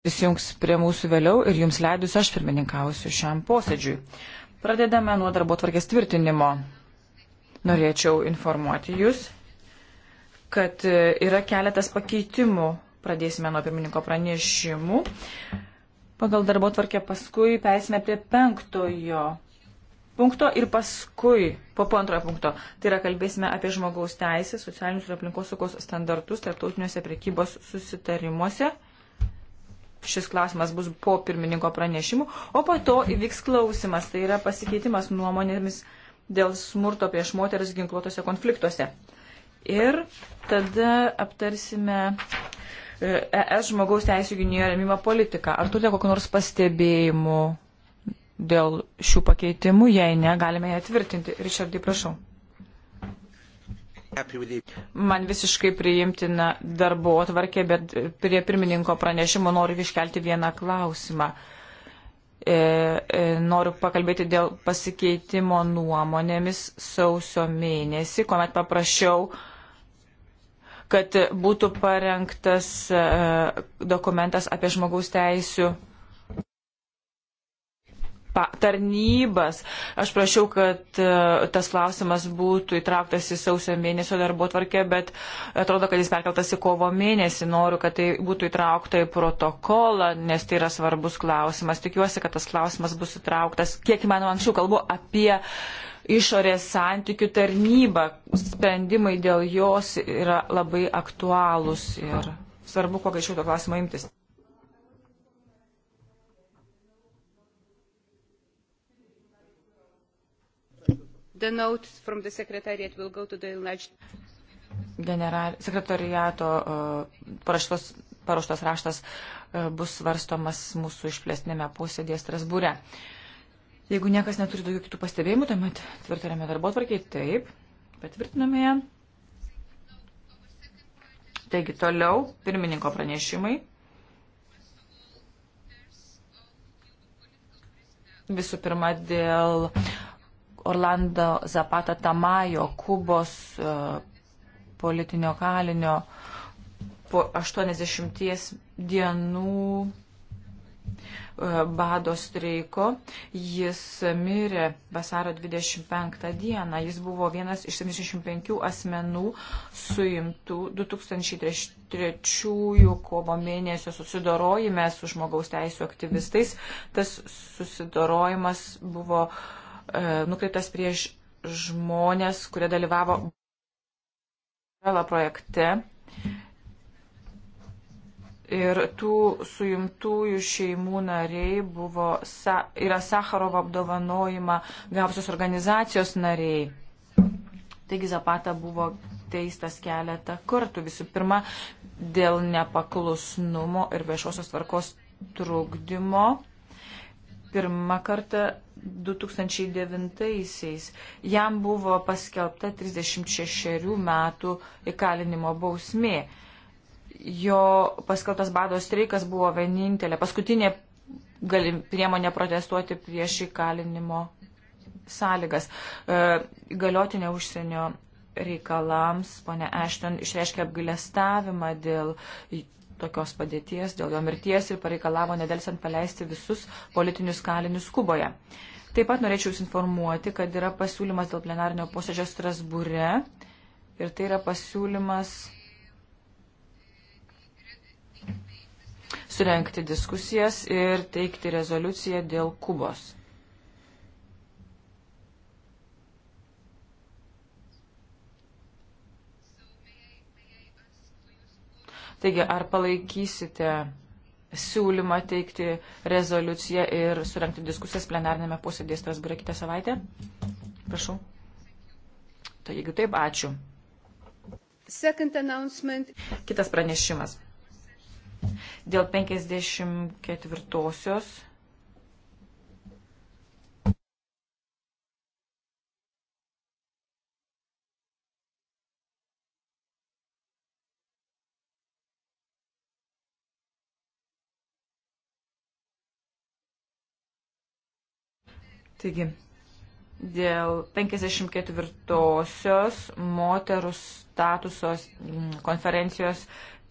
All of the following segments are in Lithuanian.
prisijungs prie mūsų vėliau ir jums leidus aš pirmininkausiu šiam posėdžiui. Pradedame nuo darbo tvarkės tvirtinimo. Norėčiau informuoti jūs, kad e, yra keletas pakeitimų. Pradėsime nuo pirmininko pranešimų. Pagal darbo tvarkę paskui peisime prie penktojo punkto ir paskui po, po antrojo punkto. Tai yra kalbėsime apie žmogaus teisės, socialinius ir aplinkosaugos standartus tarptautiniuose prekybos susitarimuose šis klausimas bus po pirmininko pranešimų, o po to įvyks klausimas, tai yra pasikeitimas nuomonėmis dėl smurto prieš moteris ginkluotose konfliktuose. Ir tada aptarsime ES e žmogaus teisų gynėjo remimo politiką. Ar turite kokiu nors pastebėjimu dėl šių pakeitimų? Jei ne, galime ją tvirtinti. Richardai, prašau. Man visiškai priimtina darbo atvarkė, bet prie pirmininko pranešimo noriu iškelti vieną klausimą. E, e, noriu pakalbėti dėl pasikeitimo nuomonėmis sausio mėnesį, kuomet paprašiau, kad būtų parengtas e, dokumentas apie žmogaus teisų tarnybas. Aš prašiau, kad e, tas klausimas būtų įtrauktas į sausio mėnesio darbo tvarkę, bet atrodo, kad jis perkeltas į kovo mėnesį. Noriu, kad tai būtų įtraukta į protokolą, nes tai yra svarbus klausimas. Tikiuosi, kad tas klausimas bus įtrauktas. Kiek įmanoma anksčiau kalbu apie išorės santykių tarnyba, sprendimai dėl jos yra labai aktualūs ir svarbu, kuo greičiau to klausimo imtis. The note from the secretariat will go to the enlarged. General, sekretariato uh, e, paraštos, paruoštas raštas uh, bus svarstomas mūsų išplėstinėme posėdėje Strasbūre. Jeigu niekas neturi daugiau kitų pastebėjimų, tuomet tvirtiname darbo tvarkiai. Taip, patvirtiname ją. Taigi toliau pirmininko pranešimai. Visų pirma, dėl Orlando Zapata Tamajo, Kubos e, politinio kalinio, po 80 dienų e, bado streiko. Jis mirė vasaro 25 dieną. Jis buvo vienas iš 75 asmenų suimtų 2003 kovo mėnesio susidorojime su žmogaus teisų aktyvistais. Tas susidorojimas buvo uh, E, nukreiptas prieš žmonės, kurie dalyvavo projekte. Ir tų suimtųjų šeimų nariai buvo, yra Sakarovo apdovanojimą gavusios organizacijos nariai. Taigi Zapata buvo teistas keletą kartų. Visų pirma, dėl nepaklusnumo ir viešosios tvarkos trukdymo pirmą kartą 2009-aisiais. Jam buvo paskelbta 36 metų įkalinimo bausmė. Jo paskeltas bado streikas buvo vienintelė, paskutinė galim, priemonė protestuoti prieš įkalinimo sąlygas. E, galiotinė užsienio reikalams, ponė Ešton, išreiškia apgailestavimą dėl tokios padėties, dėl jo mirties ir pareikalavo nedelsiant paleisti visus politinius kalinius Kuboje. Taip pat norėčiau Jūs informuoti, kad yra pasiūlymas dėl plenarinio posėdžio Strasbūre ir tai yra pasiūlymas surenkti diskusijas ir teikti rezoliuciją dėl Kubos. Taigi, ar palaikysite siūlymą teikti rezoliuciją ir surenkti diskusijas plenarnėme posėdėje Strasbūrė kitą savaitę? Prašau. Tai jeigu taip, ačiū. Kitas pranešimas. Dėl 54-osios Taigi, dėl 54-osios moterų statusos mm, konferencijos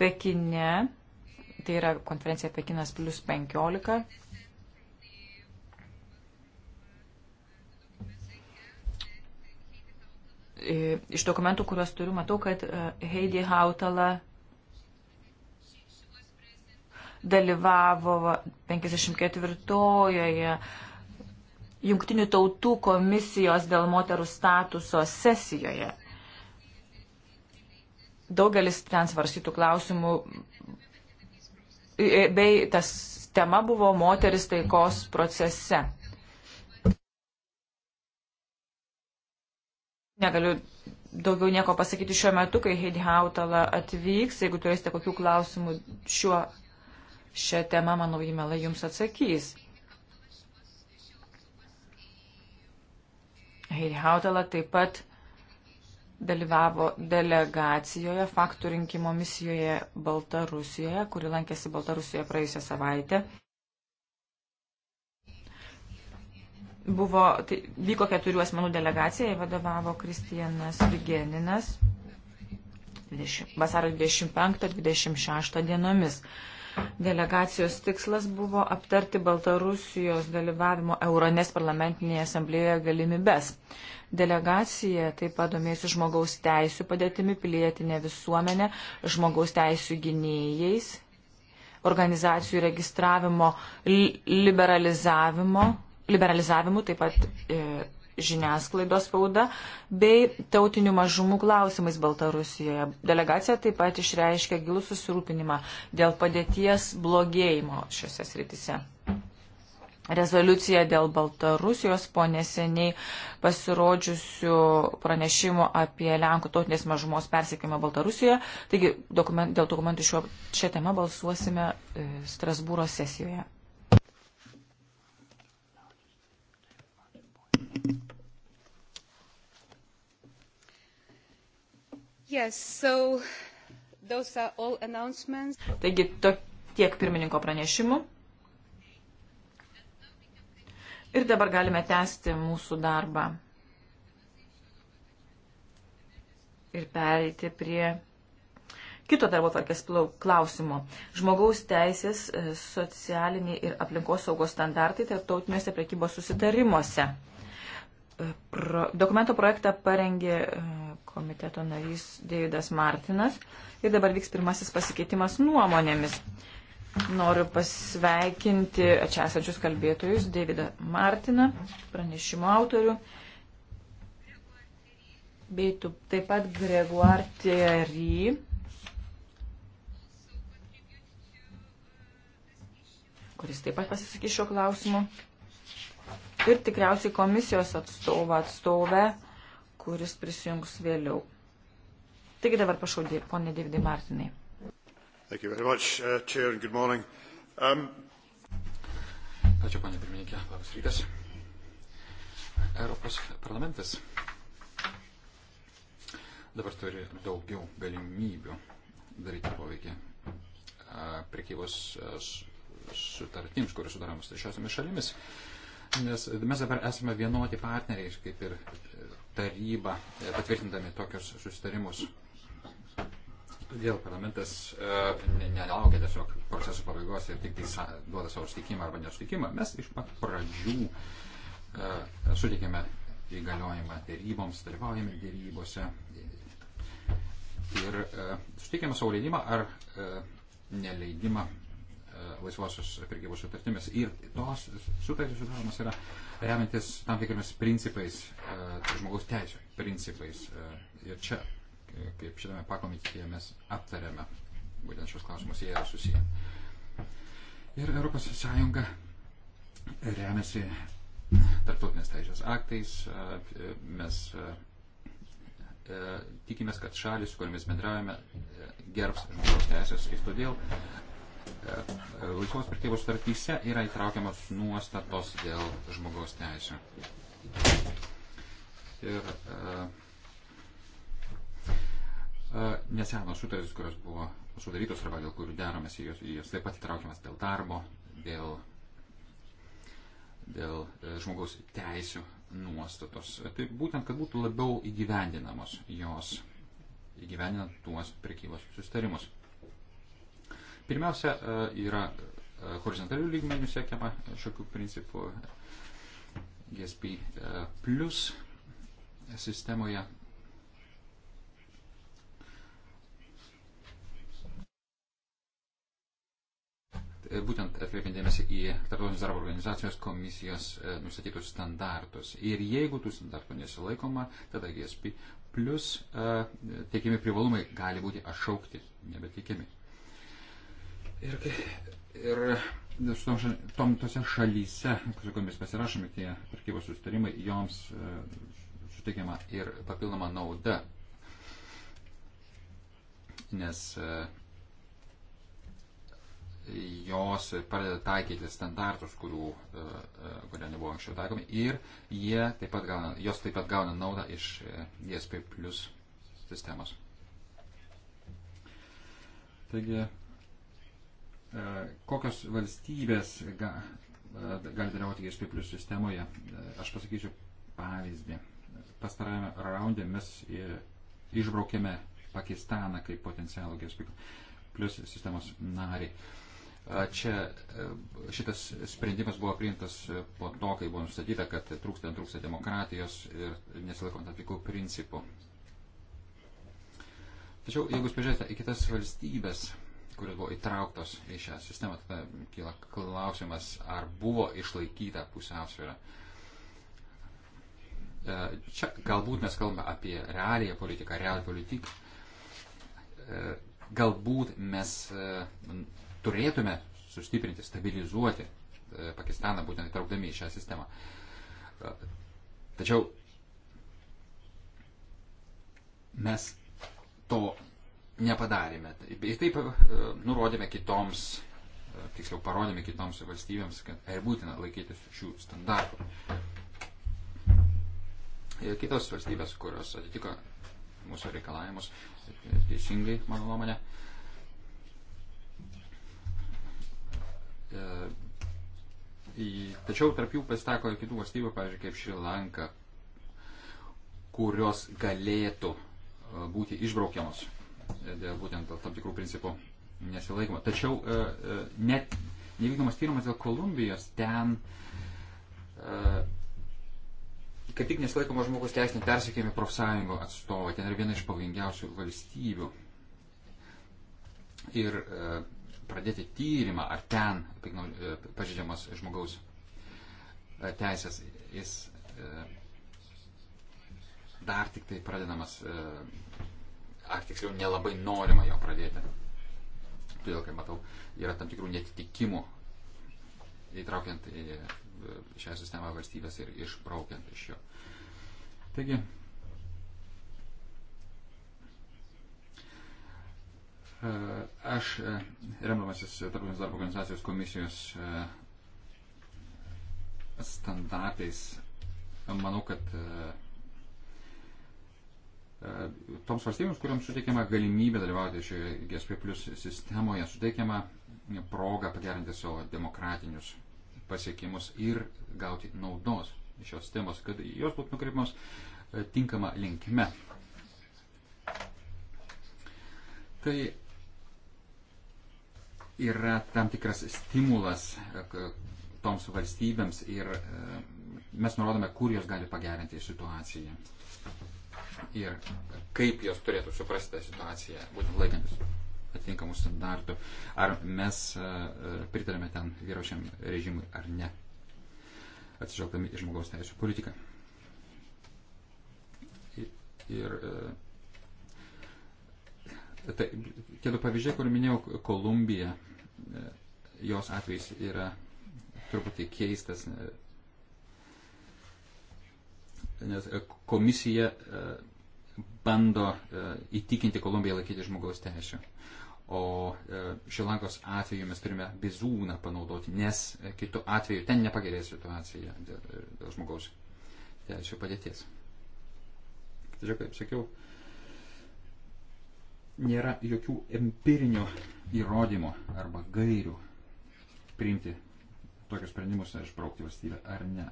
Pekine, tai yra konferencija Pekinas plus 15. E, iš dokumentų, kuriuos turiu, matau, kad e, Heidi Hautala dalyvavo 54-ojoje Jungtinių tautų komisijos dėl moterų statuso sesijoje. Daugelis ten svarsytų klausimų, bei tas tema buvo moteris taikos procese. Negaliu daugiau nieko pasakyti šiuo metu, kai Heidi Hautala atvyks. Jeigu turėsite kokių klausimų šiuo, šią temą, manau, ji melai jums atsakys. Heidi Hautala taip pat dalyvavo delegacijoje, faktų rinkimo misijoje Baltarusijoje, kuri lankėsi Baltarusijoje praėjusią savaitę. Buvo, tai, vyko keturių asmenų delegacija, vadovavo Kristijanas Vigeninas 20, vasaro 25-26 dienomis. Delegacijos tikslas buvo aptarti Baltarusijos dalyvavimo Euronės parlamentinėje asamblėje galimybes. Delegacija taip pat domėsi žmogaus teisų padėtimi pilietinė visuomenė, žmogaus teisų gynėjais, organizacijų registravimo liberalizavimo liberalizavimu, taip pat e, žiniasklaidos spauda bei tautinių mažumų klausimais Baltarusijoje. Delegacija taip pat išreiškia gilų susirūpinimą dėl padėties blogėjimo šiuose sritise. Rezoliucija dėl Baltarusijos po neseniai pasirodžiusių pranešimų apie Lenkų tautinės mažumos persiekimą Baltarusijoje. Taigi dokument, dėl dokumentų šio, šią temą balsuosime e, Strasbūro sesijoje. Yes, so those are all announcements. Taigi to, tiek pirmininko pranešimų. Ir dabar galime tęsti mūsų darbą ir pereiti prie kito darbo tvarkės klausimo. Žmogaus teisės, e, socialiniai ir aplinkosaugos standartai tarptautinėse prekybos susitarimuose pro, dokumento projektą parengė e, komiteto narys Deividas Martinas ir dabar vyks pirmasis pasikeitimas nuomonėmis. Noriu pasveikinti čia esančius kalbėtojus Deividą Martiną, pranešimo autorių, bei taip pat Gregoire Thierry, kuris taip pat pasisakys šiuo klausimu ir tikriausiai komisijos atstovą atstovę, kuris prisijungs vėliau. Taigi dabar prašau, ponė Davidai Martinai. Much, uh, chair, um... Ačiū, ponė pirmininkė. Labas rytas. Europos parlamentas dabar turi daugiau galimybių daryti poveikį uh, prekybos uh, sutartims, kurios sudaromos trečiosiomis šalimis. Uh, nes mes dabar esame vienoti partneriai, kaip ir taryba, e, patvirtindami tokius susitarimus. Todėl parlamentas e, nelaukia tiesiog proceso pabaigos ir tik tai sa, duoda savo sutikimą arba nesutikimą. Mes iš pat pradžių e, sutikėme įgaliojimą dėryboms, dalyvaujame dėrybose ir e, sutikėme savo leidimą ar e, neleidimą laisvosios prekybos sutartimis. Ir tos sutartys sudaromas yra remiantis tam tikrimis principais, e, tai žmogaus teisų principais. E, ir čia, e, kaip šitame pakomitėje mes aptarėme, būtent šios klausimus jie yra susiję. Ir ES remiasi tarptautinės teisės aktais. Mes tikimės, kad šalis, su kuriamis bendravime, gerbs žmogaus teisės. Ir todėl E, laisvos prekybos sutartyse yra įtraukiamas nuostatos dėl žmogaus teisų. Ir e, e, nesenos sutartys, kurios buvo sudarytos arba dėl kurių deramės, jos, jos taip pat įtraukiamas dėl darbo, dėl, dėl e, žmogaus teisų nuostatos. Tai būtent, kad būtų labiau įgyvendinamos jos, įgyvendinant tuos prekybos sustarimus. Pirmiausia, e, yra e, horizontalių lygmenių siekiama šiokių principų GSP e, plus sistemoje. Būtent atkreipiant dėmesį į Tarptautinės darbo organizacijos komisijos nustatytus standartus. Ir jeigu tų standartų nesilaikoma, tada GSP plus teikiami privalumai gali būti atšaukti, nebeteikiami. Ir, ir su tom tose šalyse, su kuriomis pasirašomi tie prekybos sustarimai, joms e, suteikiama ir papildoma nauda. Nes e, jos pradeda taikyti standartus, kurių, e, kurie nebuvo anksčiau taikomi ir jie taip pat gauna, jos taip pat gauna naudą iš GSP plus sistemos. Taigi E, kokios valstybės ga, e, gali dalyvauti GSP plus sistemoje. E, aš pasakysiu pavyzdį. Pastarajame raunde mes išbraukėme Pakistaną kaip potencialų GSP plus sistemos narį. Čia šitas sprendimas buvo priimtas po to, kai buvo nustatyta, kad trūksta, trūksta demokratijos ir nesilaikant tam tikrų principų. Tačiau jeigu pažiūrėsite į kitas valstybės, kurios buvo įtrauktos į šią sistemą, tada kyla klausimas, ar buvo išlaikyta pusiausvėra. E, čia galbūt mes kalbame apie realiją politiką, realią politiką. E, galbūt mes e, turėtume sustiprinti, stabilizuoti Pakistaną, būtent įtraukdami į šią sistemą. Tačiau mes to nepadarėme. Ir taip e, nurodėme kitoms, e, tiksliau parodėme kitoms valstybėms, kad ir e, būtina laikytis šių standartų. Ir kitos valstybės, kurios atitiko mūsų reikalavimus teisingai, mano nuomonė, Tačiau tarp jų pasitako ir kitų valstybių, pavyzdžiui, kaip Šrilanka, kurios galėtų būti išbraukiamos dėl būtent dėl tam tikrų principų nesilaikymo. Tačiau e, e, net nevykdomas tyrimas dėl Kolumbijos ten e, kaip tik nesilaikoma žmogus teisinė persikėjami profsąjungų atstovai. Ten yra viena iš pavojingiausių valstybių. Ir pradėti tyrimą, ar ten pažydžiamas žmogaus teisės, jis dar tik tai pradedamas ar tiksliau nelabai norima jo pradėti. Todėl, kaip matau, yra tam tikrų netitikimų įtraukiant į e, šią sistemą valstybės ir išbraukiant iš jo. Taigi, e, aš e, remdamasis Tarptautinės darbo organizacijos komisijos standartais, manau, kad E, toms valstybėms, kuriams suteikiama galimybė dalyvauti šioje GSP plus sistemoje, suteikiama proga pagerinti savo demokratinius pasiekimus ir gauti naudos šios sistemos, kad jos būtų nukreipimos e, tinkama linkme. Tai yra tam tikras stimulas e, toms valstybėms ir mes nurodome, kur jos gali pagerinti situaciją ir kaip jos turėtų suprasti tą situaciją, būtent laikantis atitinkamų standartų, ar mes e, e, pritarėme ten vyraušiam režimui ar ne, atsižvelgdami į žmogaus teisų politiką. Ir e, tai, tie du pavyzdžiai, kur minėjau, Kolumbija, jos atvejs yra truputį keistas, nes e, komisija e, bando e, įtikinti Kolumbiją laikyti žmogaus teisų. O Šilankos atveju mes turime bizūną panaudoti, nes kitų atveju ten nepagerės situacija dėl, dėl žmogaus teisų padėties. Tačiau, kaip sakiau, nėra jokių empirinių įrodymų arba gairių priimti tokius sprendimus, ar išbraukti valstybę ar ne.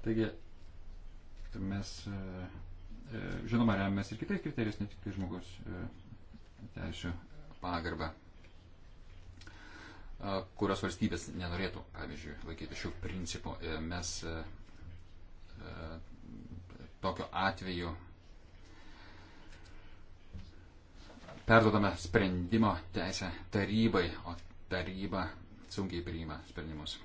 Taigi, mes e, e, žinoma remiamės ir kitais kriterijais, ne tik tai žmogus e, teisų pagarbą, kurios valstybės nenorėtų, pavyzdžiui, laikyti šių principų. Mes tokiu atveju perdodame sprendimo teisę tarybai, o taryba sunkiai priima sprendimus.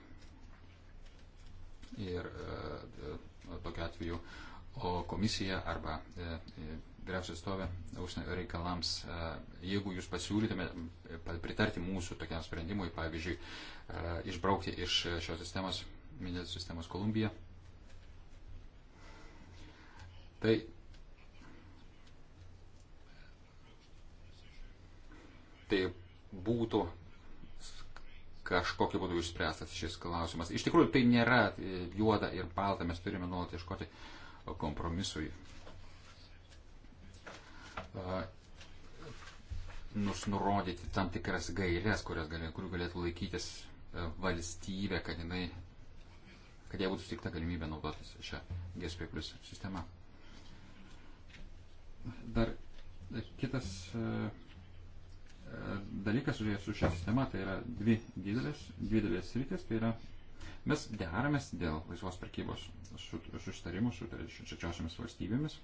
Ir e, e, tokiu atveju komisija arba e, vyriausias stovė užsienio reikalams, jeigu jūs pasiūlytumėte pritarti mūsų tokiam sprendimui, pavyzdžiui, išbraukti iš šios sistemos, minėtos sistemos Kolumbiją, tai tai būtų kažkokiu būdu išspręstas šis klausimas. Iš tikrųjų, tai nėra juoda ir balta, mes turime nuolat ieškoti kompromisui. Nus nurodyti tam tikras gairias, galė, kurių galėtų laikytis e, valstybė, kad jinai kad jie būtų sutikta galimybė naudotis šią GSP plus sistemą. Dar kitas uh, dalykas su šia sistema, tai yra dvi didelės, dvi didelės rytis, tai yra mes deramės dėl laisvos prekybos susitarimų su šešiosiamis valstybėmis.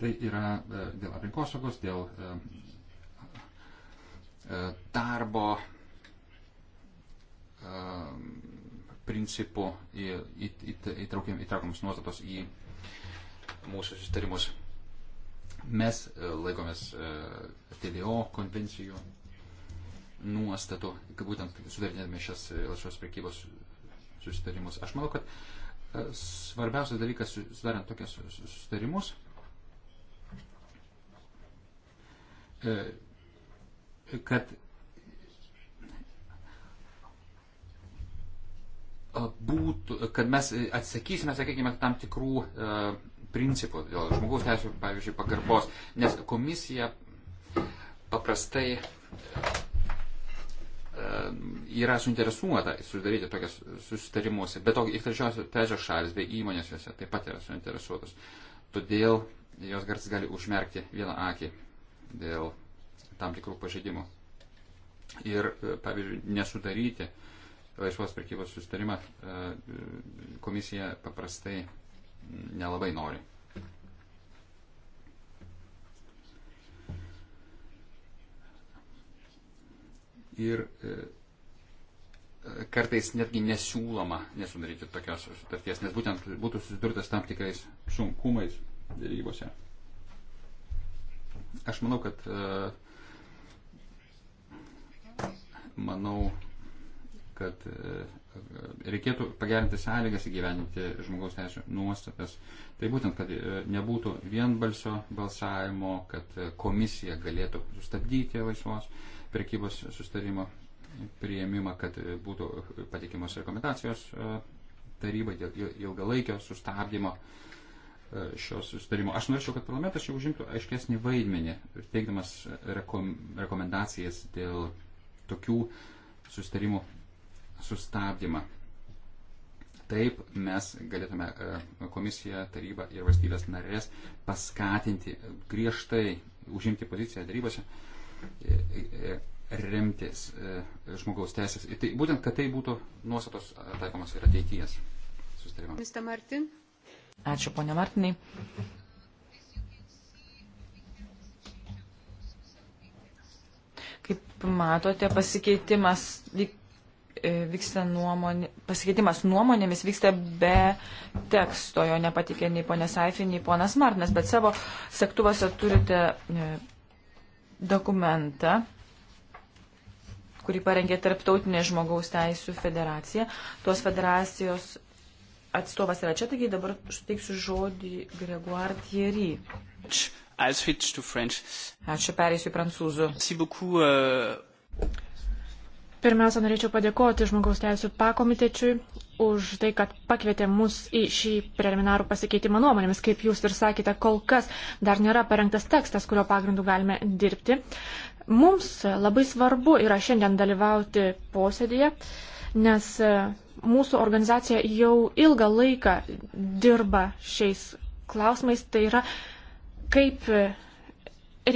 Tai yra e, dėl aplinkosaugos, dėl e, e, darbo principų įtraukiamus nuostatos į mūsų susitarimus. Mes e, laikomės e, TDO konvencijų nuostatų, kaip būtent sudarinėdami šias e, laisvos prekybos susitarimus. Aš manau, kad svarbiausias dalykas sudarant tokias susitarimus kad būtų, kad mes atsakysime, sakykime, tam tikrų principų, dėl žmogaus teisų, pavyzdžiui, pagarbos, nes komisija paprastai e, yra suinteresuota sudaryti tokias susitarimus, bet to ir trečiosios trečios šalis bei įmonės juose taip pat yra suinteresuotos. Todėl jos garsis gali užmerkti vieną akį dėl tam tikrų pažeidimų. Ir, e, pavyzdžiui, nesudaryti laisvos prekybos susitarimą e, komisija paprastai nelabai nori. Ir e, kartais netgi nesiūloma nesudaryti tokios sutarties, nes būtent būtų susidurtas tam tikrais sunkumais dėrybose. Aš manau, kad e, manau, kad e, reikėtų pagerinti sąlygas įgyveninti žmogaus teisų nuostatas. Tai būtent, kad e, nebūtų vienbalsio balsavimo, kad e, komisija galėtų sustabdyti laisvos prekybos sustarimo prieimimą, kad būtų patikimos rekomendacijos tarybai dėl ilgalaikio sustabdymo šios sustarimo. Aš norėčiau, kad parlamentas čia užimtų aiškesnį vaidmenį, teikdamas rekom, rekomendacijas dėl tokių sustarimų sustabdymą. Taip mes galėtume e, komisiją, tarybą ir valstybės narės paskatinti griežtai užimti poziciją darybose, e, e, remtis žmogaus teisės. Tai būtent, kad tai būtų nuostatos taikomas ir ateities sustarimams. Ačiū, ponia Martinai. Kaip matote, pasikeitimas E, vyksta nuomonė, pasikeitimas nuomonėmis vyksta be teksto, jo nepatikė nei ponė Saifin, nei ponas Martinas, bet savo sektuvose turite e, dokumentą kurį parengė Tarptautinė žmogaus teisų federacija. Tuos federacijos atstovas yra čia, taigi dabar suteiksiu žodį Gregoire Thierry. Ačiū, pereisiu prancūzų. Pirmiausia, norėčiau padėkoti žmogaus teisų pakomitečiui už tai, kad pakvietė mus į šį preliminarų pasikeitimą nuomonėmis. Kaip jūs ir sakėte, kol kas dar nėra parengtas tekstas, kurio pagrindų galime dirbti. Mums labai svarbu yra šiandien dalyvauti posėdėje, nes e, mūsų organizacija jau ilgą laiką dirba šiais klausimais. Tai yra, kaip e,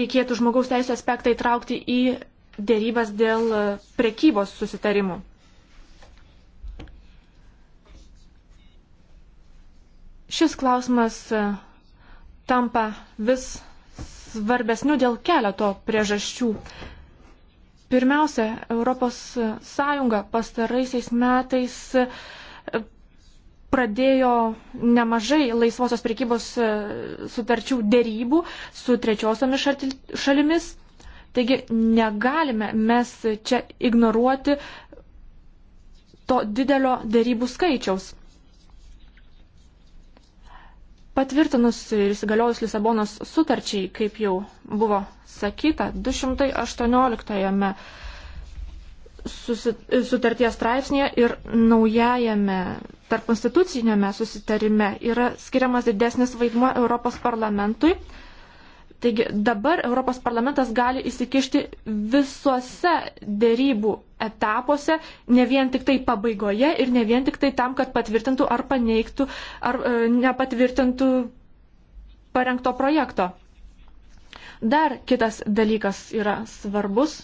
reikėtų žmogaus teisų aspektą įtraukti į dėrybas dėl prekybos susitarimų. Šis klausimas e, tampa vis svarbesniu dėl keleto priežasčių. Pirmiausia, ES pastaraisiais metais e, pradėjo nemažai laisvosios prekybos e, sutarčių dėrybų su trečiosiomis šalimis Taigi negalime mes čia ignoruoti to didelio dėrybų skaičiaus. Patvirtinus ir įsigaliojus Lisabonos sutarčiai, kaip jau buvo sakyta, 218 sutarties straipsnėje ir naujajame tarp konstitucinėme susitarime yra skiriamas didesnis vaidmuo Europos parlamentui Taigi dabar Europos parlamentas gali įsikišti visuose dėrybų etapuose, ne vien tik tai pabaigoje ir ne vien tik tai tam, kad patvirtintų ar paneigtų ar e, nepatvirtintų parengto projekto. Dar kitas dalykas yra svarbus.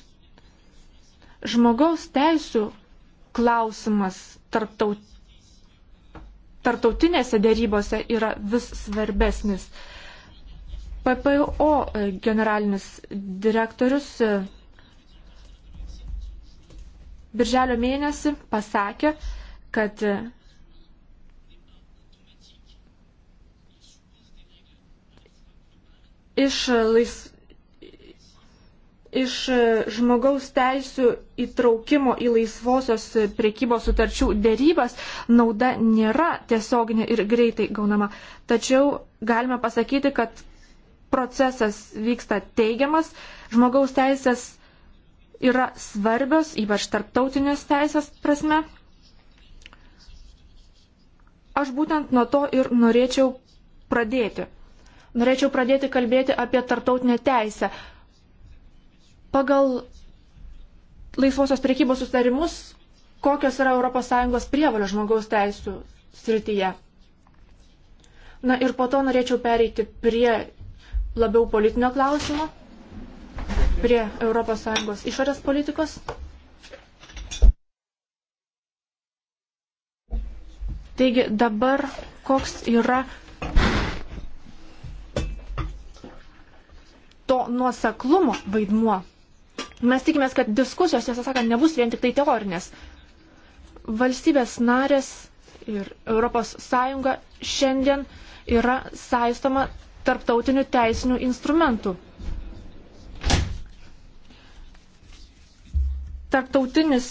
Žmogaus teisų klausimas tarptaut... tarptautinėse dėrybose yra vis svarbesnis. PPO generalinis direktorius e, birželio mėnesį pasakė, kad e, iš, lais, iš žmogaus teisų įtraukimo į laisvosios priekybos sutarčių dėrybas nauda nėra tiesioginė ir greitai gaunama. Tačiau galime pasakyti, kad procesas vyksta teigiamas, žmogaus teisės yra svarbios, ypač tarptautinės teisės prasme. Aš būtent nuo to ir norėčiau pradėti. Norėčiau pradėti kalbėti apie tarptautinę teisę. Pagal laisvosios priekybos sustarimus, kokios yra ES prievalio žmogaus teisų srityje. Na ir po to norėčiau pereiti prie labiau politinio klausimo prie ES išorės politikos. Taigi dabar koks yra to nuoseklumo vaidmuo. Mes tikimės, kad diskusijos, tiesą sakant, nebus vien tik tai teorinės. Valstybės narės ir ES šiandien yra saistoma tarptautinių teisinių instrumentų. Tarptautinis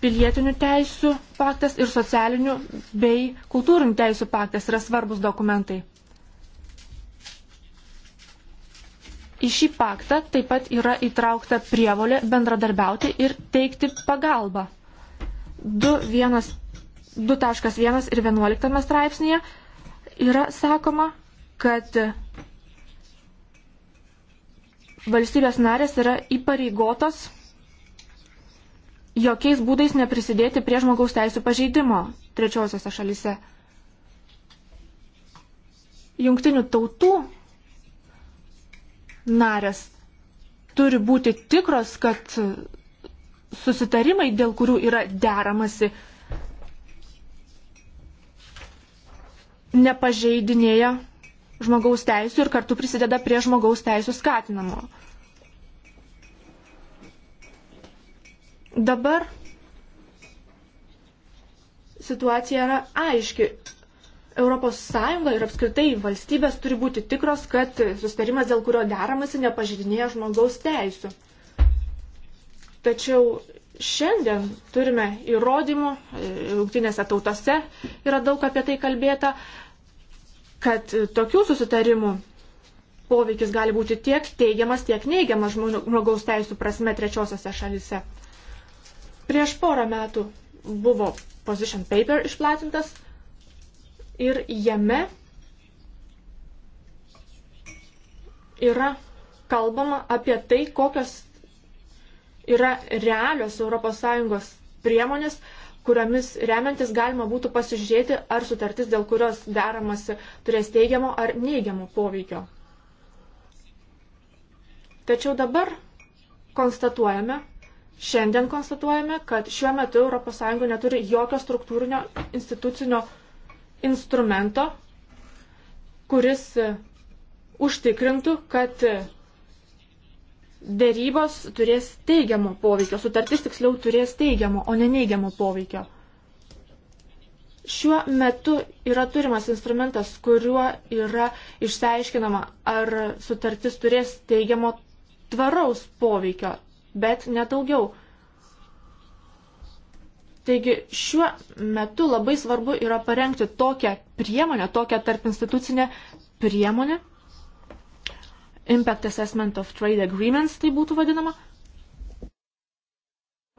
pilietinių teisų paktas ir socialinių bei kultūrinių teisų paktas yra svarbus dokumentai. Į šį paktą taip pat yra įtraukta prievolė bendradarbiauti ir teikti pagalbą. 2.1 ir 11 straipsnėje yra sakoma, kad valstybės narės yra įpareigotos jokiais būdais neprisidėti prie žmogaus teisų pažeidimo trečiosiose šalise. Jungtinių tautų narės turi būti tikros, kad susitarimai, dėl kurių yra deramasi, nepažeidinėja žmogaus teisų ir kartu prisideda prie žmogaus teisų skatinamo. Dabar situacija yra aiški. ES ir apskritai valstybės turi būti tikros, kad sustarimas, dėl kurio deramasi, nepažydinėja žmogaus teisų. Tačiau šiandien turime įrodymų, e, jungtinėse tautose yra daug apie tai kalbėta, kad e, tokių susitarimų poveikis gali būti tiek teigiamas, tiek neigiamas žmogaus teisų prasme trečiosiose šalise. Prieš porą metų buvo position paper išplatintas ir jame yra kalbama apie tai, kokios yra realios ES priemonės, kuriomis remiantis galima būtų pasižiūrėti, ar sutartis, dėl kurios deramasi, turės teigiamo ar neigiamo poveikio. Tačiau dabar konstatuojame, šiandien konstatuojame, kad šiuo metu ES neturi jokio struktūrinio institucinio instrumento, kuris užtikrintų, kad dėrybos turės teigiamo poveikio, sutartis tiksliau turės teigiamo, o ne neigiamo poveikio. Šiuo metu yra turimas instrumentas, kuriuo yra išsiaiškinama, ar sutartis turės teigiamo tvaraus poveikio, bet nedaugiau. Taigi šiuo metu labai svarbu yra parengti tokią priemonę, tokią tarp institucinę priemonę, Impact Assessment of Trade Agreements, tai būtų vadinama.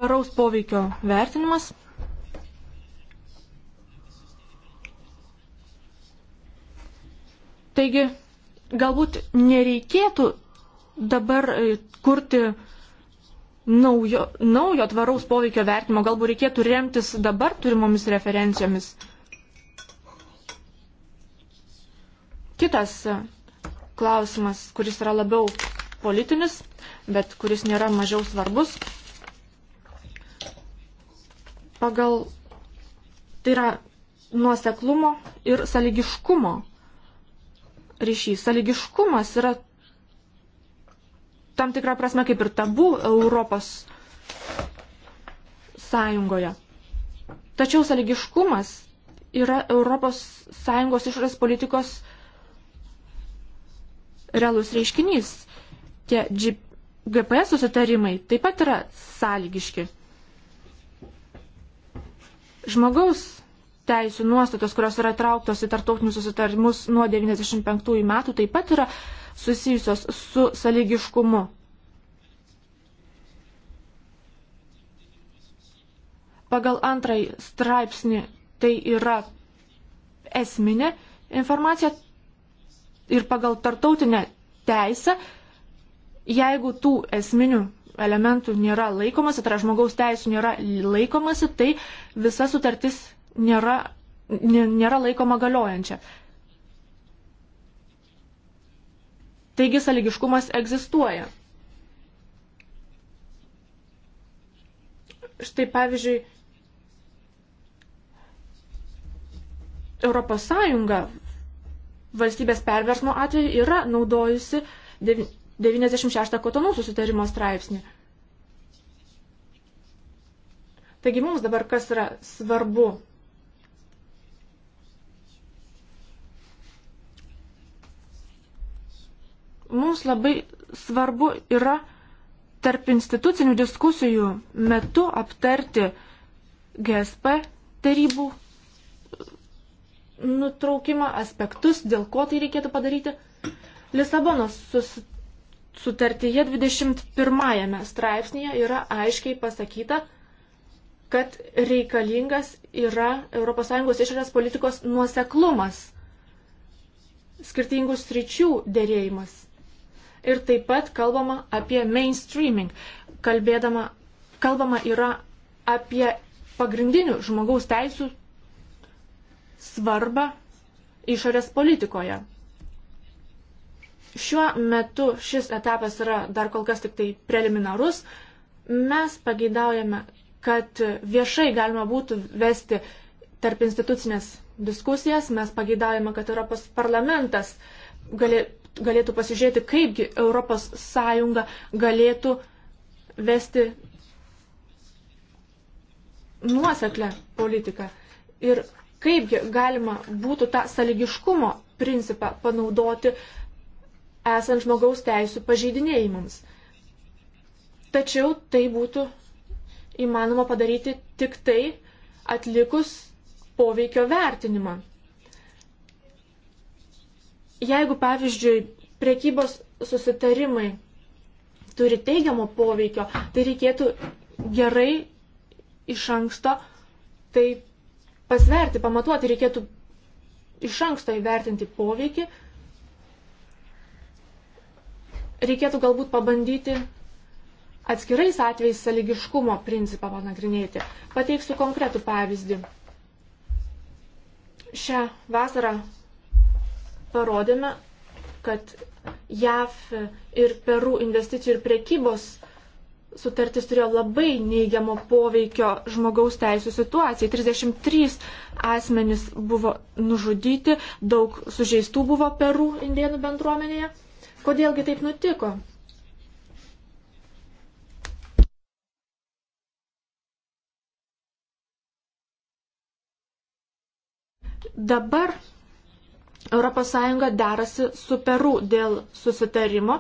Varaus poveikio vertinimas. Taigi, galbūt nereikėtų dabar e, kurti naujo, naujo tvaraus poveikio vertimo, galbūt reikėtų remtis dabar turimomis referencijomis. Kitas klausimas, kuris yra labiau politinis, bet kuris nėra mažiau svarbus. Pagal tai yra nuoseklumo ir saligiškumo ryšys. Saligiškumas yra tam tikrą prasme kaip ir tabu Europos Sąjungoje. Tačiau saligiškumas yra Europos Sąjungos išorės politikos realus reiškinys. Tie GPS susitarimai taip pat yra sąlygiški. Žmogaus teisų nuostatos, kurios yra trauktos į tartautinius susitarimus nuo 1995 metų, taip pat yra susijusios su sąlygiškumu. Pagal antrąjį straipsnį tai yra esminė informacija, ir pagal tartautinę teisę, jeigu tų esminių elementų nėra laikomasi, tai yra žmogaus teisų nėra laikomasi, tai visa sutartis nėra, nėra laikoma galiojančia. Taigi saligiškumas egzistuoja. Štai pavyzdžiui, Europos Sąjunga valstybės perversmo atveju yra naudojusi 96 kotonų susitarimo straipsnį. Taigi mums dabar kas yra svarbu? Mums labai svarbu yra tarp institucinių diskusijų metu aptarti GSP tarybų nutraukimą, aspektus, dėl ko tai reikėtų padaryti. Lisabonos sutartyje 21 straipsnėje yra aiškiai pasakyta, kad reikalingas yra ES išorės politikos nuoseklumas, skirtingų sričių dėrėjimas. Ir taip pat kalbama apie mainstreaming. Kalbėdama, kalbama yra apie pagrindinių žmogaus teisų svarbą išorės politikoje. Šiuo metu šis etapas yra dar kol kas tik tai preliminarus. Mes pageidaujame, kad viešai galima būtų vesti tarp institucinės diskusijas. Mes pageidaujame, kad Europos parlamentas galėtų pasižiūrėti, kaipgi Europos Sąjunga galėtų vesti nuoseklę politiką. Ir kaipgi galima būtų tą saligiškumo principą panaudoti esant žmogaus teisų pažeidinėjimams. Tačiau tai būtų įmanoma padaryti tik tai atlikus poveikio vertinimą. Jeigu, pavyzdžiui, priekybos susitarimai turi teigiamo poveikio, tai reikėtų gerai iš anksto tai pasverti, pamatuoti, reikėtų iš anksto įvertinti poveikį. Reikėtų galbūt pabandyti atskirais atvejais saligiškumo principą panagrinėti. Pateiksiu konkretų pavyzdį. Šią vasarą parodėme, kad JAV ir Peru investicijų ir prekybos uh, sutartis turėjo labai neigiamo poveikio žmogaus teisų situacijai. 33 asmenys buvo nužudyti, daug sužeistų buvo Perų indėnų bendruomenėje. Kodėlgi taip nutiko? Dabar ES derasi su Peru dėl susitarimo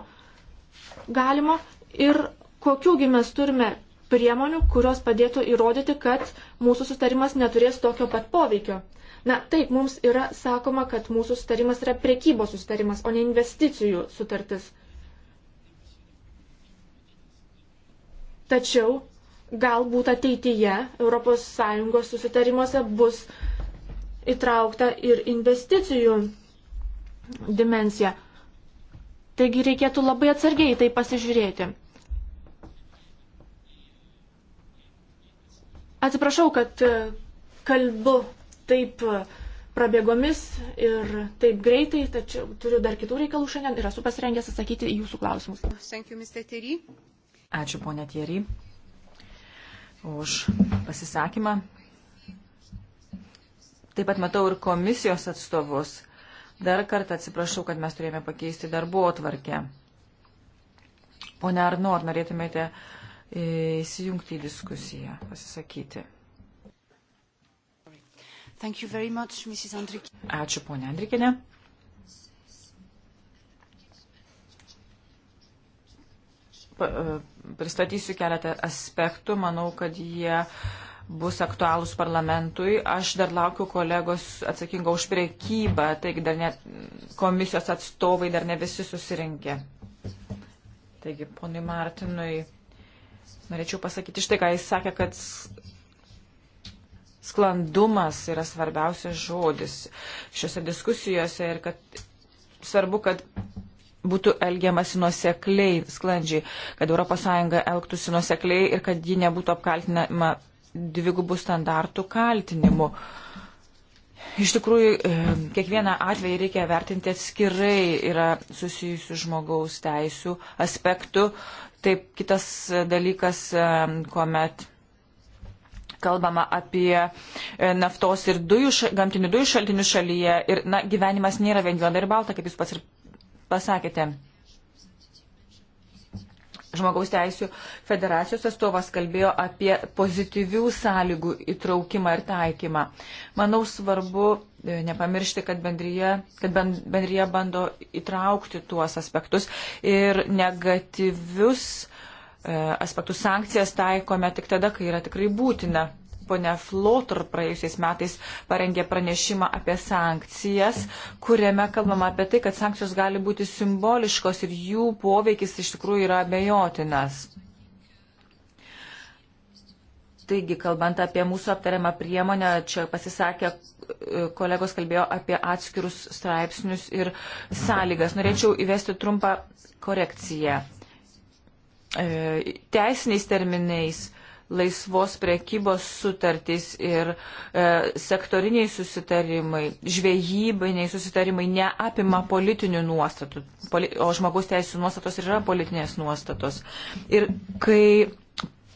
galimo ir kokiųgi mes turime priemonių, kurios padėtų įrodyti, kad mūsų sustarimas neturės tokio pat poveikio. Na, taip, mums yra sakoma, kad mūsų sustarimas yra priekybos sustarimas, o ne investicijų sutartis. Tačiau galbūt ateityje ES susitarimuose bus įtraukta ir investicijų dimensija. Taigi reikėtų labai atsargiai tai pasižiūrėti. Atsiprašau, kad e, kalbu taip e, prabėgomis ir taip greitai, tačiau turiu dar kitų reikalų šiandien ir esu pasirengęs atsakyti į jūsų klausimus. You, Ačiū, ponė Tierį, už pasisakymą. Taip pat matau ir komisijos atstovus. Dar kartą atsiprašau, kad mes turėjome pakeisti darbo atvarkę. Pone Arno, ar norėtumėte uh, įsijungti į diskusiją, pasisakyti. Much, Ačiū, ponė Andrikinė. E, pristatysiu keletą aspektų, manau, kad jie bus aktualūs parlamentui. Aš dar laukiu kolegos atsakingo už priekybą, taigi dar net komisijos atstovai dar ne visi susirinkė. Taigi, ponui Martinui norėčiau pasakyti štai, ką jis sakė, kad sklandumas yra svarbiausias žodis šiuose diskusijose ir kad svarbu, kad būtų elgiamasi nuosekliai, sklandžiai, kad ES elgtųsi nuosekliai ir kad ji nebūtų apkaltinama dvigubų standartų kaltinimu. Iš tikrųjų, e, kiekvieną atvejį reikia vertinti atskirai, yra susijusių žmogaus teisų aspektų Taip, kitas dalykas, e, kuomet kalbama apie e, naftos ir dujų, gamtinių dujų šaltinių šalyje ir na, gyvenimas nėra vien juoda ir balta, kaip jūs pats ir pasakėte žmogaus teisų federacijos atstovas kalbėjo apie pozityvių sąlygų įtraukimą ir taikymą. Manau svarbu e, nepamiršti, kad bendryje, kad bendryje bando įtraukti tuos aspektus ir negatyvius e, aspektus sankcijas taikome tik tada, kai yra tikrai būtina ponia Flotor praėjusiais metais parengė pranešimą apie sankcijas, kuriame kalbama apie tai, kad sankcijos gali būti simboliškos ir jų poveikis iš tikrųjų yra abejotinas. Taigi, kalbant apie mūsų aptariamą priemonę, čia pasisakė e, kolegos kalbėjo apie atskirus straipsnius ir sąlygas. Norėčiau įvesti trumpą korekciją. E, teisiniais terminais laisvos prekybos sutartys ir e, sektoriniai susitarimai, žvejybiniai susitarimai neapima politinių nuostatų, poli, o žmogaus teisų nuostatos yra politinės nuostatos. Ir kai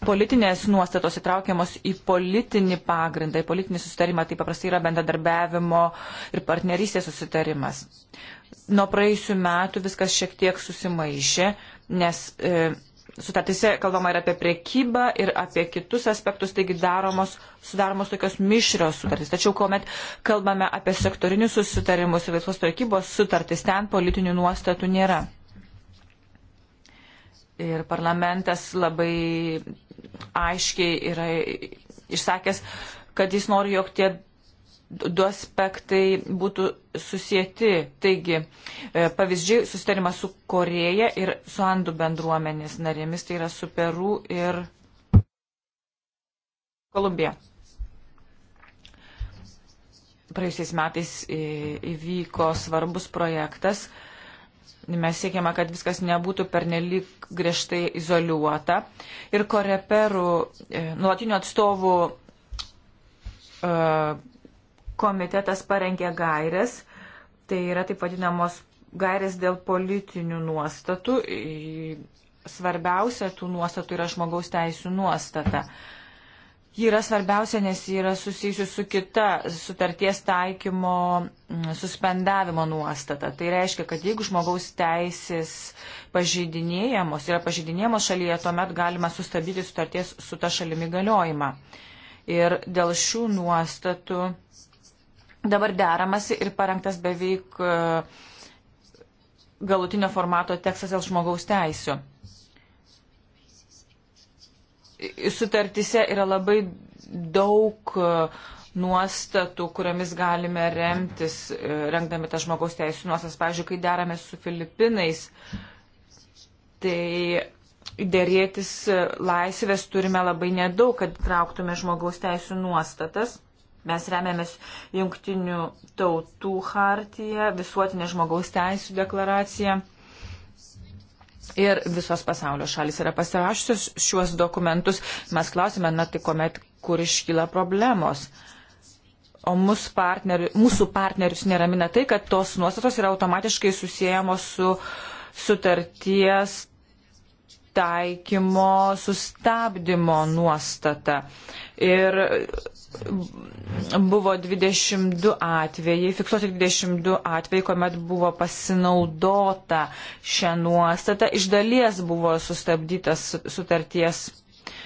politinės nuostatos įtraukiamos į politinį pagrindą, į politinį susitarimą, tai paprastai yra bendradarbiavimo ir partnerystės susitarimas. Nuo praėjusių metų viskas šiek tiek susimaišė, nes e, sutartise kalbama ir apie priekybą, ir apie kitus aspektus, taigi daromos, sudaromos tokios mišrios sutartys. Tačiau, kuomet kalbame apie sektorinius susitarimus ir laisvos priekybos sutartys, ten politinių nuostatų nėra. Ir parlamentas labai aiškiai yra išsakęs, kad jis nori, jog tie du aspektai būtų susijęti. Taigi, e, pavyzdžiai susitarimas su Koreja ir su Andų bendruomenės narėmis, tai yra su Peru ir Kolumbija. Praėjusiais metais e, įvyko svarbus projektas. Mes siekiame, kad viskas nebūtų pernelyg griežtai izoliuota. Ir koreperų e, nuolatinių atstovų uh, komitetas parengė gairias, tai yra taip vadinamos gairės dėl politinių nuostatų. Svarbiausia tų nuostatų yra žmogaus teisų nuostata. Ji yra svarbiausia, nes ji yra susijusi su kita sutarties taikymo mm, suspendavimo nuostata. Tai reiškia, kad jeigu žmogaus teisės pažeidinėjamos, yra pažeidinėjamos šalyje, tuomet galima sustabdyti sutarties su ta šalimi galiojimą. Ir dėl šių nuostatų dabar deramasi ir parengtas beveik e, galutinio formato tekstas dėl žmogaus teisų. Sutartise yra labai daug e, nuostatų, kuriomis galime remtis, e, rengdami tą žmogaus teisų nuostatas. Pavyzdžiui, kai deramės su Filipinais, tai dėrėtis laisvės turime labai nedaug, kad trauktume žmogaus teisų nuostatas. Mes remiamės jungtinių tautų hartiją, visuotinę žmogaus teisų deklaraciją. Ir visos pasaulio šalis yra pasirašusios šiuos dokumentus. Mes klausime, na tai kuomet, kur iškyla problemos. O partneri, mūsų partnerius neramina tai, kad tos nuostatos yra automatiškai susijęjamos su sutarties taikymo sustabdymo nuostata. Ir buvo 22 atvejai, fiksuoti 22 atvejai, kuomet buvo pasinaudota šią nuostatą. Iš dalies buvo sustabdytas sutarties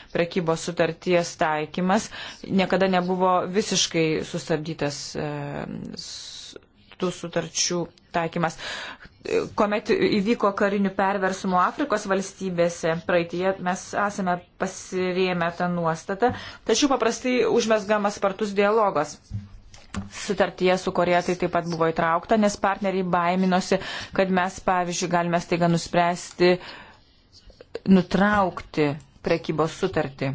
prekybos sutarties taikymas, niekada nebuvo visiškai sustabdytas e, tų sutarčių taikymas kuomet įvyko karinių perversmų Afrikos valstybėse, praeitie mes esame pasirėmę tą nuostatą, tačiau paprastai užmesgamas spartus dialogas. Sutartyje su Koreja tai taip pat buvo įtraukta, nes partneriai baiminosi, kad mes, pavyzdžiui, galime staiga nuspręsti nutraukti prekybos sutartį.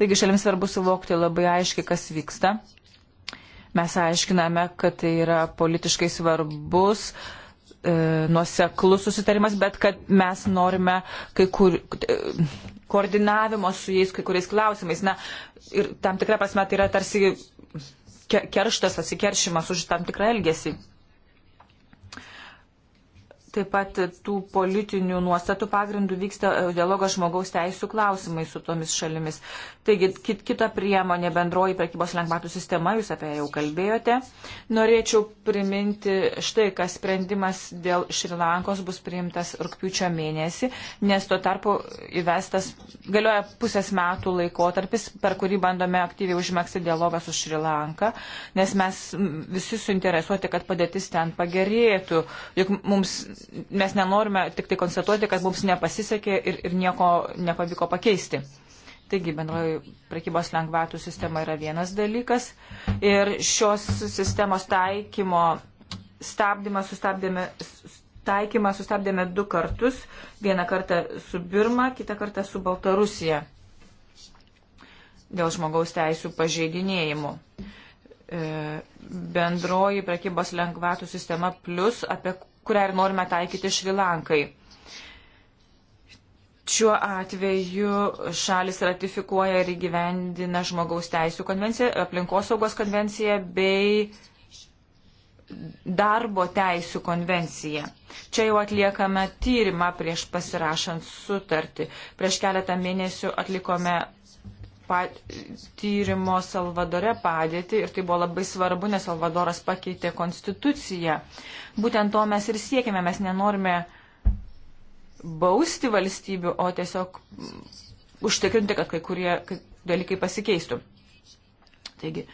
Taigi šalims svarbu suvokti labai aiškiai, kas vyksta Mes aiškiname, kad tai yra politiškai svarbus e, nuoseklus susitarimas, bet kad mes norime kai kur e, koordinavimo su jais kai kuriais klausimais. Na, ir tam tikrą prasme tai yra tarsi kerštas, atsikeršimas už tam tikrą elgesį. Taip pat tų politinių nuostatų pagrindų vyksta dialogas žmogaus teisų klausimai su tomis šalimis. Taigi, kit, kita priemonė bendroji prekybos lengvatų sistema, jūs apie ją jau kalbėjote. Norėčiau priminti štai, kas sprendimas dėl Šrilankos bus priimtas rūpiučio mėnesį, nes tuo tarpu įvestas galioja pusės metų laikotarpis, per kurį bandome aktyviai užmėgsti dialogą su Šrilanka, nes mes visi suinteresuoti, kad padėtis ten pagerėtų. Juk mums, mes nenorime tik tai konstatuoti, kad mums nepasisekė ir, ir nieko nepavyko pakeisti. Taigi, bendroji prekybos lengvatų sistema yra vienas dalykas ir šios sistemos taikymo stabdymą sustabdėme. Taikymą sustabdėme du kartus. Vieną kartą su Birma, kitą kartą su Baltarusija dėl žmogaus teisų pažeidinėjimų e, bendroji prekybos lengvatų sistema plus, apie kurią ir norime taikyti Šrilankai. Šiuo atveju šalis ratifikuoja ir įgyvendina žmogaus teisų konvenciją, aplinkosaugos konvenciją bei darbo teisų konvenciją. Čia jau atliekame tyrimą prieš pasirašant sutartį. Prieš keletą mėnesių atlikome tyrimo Salvadore padėtį ir tai buvo labai svarbu, nes Salvadoras pakeitė konstituciją. Būtent to mes ir siekime, mes nenorime bausti valstybių, o tiesiog užtikrinti, kad kai kurie kai dalykai pasikeistų. Taigi,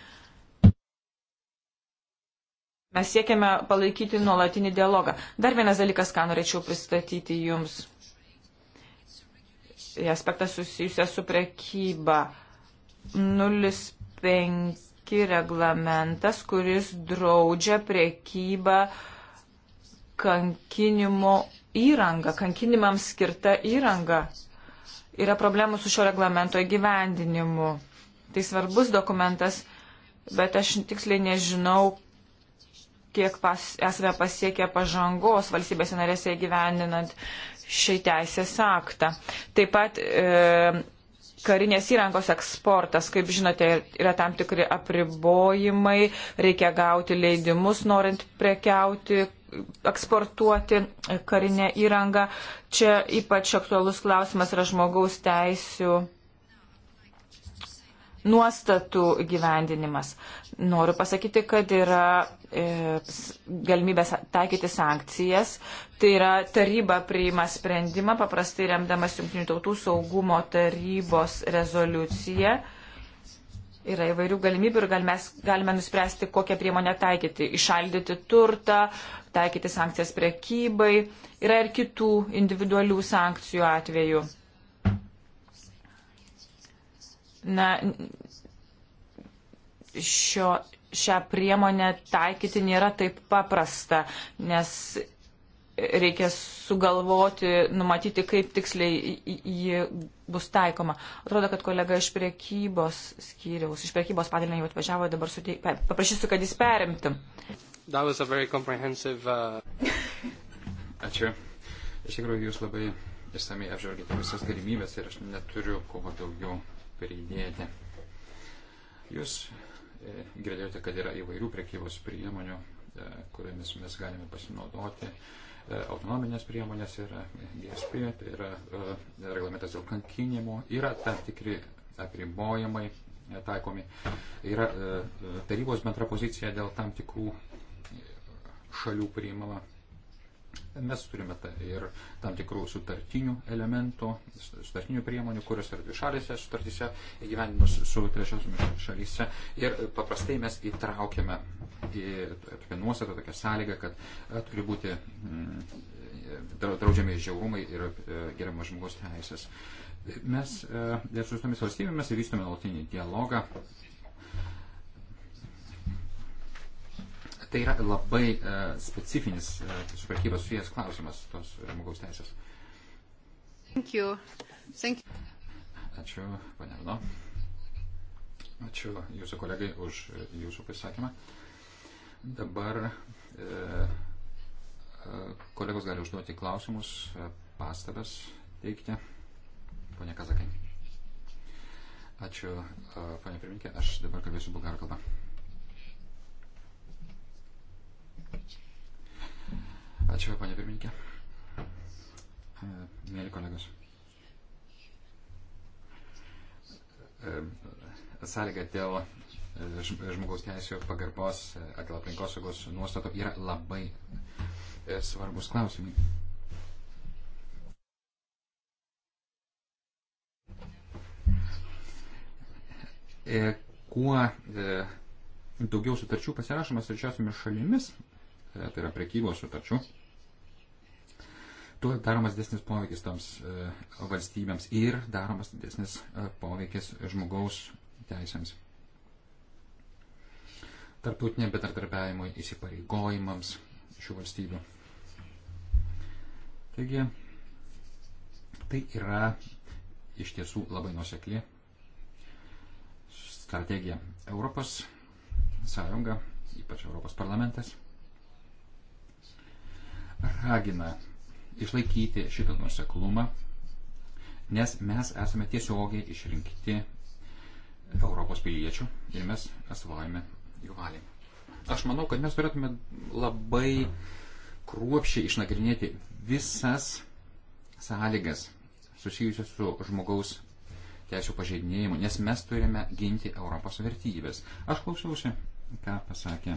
mes siekiame palaikyti nuolatinį dialogą. Dar vienas dalykas, ką norėčiau pristatyti jums. Tai aspektas susijusias su prekyba. 05 reglamentas, kuris draudžia prekybą kankinimo įranga, kankinimams skirta įranga. Yra problemų su šio reglamento įgyvendinimu. Tai svarbus dokumentas, bet aš tiksliai nežinau, kiek pas, esame pasiekę pažangos valstybėse narėse įgyvendinant šį teisės aktą. Taip pat e, karinės įrangos eksportas, kaip žinote, yra tam tikri apribojimai, reikia gauti leidimus, norint prekiauti eksportuoti karinę įrangą. Čia ypač aktualus klausimas yra žmogaus teisių nuostatų gyvendinimas. Noriu pasakyti, kad yra e, galimybės taikyti sankcijas. Tai yra taryba priima sprendimą, paprastai remdamas Junktinių tautų saugumo tarybos rezoliuciją. E, yra įvairių galimybių ir gal mes galime nuspręsti, kokią priemonę taikyti. Išaldyti turtą, taikyti sankcijas prekybai. Yra ir kitų individualių sankcijų atvejų. Na, šio, šią priemonę taikyti nėra taip paprasta, nes reikia sugalvoti, numatyti, kaip tiksliai ji bus taikoma. Atrodo, kad kolega iš priekybos skyriaus, iš priekybos padalinio jau atvažiavo, dabar suteik... paprašysiu, kad jis perimtų. Comprehensive... Uh, Ačiū. Iš tikrųjų, jūs labai išsamei apžvelgėte visas galimybės ir aš neturiu kuo daugiau pridėti. Jūs e, girdėjote, kad yra įvairių priekybos priemonių, e, kuriamis mes galime pasinaudoti. E, autonominės priemonės, yra GSP, tai yra e, reglamentas dėl kankinimų, yra tam tikri apribojimai e, taikomi, yra tarybos bendra pozicija dėl tam tikrų šalių priimama Mes turime ta, ir tam tikrų sutartinių elementų, sutartinių priemonių, kurios yra dvišalėse sutartyse įgyvendinus su trečiosiomis šalyse. Ir paprastai mes įtraukiame į tokią nuostatą, tokią sąlygą, kad e, turi būti mm, e, draudžiami žiaurumai ir e, geriamas žmogus teisės. Mes ir su tomis valstybėmis vystome nuolatinį dialogą tai yra labai e, specifinis e, su prekybos susijęs klausimas, tos e, žmogaus teisės. Thank you. Thank you. Ačiū, panė Arno. Ačiū jūsų kolegai už e, jūsų pasisakymą. Dabar e, e, kolegos gali užduoti klausimus, pastabas teikti. Pone Kazakai. Ačiū, ponė pirminkė. Aš dabar kalbėsiu bulgarų kalbą. Ačiū, panė pirmininkė. E, mėly kolegos. E, sąlyga dėl e, žmogaus teisų pagarbos, dėl aplinkosaugos nuostato yra labai svarbus klausimai. Kuo daugiau sutarčių pasirašomas trečiosiamis šalimis, tai yra prekybos sutarčių, tuo daromas didesnis poveikis toms e, valstybėms ir daromas didesnis e, poveikis žmogaus teisėms. Tarptautiniam betartarpiavimui įsipareigojimams šių valstybių. Taigi, tai yra iš tiesų labai nuosekli strategija. Europos Sąjunga, ypač Europos parlamentas, ragina išlaikyti šitą nuseklumą, nes mes esame tiesiogiai išrinkti Europos piliečių ir mes atstovaujame jų valiai. Aš manau, kad mes turėtume labai kruopšiai išnagrinėti visas sąlygas susijusias su žmogaus teisų pažeidinėjimu, nes mes turime ginti Europos vertybės. Aš klausiausi, ką pasakė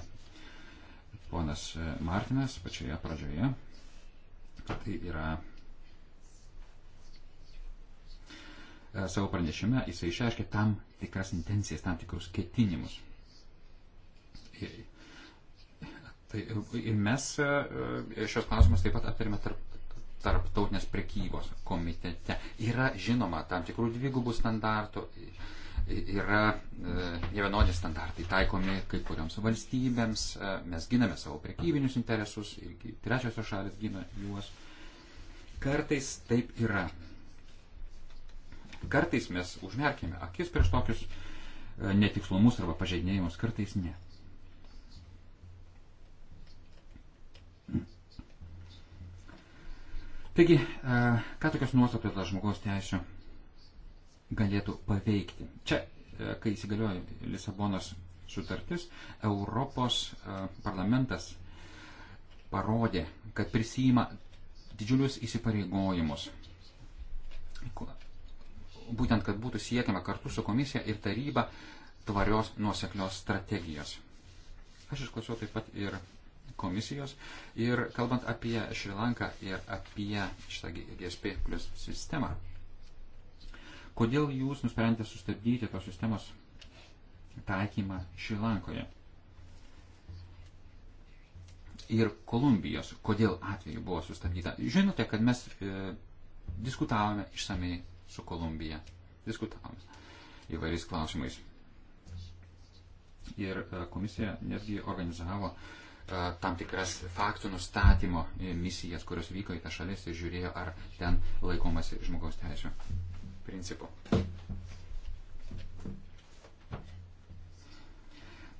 ponas Martinas pačioje pradžioje Tai yra e, savo pranešime jisai išreiškia tam tikras intencijas, tam tikrus ketinimus. Ir, tai, ir mes e, e, šios klausimus taip pat aptarėme tarp, tarptautinės prekybos komitete. Yra žinoma tam tikrų dvigubų standartų yra nevienodi standartai taikomi kai kurioms valstybėms, e, mes giname savo prekybinius interesus ir trečiosios šalis gina juos. Kartais taip yra. Kartais mes užmerkime akis prieš tokius e, netikslumus arba pažeidinėjimus, kartais ne. Taigi, e, ką tokios nuostatos žmogaus teisų galėtų paveikti. Čia, e, kai įsigaliojo Lisabonos sutartis, Europos e, parlamentas parodė, kad prisima didžiulius įsipareigojimus. Būtent, kad būtų siekiama kartu su komisija ir taryba tvarios nuoseklios strategijos. Aš išklausiau taip pat ir komisijos. Ir kalbant apie Šrilanką ir apie šitą GSP plus sistemą, Kodėl jūs nusprendėte sustabdyti tos sistemos taikymą Šilankoje? Ir Kolumbijos, kodėl atveju buvo sustabdyta? Žinote, kad mes e, diskutavome išsamei su Kolumbija. Diskutavome įvairiais klausimais. Ir e, komisija netgi organizavo e, tam tikras faktų nustatymo misijas, kurios vyko į tą šalis ir žiūrėjo, ar ten laikomasi žmogaus teisų principu.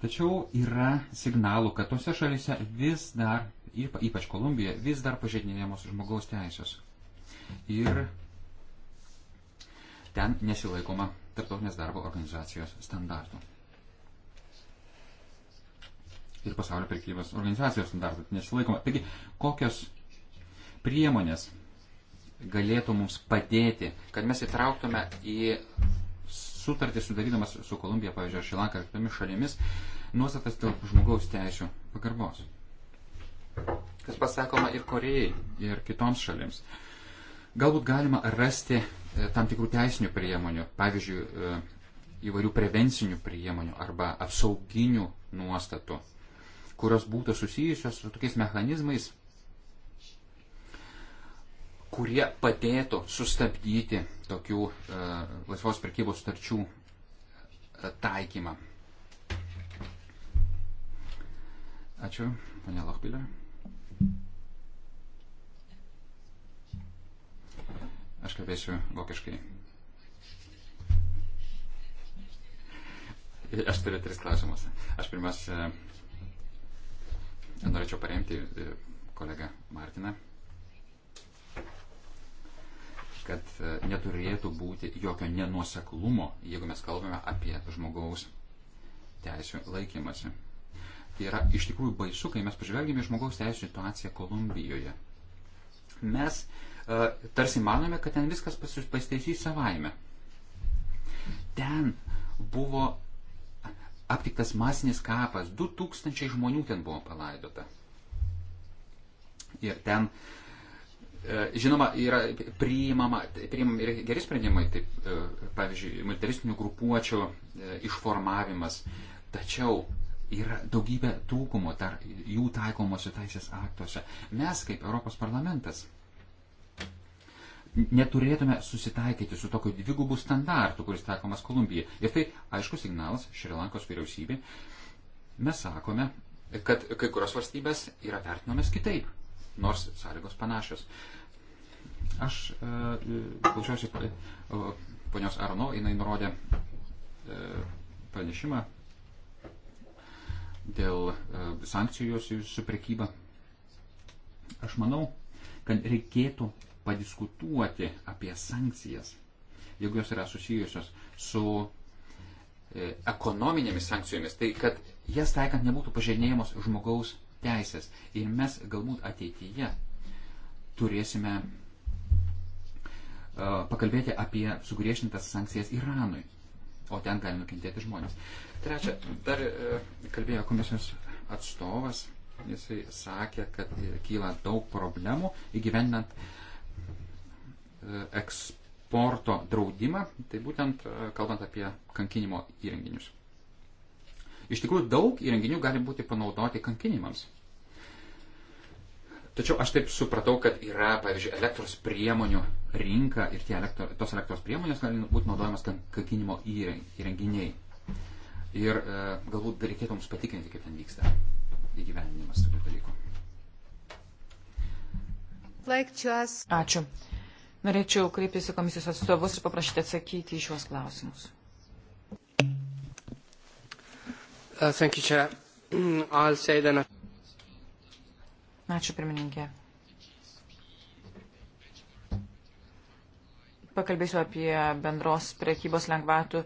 Tačiau yra signalų, kad tose šalise vis dar, ypač Kolumbija, vis dar pažeidinėjamos žmogaus teisės. Ir ten nesilaikoma tarptautinės darbo organizacijos standartų. Ir pasaulio prekybos organizacijos standartų nesilaikoma. Taigi, kokios priemonės galėtų mums padėti, kad mes įtrauktume į sutartį sudarydamas su Kolumbija, pavyzdžiui, ar Šilanka, ar kitomis šalimis, nuostatas dėl žmogaus teisų pagarbos. Kas pasakoma ir Korejai, ir kitoms šalims. Galbūt galima rasti e, tam tikrų teisinių priemonių, pavyzdžiui, e, įvairių prevencinių priemonių arba apsauginių nuostatų, kurios būtų susijusios su tokiais mechanizmais, kurie padėtų sustabdyti tokių e, laisvos prekybos starčių e, taikymą. Ačiū, ponia Lochbilė. Aš kalbėsiu vokiškai. Aš turiu tris klausimus. Aš pirmiausia e, norėčiau paremti e, kolegą Martiną kad e, neturėtų būti jokio nenuoseklumo, jeigu mes kalbame apie žmogaus teisų laikymasi. Tai yra iš tikrųjų baisu, kai mes pažvelgėme į žmogaus teisų situaciją Kolumbijoje. Mes e, tarsi manome, kad ten viskas pasiteisys savaime. Ten buvo aptiktas masinis kapas, 2000 žmonių ten buvo palaidota. Ir ten uh, E, žinoma, yra priimama, priimami ir geri sprendimai, taip, e, pavyzdžiui, militaristinių grupuočių e, išformavimas, tačiau yra daugybė trūkumų tarp jų taikomosių teisės aktuose. Mes, kaip Europos parlamentas, neturėtume susitaikyti su tokiu dvigubu standartu, kuris taikomas Kolumbijai. Ir tai aiškus signalas Šrilankos vyriausybė. Mes sakome, kad kai kurios valstybės yra vertinamas kitaip nors sąlygos panašios. Aš e, klausiausi e, e, ponios Arno, jinai nurodė e, pranešimą dėl e, sankcijų su prekyba. Aš manau, kad reikėtų padiskutuoti apie sankcijas, jeigu jos yra susijusios su e, ekonominėmis sankcijomis, tai kad jas taikant nebūtų pažeidinėjamos žmogaus teisės. Ir mes galbūt ateityje turėsime pakalbėti apie sugriešintas sankcijas Iranui, o ten gali nukentėti žmonės. Trečia, dar e, kalbėjo komisijos atstovas, jisai sakė, kad e, kyla daug problemų įgyvendinant e, eksporto draudimą, tai būtent kalbant apie kankinimo įrenginius. Iš tikrųjų, daug įrenginių gali būti panaudoti kankinimams. Tačiau aš taip supratau, kad yra, pavyzdžiui, elektros priemonių rinka ir elektro, tos elektros priemonės gali būti naudojamas kankinimo įrenginiai. Ir e, galbūt reikėtų mums patikrinti, kaip ten vyksta įgyvendinimas tokių dalykų. Ačiū. Norėčiau kreiptis į komisijos atstovus ir paprašyti atsakyti į šiuos klausimus. Uh, thank you, Chair. I'll say then. Ačiū, pirmininkė. Pakalbėsiu apie bendros prekybos lengvatų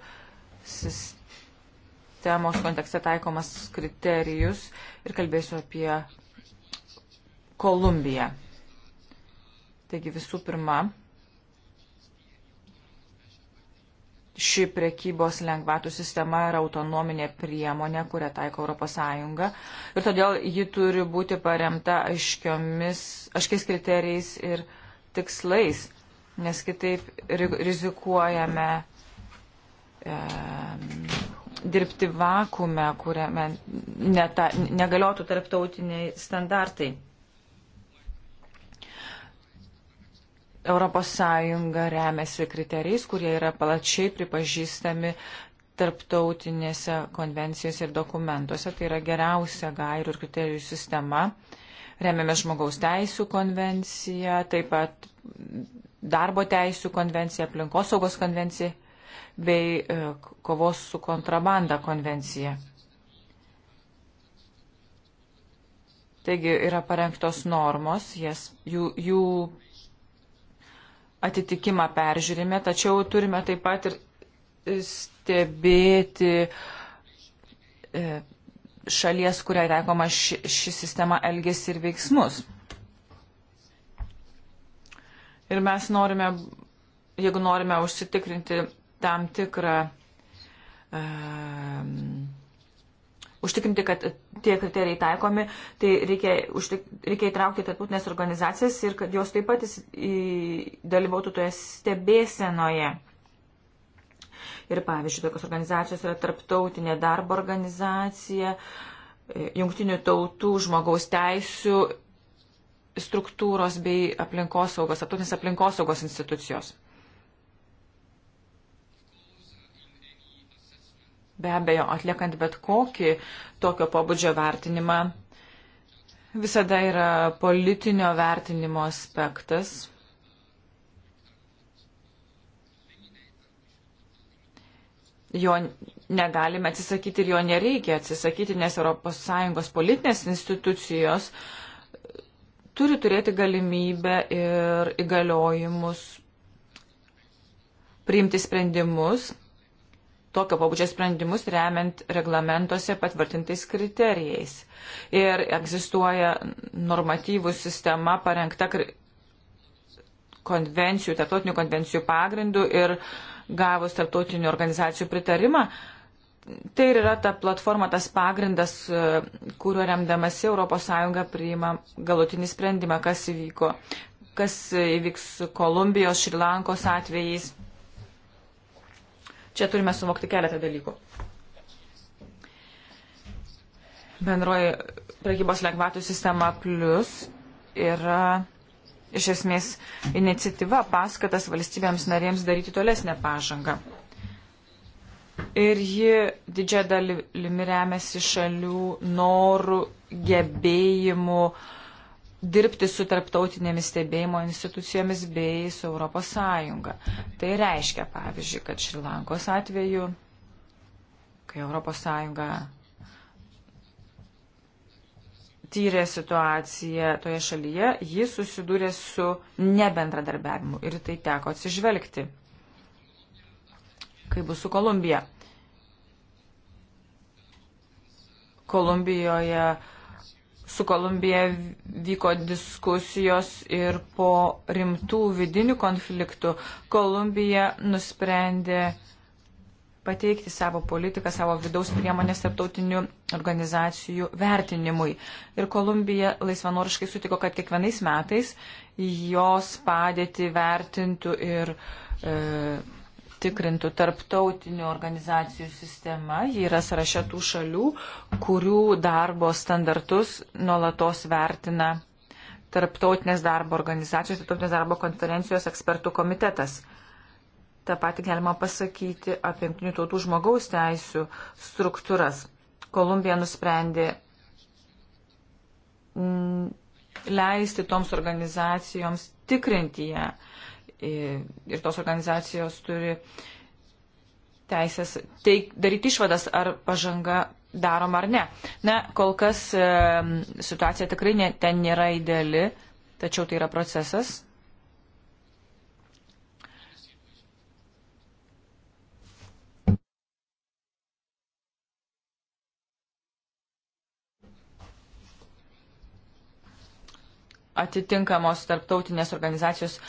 sistemos kontekste taikomas kriterijus ir kalbėsiu apie Kolumbiją. Taigi visų pirma, ši prekybos lengvatų sistema yra autonominė priemonė, kurią taiko ES ir todėl ji turi būti paremta aiškiais kriterijais ir tikslais, nes kitaip rizikuojame e, dirbti vakume, kuriame neta, negaliotų tarptautiniai standartai. ES remiasi kriterijais, kurie yra palačiai pripažįstami tarptautinėse konvencijose ir dokumentuose. Tai yra geriausia gairių ir kriterijų sistema. Remiame žmogaus teisų konvenciją, taip pat darbo teisų konvenciją, aplinkosaugos konvenciją bei e, kovos su kontrabanda konvenciją. Taigi yra parengtos normos, jas, jų, jų atitikimą peržiūrime, tačiau turime taip pat ir stebėti e, šalies, kuriai taikoma ši, ši sistema elgesi ir veiksmus. Ir mes norime, jeigu norime užsitikrinti tam tikrą um, užtikrinti, kad tie kriterijai taikomi, tai reikia, užtik, reikia įtraukti tarptautinės organizacijas ir kad jos taip pat dalyvautų toje stebėsenoje. Ir pavyzdžiui, tokios organizacijos yra tarptautinė darbo organizacija, e, jungtinių tautų žmogaus teisų struktūros bei aplinkosaugos, tarptautinės aplinkosaugos institucijos. Be abejo, atliekant bet kokį tokio pobūdžio vertinimą, visada yra politinio vertinimo aspektas. Jo negalime atsisakyti ir jo nereikia atsisakyti, nes ES politinės institucijos turi turėti galimybę ir įgaliojimus priimti sprendimus tokio pabudžio sprendimus remiant reglamentuose patvirtintais kriterijais. Ir egzistuoja normatyvų sistema parengta konvencijų, tarptautinių konvencijų pagrindų ir gavus tarptautinių organizacijų pritarimą. Tai yra ta platforma, tas pagrindas, e, kuriuo remdamasi ES priima galutinį sprendimą, kas įvyko, kas įvyks Kolumbijos, Šrilankos atvejais. Čia turime suvokti keletą dalykų. Bendroji prekybos lengvatų sistema plus yra iš esmės iniciatyva paskatas valstybėms narėms daryti tolesnę pažangą. Ir ji didžia dalimi remiasi šalių norų, gebėjimų uh, dirbti su tarptautinėmis stebėjimo institucijomis bei su Europos Sąjunga. Tai reiškia, pavyzdžiui, kad Šrilankos atveju, kai Europos Sąjunga tyrė situaciją toje šalyje, ji susidūrė su nebendradarbiavimu ir tai teko atsižvelgti, kai bus su Kolumbija. Kolumbijoje uh, su Kolumbija vyko diskusijos ir po rimtų vidinių konfliktų Kolumbija nusprendė pateikti savo politiką, savo vidaus priemonės tarptautinių organizacijų vertinimui. Ir Kolumbija laisvanoriškai sutiko, kad kiekvienais metais jos padėti vertintų ir e, užtikrintų tarptautinių organizacijų sistema. Ji yra sąraše tų šalių, kurių darbo standartus nuolatos vertina tarptautinės darbo organizacijos, tarptautinės darbo konferencijos ekspertų komitetas. Ta pati galima pasakyti apie jungtinių tautų žmogaus teisų struktūras. Kolumbija nusprendė mm, leisti toms organizacijoms tikrinti ją ir tos organizacijos turi teisės teik, daryti išvadas, ar pažanga daroma ar ne. Na, kol kas e, situacija tikrai ne, ten nėra ideali, tačiau tai yra procesas. Atitinkamos tarptautinės organizacijos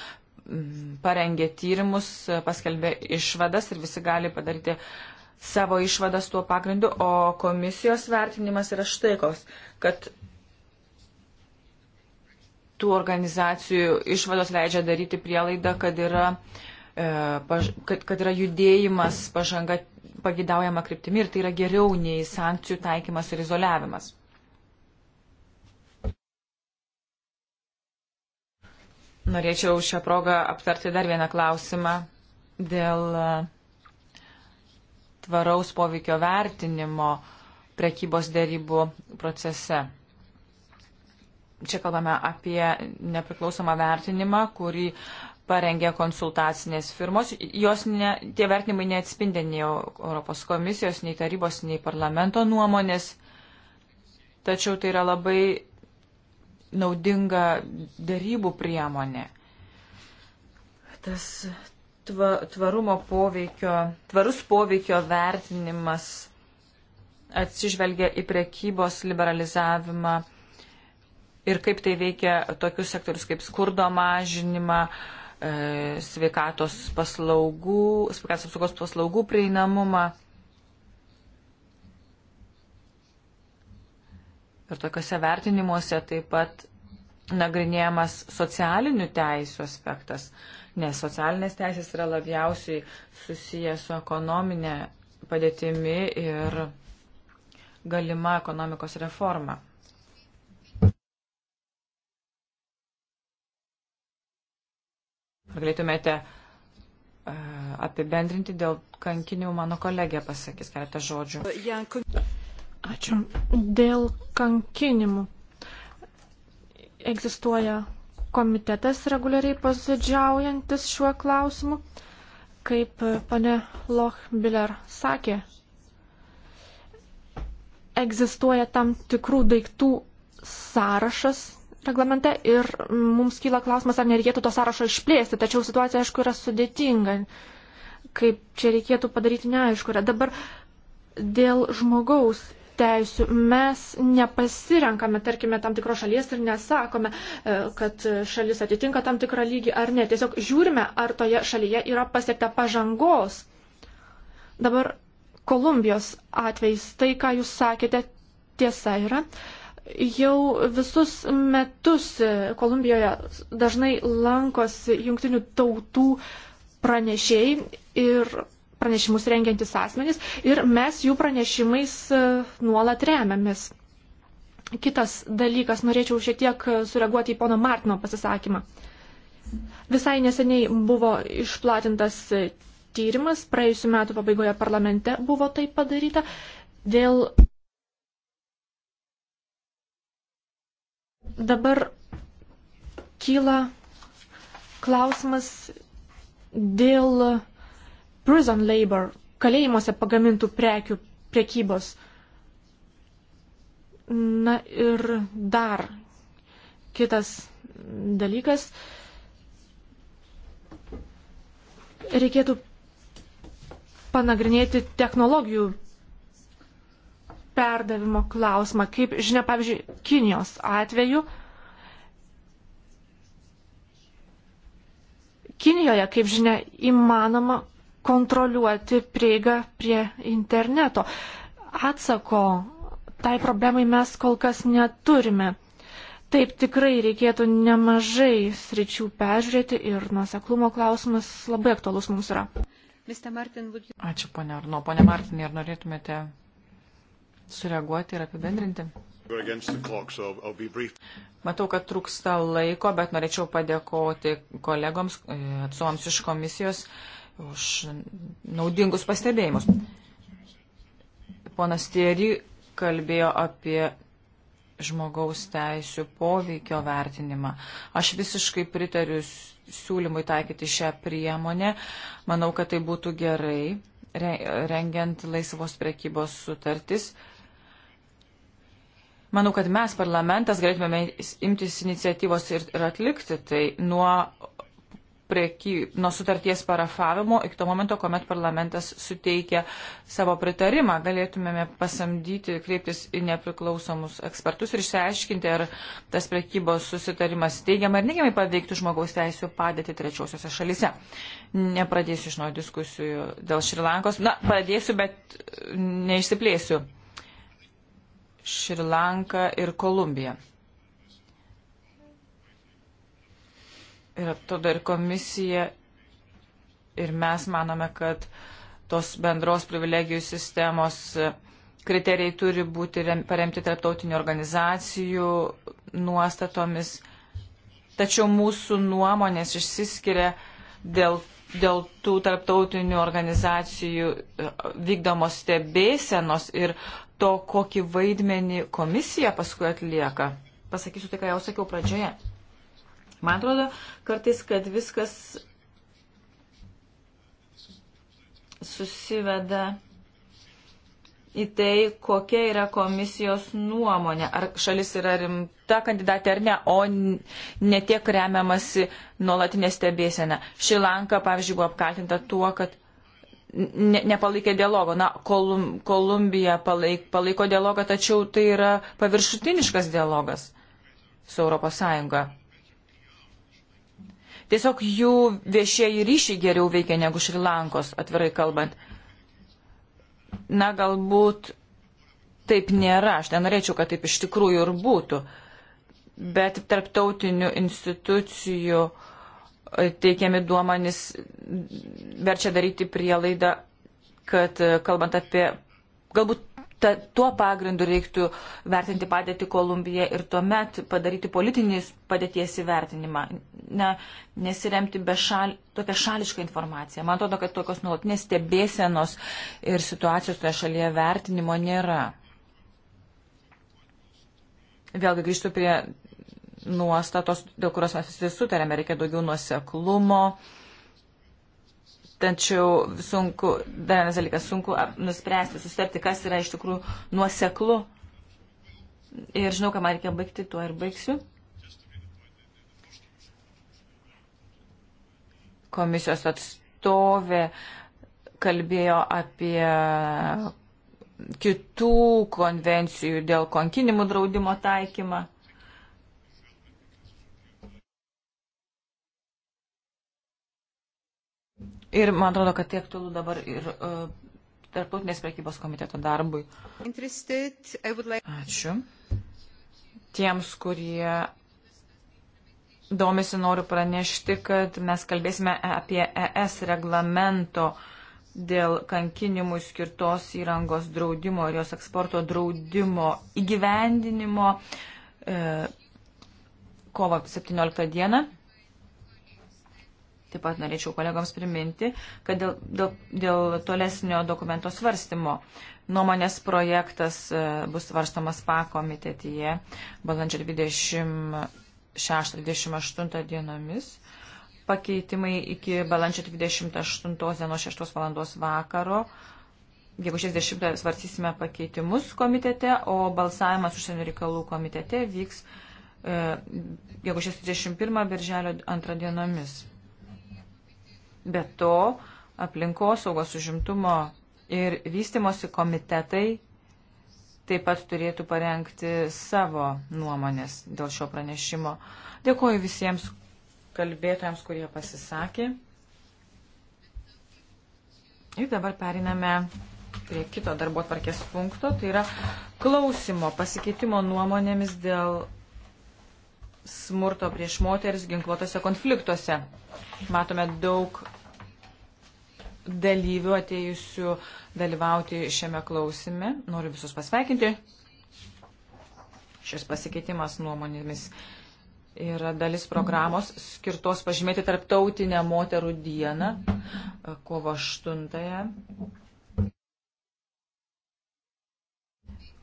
parengė tyrimus, paskelbė išvadas ir visi gali padaryti savo išvadas tuo pagrindu, o komisijos vertinimas yra štai koks, kad tų organizacijų išvados leidžia daryti prielaidą, kad yra, e, kad, kad yra judėjimas pažanga pagidaujama kryptimi ir tai yra geriau nei sankcijų taikymas ir izoliavimas. Norėčiau šią progą aptarti dar vieną klausimą dėl e, tvaraus poveikio vertinimo prekybos dėrybų procese. Čia kalbame apie nepriklausomą vertinimą, kurį parengė konsultacinės firmos. Jos ne, tie vertinimai neatspindė nei Europos komisijos, nei tarybos, nei parlamento nuomonės. Tačiau tai yra labai naudinga darybų priemonė. Tas tva, tvarumo poveikio, tvarus poveikio vertinimas atsižvelgia į prekybos liberalizavimą ir kaip tai veikia tokius sektorius kaip skurdo mažinimą, e, sveikatos paslaugų, sveikatos apsaugos paslaugų prieinamumą. Ir tokiuose vertinimuose taip pat nagrinėjamas socialinių teisų aspektas, nes socialinės teisės yra labiausiai susijęs su ekonominė padėtimi ir galima ekonomikos reforma. Ar galėtumėte e, apibendrinti dėl kankinių mano kolegė pasakys keletą žodžių. Ačiū. Dėl kankinimų. Egzistuoja komitetas reguliariai posėdžiaujantis šiuo klausimu, kaip pane Lochbiller sakė. Egzistuoja tam tikrų daiktų sąrašas reglamente ir mums kyla klausimas, ar nereikėtų to sąrašo išplėsti, tačiau situacija, aišku, yra sudėtinga, kaip čia reikėtų padaryti neaišku. Yra. Dabar dėl žmogaus teisių. Mes nepasirenkame, tarkime, tam tikros šalies ir nesakome, e, kad šalis atitinka tam tikrą lygį ar ne. Tiesiog žiūrime, ar toje šalyje yra pasiekta pažangos. Dabar Kolumbijos atvejs, tai ką jūs sakėte, tiesa yra. Jau visus metus Kolumbijoje dažnai lankosi jungtinių tautų pranešėjai ir pranešimus rengiantis asmenys ir mes jų pranešimais e, nuolat remiamės. Kitas dalykas, norėčiau šiek tiek sureaguoti į pono Martino pasisakymą. Visai neseniai buvo išplatintas e, tyrimas, praėjusiu metu pabaigoje parlamente buvo tai padaryta, dėl dabar kyla klausimas dėl prison labor, kalėjimuose pagamintų prekių prekybos. Na ir dar kitas dalykas. Reikėtų panagrinėti technologijų perdavimo klausimą, kaip žinia, pavyzdžiui, Kinijos atveju. Kinijoje, kaip žinia, įmanoma kontroliuoti prieigą prie interneto. Atsako tai problemai mes kol kas neturime. Taip tikrai reikėtų nemažai sričių peržiūrėti ir nuoseklumo klausimas labai aktualus mums yra. Ačiū, ponia Arno. Ponia Martinai, ar norėtumėte sureaguoti ir apibendrinti? Matau, kad trūksta laiko, bet norėčiau padėkoti kolegoms, e, atsovams iš komisijos. Uh, už naudingus pastebėjimus. Ponas Tieri kalbėjo apie žmogaus teisų poveikio vertinimą. Aš visiškai pritariu siūlymui taikyti šią priemonę. Manau, kad tai būtų gerai, rengiant laisvos prekybos sutartis. Manau, kad mes, parlamentas, galėtume imtis iniciatyvos ir, ir atlikti tai nuo preky, nuo sutarties parafavimo iki to momento, kuomet parlamentas suteikia savo pritarimą. Galėtumėme pasamdyti, kreiptis į nepriklausomus ekspertus ir išsiaiškinti, ar tas prekybos susitarimas teigiamai ar neigiamai paveiktų žmogaus teisų padėti trečiosiuose šalise. Nepradėsiu iš naujo diskusijų dėl Šrilankos. Na, pradėsiu, bet neišsiplėsiu. Šrilanka ir Kolumbija. ir atrodo ir komisija, ir mes manome, kad tos bendros privilegijų sistemos kriterijai turi būti paremti tarptautinių organizacijų nuostatomis. Tačiau mūsų nuomonės išsiskiria dėl, dėl tų tarptautinių organizacijų e, vykdomos stebėsenos ir to, kokį vaidmenį komisija paskui atlieka. Pasakysiu tai, ką jau sakiau pradžioje. Man atrodo kartais, kad viskas susiveda į tai, kokia yra komisijos nuomonė, ar šalis yra rimta kandidatė ar ne, o ne tiek remiamasi nuolatinė stebėsena. Šilanka, pavyzdžiui, buvo apkaltinta tuo, kad ne, nepalaikė dialogo. Na, Kolum, Kolumbija palaik, palaiko dialogą, tačiau tai yra paviršutiniškas dialogas su Europos Sąjunga. Tiesiog jų viešieji ryšiai geriau veikia negu Šrilankos, atvirai kalbant. Na, galbūt taip nėra. Aš nenorėčiau, kad taip iš tikrųjų ir būtų. Bet tarptautinių institucijų e, teikiami duomenys verčia daryti prielaidą, kad e, kalbant apie galbūt ta, tuo pagrindu reiktų vertinti padėtį Kolumbiją ir tuomet padaryti politinį padėties įvertinimą, ne, nesiremti be šal, tokią šališką informaciją. Man atrodo, kad tokios nuolatinės stebėsenos ir situacijos toje šalyje vertinimo nėra. Vėlgi grįžtu prie nuostatos, dėl kurios mes visi sutarėme, reikia daugiau nuoseklumo Tačiau sunku, dar vienas dalykas, sunku nuspręsti, sustarti, kas yra iš tikrųjų nuoseklu. Ir žinau, ką man reikia baigti, tuo ir baigsiu. Komisijos atstovė kalbėjo apie kitų konvencijų dėl konkinimų draudimo taikymą. Ir man atrodo, kad tiek tulu dabar ir uh, Tarptautinės prekybos komiteto darbui. Ačiū. Tiems, kurie domisi, noriu pranešti, kad mes kalbėsime apie ES reglamento dėl kankinimų skirtos įrangos draudimo ir jos eksporto draudimo įgyvendinimo e, kovo 17 dieną. Taip pat norėčiau kolegoms priminti, kad dėl, dėl, dėl tolesnio dokumento svarstymo nuomonės projektas e, bus svarstomas pakomitetyje balandžio 26-28 dienomis. Pakeitimai iki balandžio 28 dienos 6 valandos vakaro. Gegužės 10 svarstysime pakeitimus komitete, o balsavimas užsienio reikalų komitete vyks e, gegužės 21 birželio 2 dienomis. Be to, aplinkosaugos užimtumo ir vystimosi komitetai taip pat turėtų parengti savo nuomonės dėl šio pranešimo. Dėkuoju visiems kalbėtojams, kurie pasisakė. Ir dabar periname prie kito darbo tvarkės punkto, tai yra klausimo pasikeitimo nuomonėmis dėl smurto prieš moteris ginkluotose konfliktuose. Matome daug dalyvių atėjusių dalyvauti šiame klausime. Noriu visus pasveikinti. Šis pasikeitimas nuomonėmis yra dalis programos skirtos pažymėti Tarptautinę moterų dieną, e, kovo 8-ąją.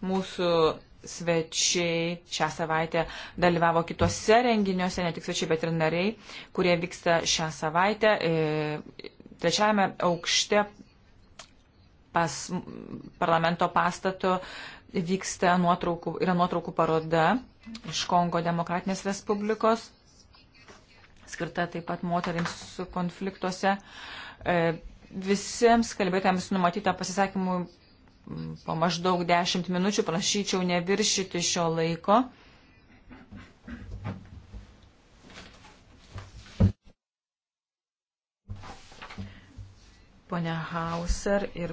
Mūsų svečiai šią savaitę dalyvavo kitose renginiuose, ne tik svečiai, bet ir nariai, kurie vyksta šią savaitę. E, trečiajame aukšte pas parlamento pastato vyksta nuotraukų, yra nuotraukų paroda iš Kongo Demokratinės Respublikos, skirta taip pat moterims konfliktuose. E, visiems kalbėtams numatyta pasisakymų po maždaug 10 minučių, prašyčiau neviršyti šio laiko. ponia Hauser ir,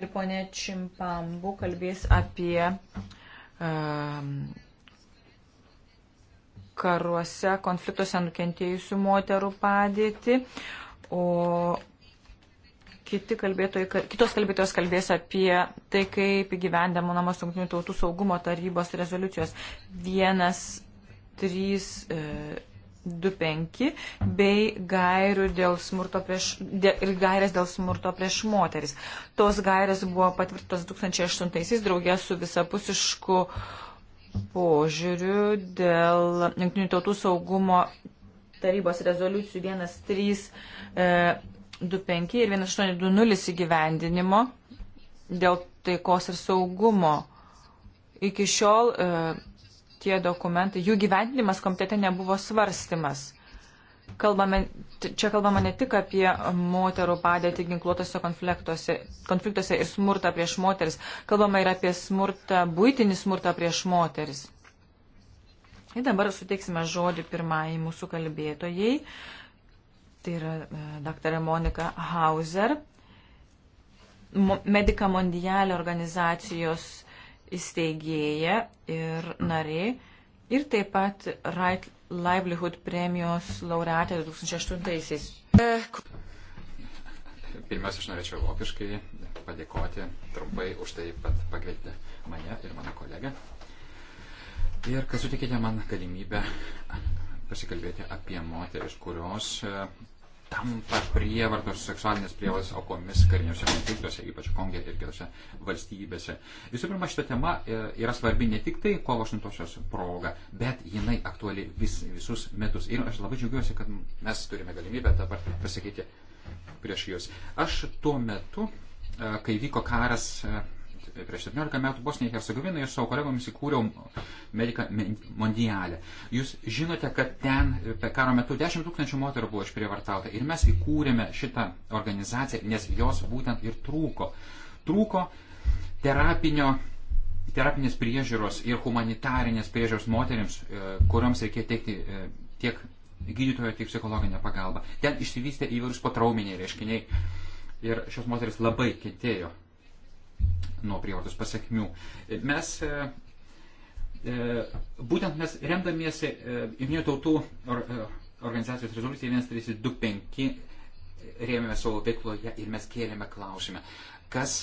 ir ponia Čimpambu kalbės apie um, karuose, konfliktuose nukentėjusių moterų padėtį, o kiti kalbėtojai, kitos kalbėtojos kalbės apie tai, kaip įgyvendamonamos Junktinių tautų saugumo tarybos rezoliucijos vienas, trys. E, 25 bei gairių dėl smurto prieš, dė, ir gairės dėl smurto prieš moteris. Tos gairės buvo patvirtos 2008-aisiais draugė su visapusišku požiūriu dėl Junktinių tautų saugumo tarybos rezoliucijų 1325 e, ir 1820 įgyvendinimo dėl taikos ir saugumo. Iki šiol e, tie dokumentai, jų gyvendinimas komitete nebuvo svarstymas. Kalbame, čia kalbama ne tik apie moterų padėtį ginkluotose konfliktuose, konfliktuose ir smurtą prieš moteris, kalbama ir apie smurtą, būtinį smurtą prieš moteris. Ir dabar suteiksime žodį pirmąjį mūsų kalbėtojai. Tai yra e, daktarė Monika Hauser, Medika Mondialė organizacijos įsteigėja ir narė ir taip pat Right Livelihood premijos laureatė 2008-aisiais. Pirmiausia, aš norėčiau vokiškai padėkoti trumpai už tai, kad pakvietėte mane ir mano kolegę. Ir kad sutikėte man galimybę pasikalbėti apie moteris, kurios tampa prievartos, seksualinės prievartos aukomis kariniuose konfliktuose, ypač Kongė ir kitose valstybėse. Visų pirma, šita tema e, yra svarbi ne tik tai kovo 8-osios proga, bet jinai aktuali vis, visus metus. Ir aš labai džiaugiuosi, kad mes turime galimybę dabar pasakyti prieš jūs. Aš tuo metu, e, kai vyko karas e, prieš 17 metų Bosnijoje Hercegovinoje su savo kolegomis įkūriau Medica Mondialę. Jūs žinote, kad ten e, karo metu 10 tūkstančių moterų buvo išprievartauta ir mes įkūrėme šitą organizaciją, nes jos būtent ir trūko. Trūko terapinio terapinės priežiūros ir humanitarinės priežiūros moteriams, e, kuriuoms reikėjo teikti e, tiek gydytojo, tiek psichologinę pagalbą. Ten išsivystė įvairūs patrauminiai reiškiniai ir šios moteris labai kentėjo nuo prievartos pasiekmių. Mes e, e, būtent mes remdamiesi e, Junktinių tautų organizacijos rezoliuciją 1325 rėmėme savo veikloje ir mes kėlėme klausimą, kas,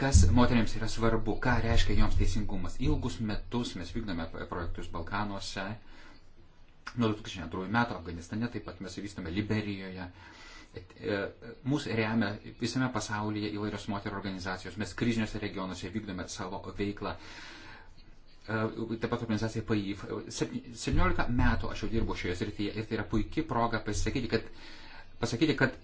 kas moteriams yra svarbu, ką reiškia joms teisingumas. Ilgus metus mes vykdome projektus Balkanuose, nuo 2002 metų Afganistane taip pat mes vystome Liberijoje. Uh, E, mūsų remia visame pasaulyje įvairios moterų organizacijos. Mes kryžiniuose regionuose vykdome savo veiklą. E, taip pat organizacija PAIF. 17 metų aš jau dirbu šioje srityje ir tai yra puikia proga pasakyti, kad, pasakyti, kad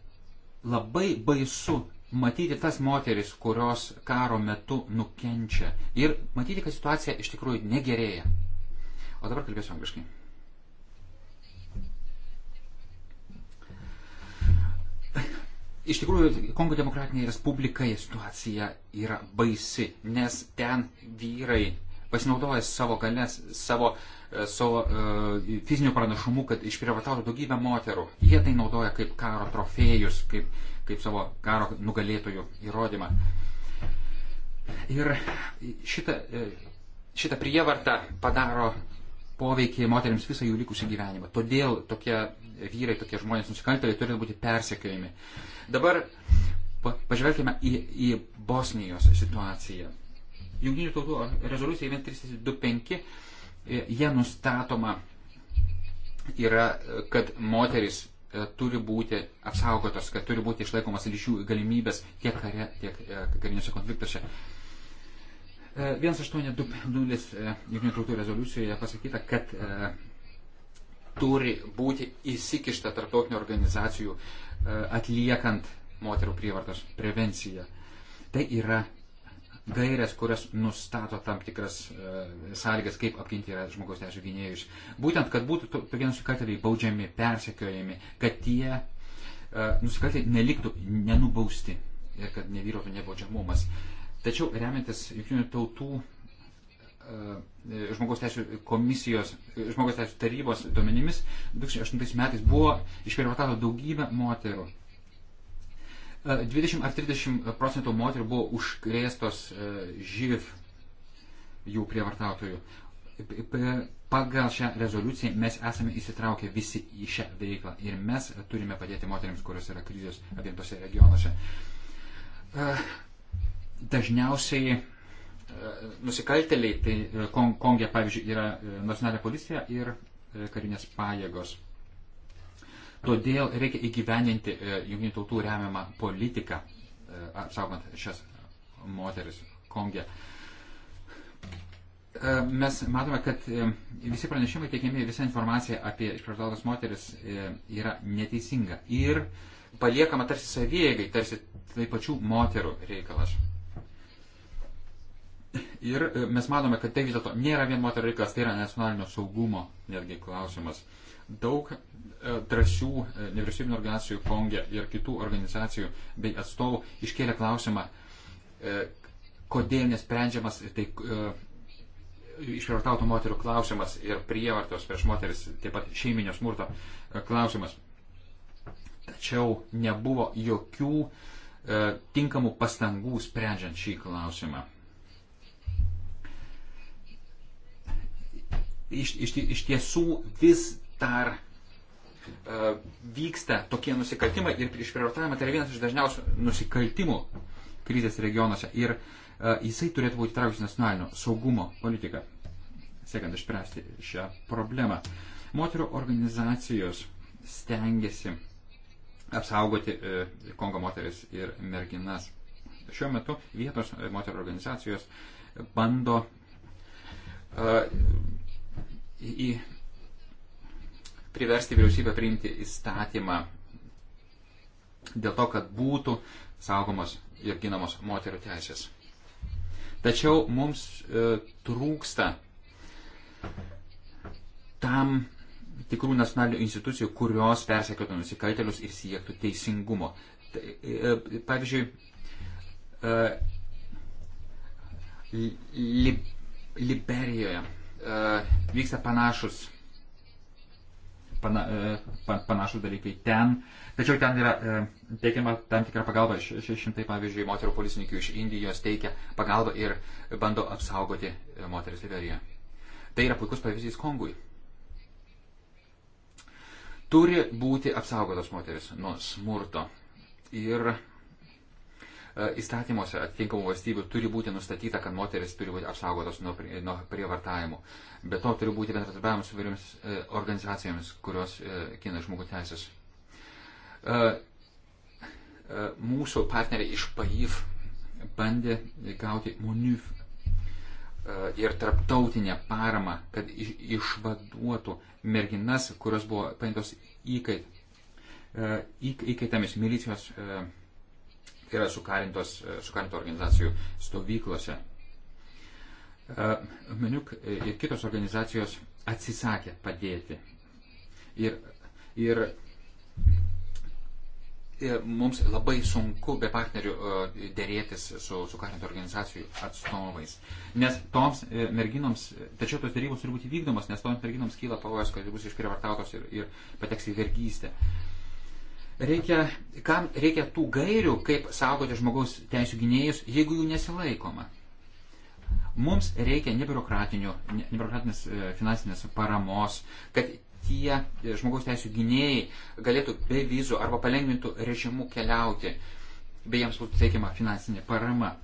labai baisu matyti tas moteris, kurios karo metu nukenčia ir matyti, kad situacija iš tikrųjų negerėja. O dabar kalbėsiu angliškai. Iš tikrųjų, Kongo demokratinėje respublikai situacija yra baisi, nes ten vyrai pasinaudoja savo galės, savo, e, savo e, fiziniu pranašumu, kad išprivatautų daugybę moterų. Jie tai naudoja kaip karo trofėjus, kaip, kaip savo karo nugalėtojų įrodymą. Ir šitą, e, šitą prievartą padaro poveikį moteriams visą jų likusį gyvenimą. Todėl tokie vyrai, tokie žmonės nusikaltėliai turi būti persekiojami. Dabar pažvelkime į, į Bosnijos situaciją. Junktinių tautų rezoliucija 1325, e, jie nustatoma yra, e, kad moteris e, turi būti apsaugotos, kad turi būti išlaikomas lyčių galimybės tiek kare, tiek kariniuose konfliktuose. 1820 Junktinių tautų rezoliucijoje pasakyta, kad turi būti įsikišta tarptautinių organizacijų uh, E, atliekant moterų prievartos prevenciją. Tai yra gairės, kurios nustato tam tikras e, sąlygas, kaip apginti yra žmogaus teisų gynėjus. Būtent, kad būtų tokie nusikaltėliai baudžiami, persekiojami, kad tie e, nusikaltėliai neliktų nenubausti ir kad nevyrotų nebaudžiamumas. Tačiau remiantis Junktinių tautų E, žmogaus teisų komisijos, e, žmogaus teisų tarybos duomenimis 2008 metais buvo išprievartauta daugybė moterų. 20 e, ar 30 procentų moterų buvo užkrėstos živ jų prievartautojų. Pagal šią rezoliuciją mes esame įsitraukę visi į šią veiklą ir mes turime padėti moteriams, kurios yra krizės abiem tose regionuose. Dažniausiai uh, nusikalteliai, tai e, Konge, pavyzdžiui, yra e, nacionalinė policija ir e, karinės pajėgos. Todėl reikia įgyveninti jungtinių tautų remiamą politiką, apsaugant šias moteris Konge. Mes matome, kad visi pranešimai teikiami, visa informacija apie išprievartautas moteris yra neteisinga ir paliekama tarsi savieigai, tarsi tai pačių moterų reikalas. Ir e, mes manome, kad tai vis dėlto nėra vien moterų reikalas, tai yra nacionalinio saugumo netgi klausimas. Daug e, drąsių e, nevyriausybinio organizacijų Konge ir kitų organizacijų bei atstovų iškėlė klausimą, kodėl nesprendžiamas tai išprievartautų moterų klausimas ir prievartos prieš moteris, taip pat šeiminio smurto klausimas. Tačiau nebuvo jokių tinkamų pastangų sprendžiant šį klausimą. iš, iš, iš tiesų vis dar uh, vyksta tokie nusikaltimai ir išprievartavimai tai yra vienas iš dažniausių nusikaltimų krizės regionuose ir uh, jisai turėtų būti traukęs nacionalinio saugumo politiką, siekiant išspręsti šią problemą. Moterų organizacijos stengiasi apsaugoti uh, Kongo moteris ir merginas. Šiuo metu vietos moterų organizacijos bando uh, į, į priversti vyriausybę priimti įstatymą dėl to, kad būtų saugomos ir ginamos moterų teisės. Tačiau mums e, trūksta tam tikrų nacionalinių institucijų, kurios persekiotų nusikaltelius ir siektų teisingumo. Tai, e, pavyzdžiui, e, li, Liberijoje E, vyksta panašus, pana, e, panašus dalykai ten, tačiau ten yra e, teikiama tam tikra pagalba. 600, pavyzdžiui, moterų policininkių iš Indijos teikia pagalbą ir bando apsaugoti moteris Liberijoje. Tai yra puikus pavyzdys Kongui. Turi būti apsaugotos moteris nuo smurto. Ir E, įstatymuose atitinkamų valstybių turi būti nustatyta, kad moteris turi būti apsaugotos nuo, nuo prievartavimų. Be to turi būti bendradarbiavimas su vairiomis e, organizacijomis, kurios kina e, žmogų teisės. Mūsų partneriai iš PAIF bandė gauti MUNIF ir tarptautinę paramą, kad išvaduotų merginas, kurios buvo paimtos įkait, įkaitamis milicijos yra sukarintos, e, sukarinto organizacijų stovyklose. E, Meniuk ir kitos organizacijos atsisakė padėti. Ir, ir, ir mums labai sunku be partnerių e, dėrėtis su sukarinto organizacijų atstovais. Nes toms merginoms, tačiau tos dėrybos turi būti vykdomos, nes toms merginoms kyla pavojus, kad bus išprievartautos ir, ir pateks į vergystę. Uh, reikia, kam reikia tų gairių, kaip saugoti žmogaus teisų gynėjus, jeigu jų nesilaikoma. Mums reikia nebiurokratinės e, finansinės paramos, kad tie e, žmogaus teisų gynėjai galėtų be vizų arba palengvintų režimų keliauti, bei jiems būtų teikiama finansinė parama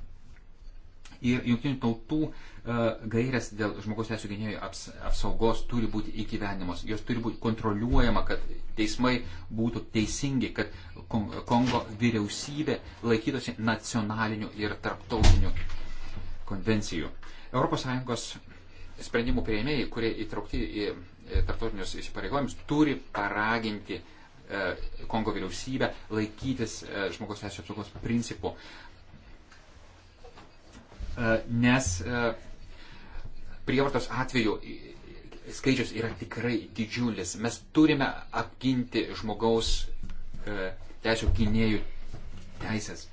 ir jungtinių tautų e, gairės dėl žmogaus teisų gynėjų aps, apsaugos turi būti įgyvenimos, jos turi būti kontroliuojama, kad teismai būtų teisingi, kad Kongo vyriausybė laikytųsi nacionalinių ir tarptautinių konvencijų. ES sprendimų prieimėjai, kurie įtraukti į tarptautinius įsipareigojimus, turi paraginti e, Kongo vyriausybę laikytis e, žmogaus teisų apsaugos principų. E, nes e, prievartos atveju skaičius yra tikrai didžiulis. Mes turime apginti žmogaus e, teisų gynėjų teisės.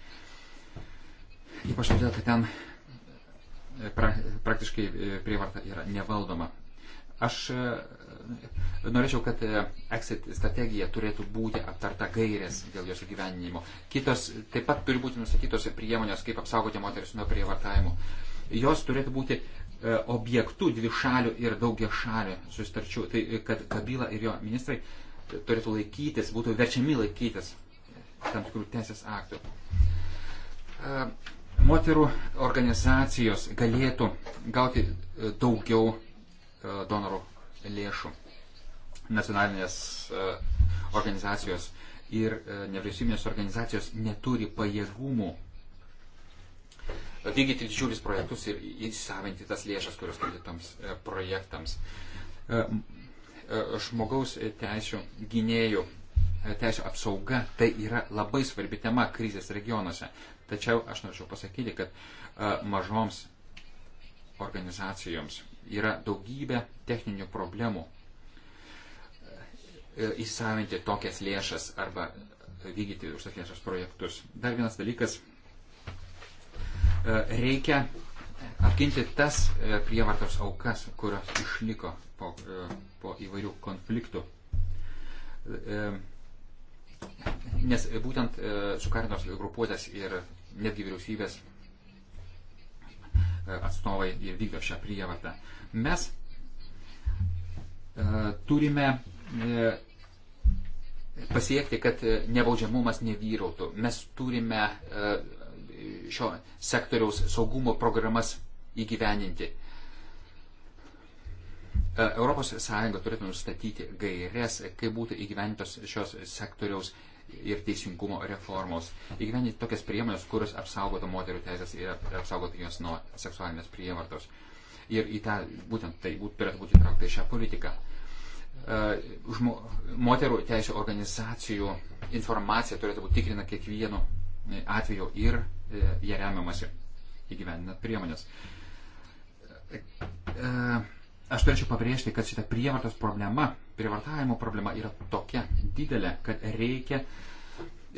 Ypač todėl, kad ten pra, praktiškai prievarta yra nevaldoma. Aš norėčiau, kad e, exit strategija turėtų būti aptarta gairės dėl jos gyvenimo. Kitos taip pat turi būti nusakytos priemonės, kaip apsaugoti moteris nuo prievartavimo. Jos turėtų būti e, objektų dvišalių ir daugia šalių sustarčių. Tai e, kad Kabila ir jo ministrai turėtų laikytis, būtų verčiami laikytis tam tikrų teisės aktų. Moterų organizacijos galėtų gauti daugiau donorų lėšų nacionalinės e, organizacijos ir e, nevyriausybinės organizacijos neturi pajėgumų vykdyti didžiulis projektus ir įsisavinti tas lėšas, kurios skirtams e, projektams. Žmogaus teisų gynėjų, teisų apsauga tai yra labai svarbi tema krizės regionuose. Tačiau aš norėčiau pasakyti, kad mažoms organizacijoms yra daugybė techninių problemų e, įsavinti tokias lėšas arba vykdyti už tas lėšas projektus. Dar vienas dalykas, e, reikia apginti tas e, prievartos aukas, kurios išliko po, po įvairių konfliktų. Nes būtent sukarintos grupuotės ir netgi vyriausybės atstovai vykdo šią prievartą. Mes e, turime e, pasiekti, kad nebaudžiamumas nevyrautų. Mes turime e, šio sektoriaus saugumo programas įgyveninti. Europos Sąjunga turėtų nustatyti gairias, kaip būtų įgyventos šios sektoriaus ir teisingumo reformos, įgyvendinti tokias priemonės, kurios apsaugotų moterų teisės ir apsaugotų jos nuo seksualinės prievartos. Ir į tą, būtent tai būt, turėtų būti įtraukta į šią politiką. E, žmo, moterų teisų organizacijų informacija turėtų būti tikrina kiekvienu e, atveju ir jie remiamasi įgyvendinant priemonės. E, aš turėčiau pabrėžti, kad šita prievartos problema privartavimo problema yra tokia didelė, kad reikia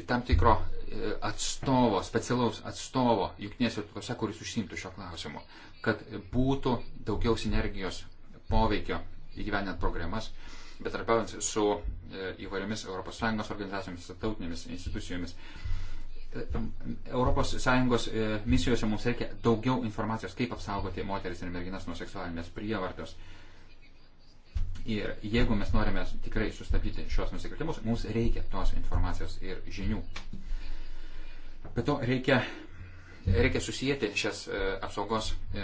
tam tikro e, atstovo, specialaus atstovo jungtinėse tautose, kuris užsimtų šio klausimu, kad būtų daugiau sinergijos poveikio įgyvenant programas, betarpiaujant su e, įvairiomis ES organizacijomis, tautinėmis institucijomis. E, ES misijose mums reikia daugiau informacijos, kaip apsaugoti moteris ir merginas nuo seksualinės prievartos. Ir jeigu mes norime tikrai sustabdyti šios nusikaltimus, mums reikia tos informacijos ir žinių. Be to reikia, reikia susijęti šias e, apsaugos e,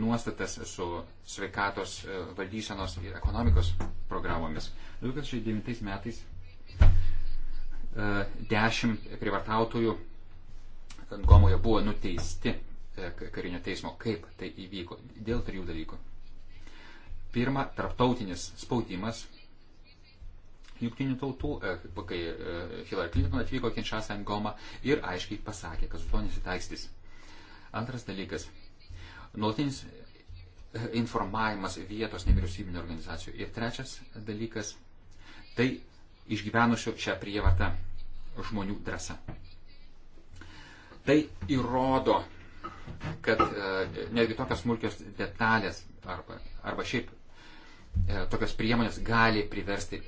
nuostatas su sveikatos e, valdysenos ir ekonomikos programomis. 2009 metais dešimt privartautojų Gomoje buvo nuteisti karinio teismo. Kaip tai įvyko? Dėl trijų dalykų Pirma, tarptautinis spaudimas jungtinių tautų, e, kai e, Hillary Clinton atvyko Kinshasa Angoma ir aiškiai pasakė, kad su to nesitaikstys. Antras dalykas. Nuolatinis e, informavimas vietos nevyriausybinio organizacijų. Ir trečias dalykas. Tai išgyvenusių šią prievartą žmonių drąsa. Tai įrodo, kad netgi tokios smulkios detalės arba, arba šiaip E, tokios priemonės gali priversti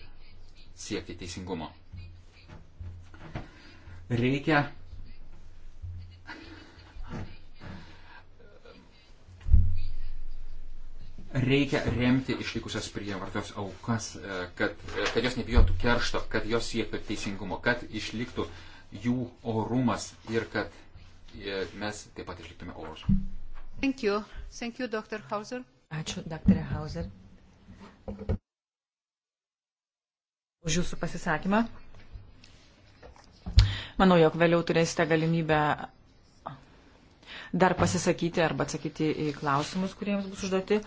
siekti teisingumo. Reikia Reikia remti išlikusias prievartos aukas, e, kad, e, kad jos nebijotų keršto, kad jos siektų teisingumo, kad išliktų jų orumas ir kad mes taip pat išliktume orus. Thank you. Thank you, Dr. Hauser. Ačiū, dr. Hauser už jūsų pasisakymą. Manau, jog vėliau turėsite galimybę dar pasisakyti arba atsakyti į klausimus, kuriems bus užduoti.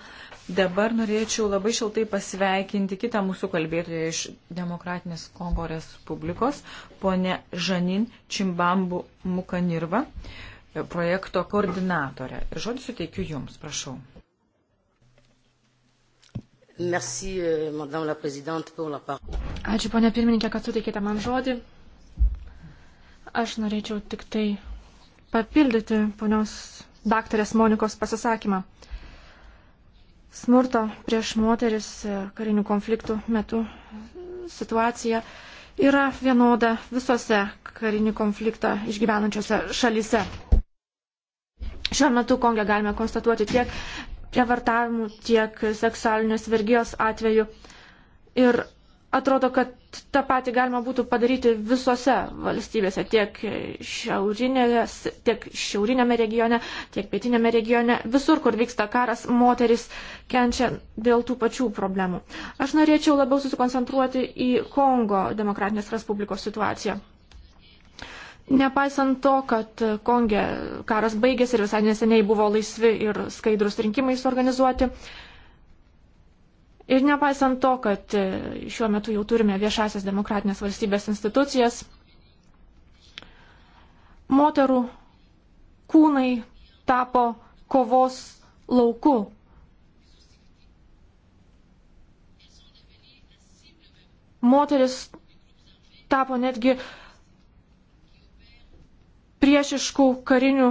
Dabar norėčiau labai šiltai pasveikinti kitą mūsų kalbėtoją iš Demokratinės Kongo Respublikos, ponę Žanin Čimbambu Mukanirva, projekto koordinatorę. Ir žodį suteikiu Jums, prašau. Merci, euh, madame la présidente, pour la parole. Ačiū, ponia pirmininkė, kad suteikėte man žodį. Aš norėčiau tik tai papildyti ponios daktarės Monikos pasisakymą. Smurto prieš moteris e, karinių konfliktų metu situacija yra vienoda visose karinį konfliktą išgyvenančiose šalise. Šiuo metu Kongę galime konstatuoti tiek prievartavimų, tiek seksualinės vergijos atveju. Ir atrodo, kad tą patį galima būtų padaryti visose valstybėse, tiek, tiek šiaurinėme regione, tiek pietinėme regione, visur, kur vyksta karas, moteris kenčia dėl tų pačių problemų. Aš norėčiau labiau susikoncentruoti į Kongo Demokratinės Respublikos situaciją. Nepaisant to, kad Konge karas baigėsi ir visai neseniai buvo laisvi ir skaidrus rinkimai suorganizuoti, ir nepaisant to, kad šiuo metu jau turime viešasias demokratinės valstybės institucijas, moterų kūnai tapo kovos lauku. Moteris tapo netgi uh, priešiškų karinių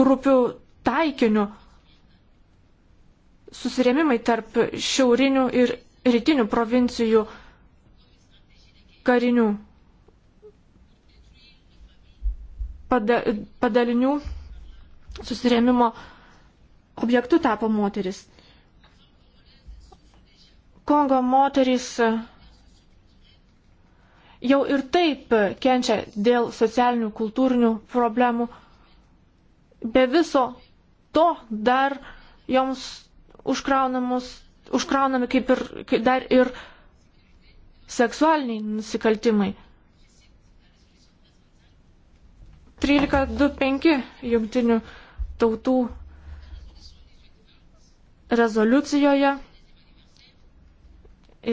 grupių taikiniu. Susirėmimai tarp šiaurinių ir rytinių provincijų karinių padalinių susirėmimo objektų tapo moteris. Kongo moterys jau ir taip kenčia dėl socialinių, kultūrinių problemų. Be viso to dar joms užkraunami kaip ir kaip dar ir seksualiniai nusikaltimai. 13.25 jungtinių tautų rezoliucijoje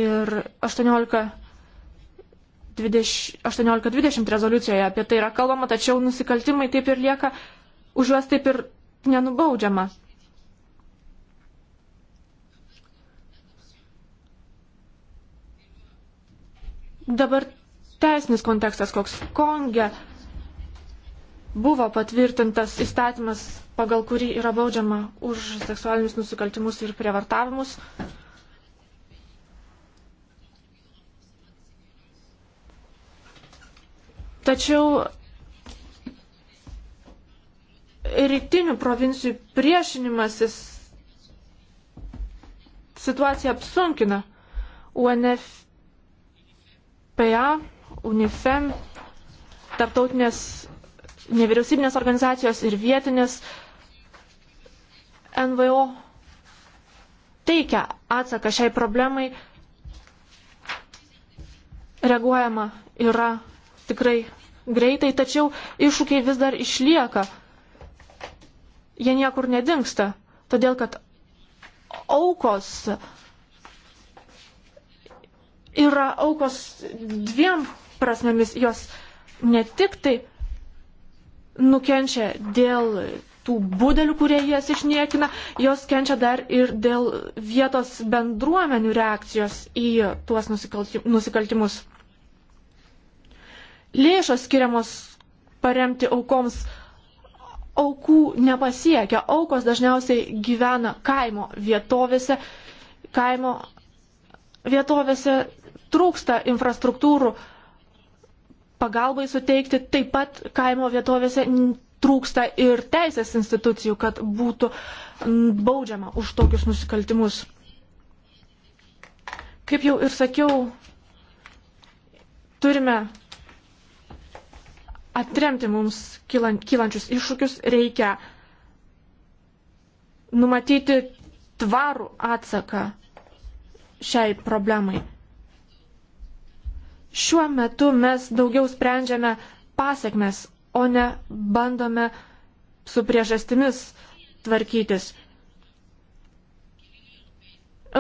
ir 18 18-20 rezoliucijoje apie tai yra kalbama, tačiau nusikaltimai taip ir lieka, už juos taip ir nenubaudžiama. Dabar teisinis kontekstas koks. Konge buvo patvirtintas įstatymas, pagal kurį yra baudžiama už seksualinius nusikaltimus ir prievartavimus. Tačiau rytinių provincijų priešinimasis situaciją apsunkina. UNFPA, UNIFEM, tarptautinės nevyriausybinės organizacijos ir vietinės NVO teikia atsaką šiai problemai. Reaguojama yra tikrai greitai, tačiau iššūkiai vis dar išlieka. Jie niekur nedingsta, todėl kad aukos yra aukos dviem prasmėmis. Jos ne tik tai nukenčia dėl tų budelių, kurie jas išniekina, jos kenčia dar ir dėl vietos bendruomenių reakcijos į tuos nusikaltimus lėšos skiriamos paremti aukoms aukų nepasiekia. Aukos dažniausiai gyvena kaimo vietovėse. Kaimo vietovėse trūksta infrastruktūrų pagalbai suteikti. Taip pat kaimo vietovėse trūksta ir teisės institucijų, kad būtų baudžiama už tokius nusikaltimus. Kaip jau ir sakiau, turime atremti mums kylančius iššūkius, reikia numatyti tvarų atsaką šiai problemai. Šiuo metu mes daugiau sprendžiame pasiekmes, o ne bandome su priežastimis tvarkytis.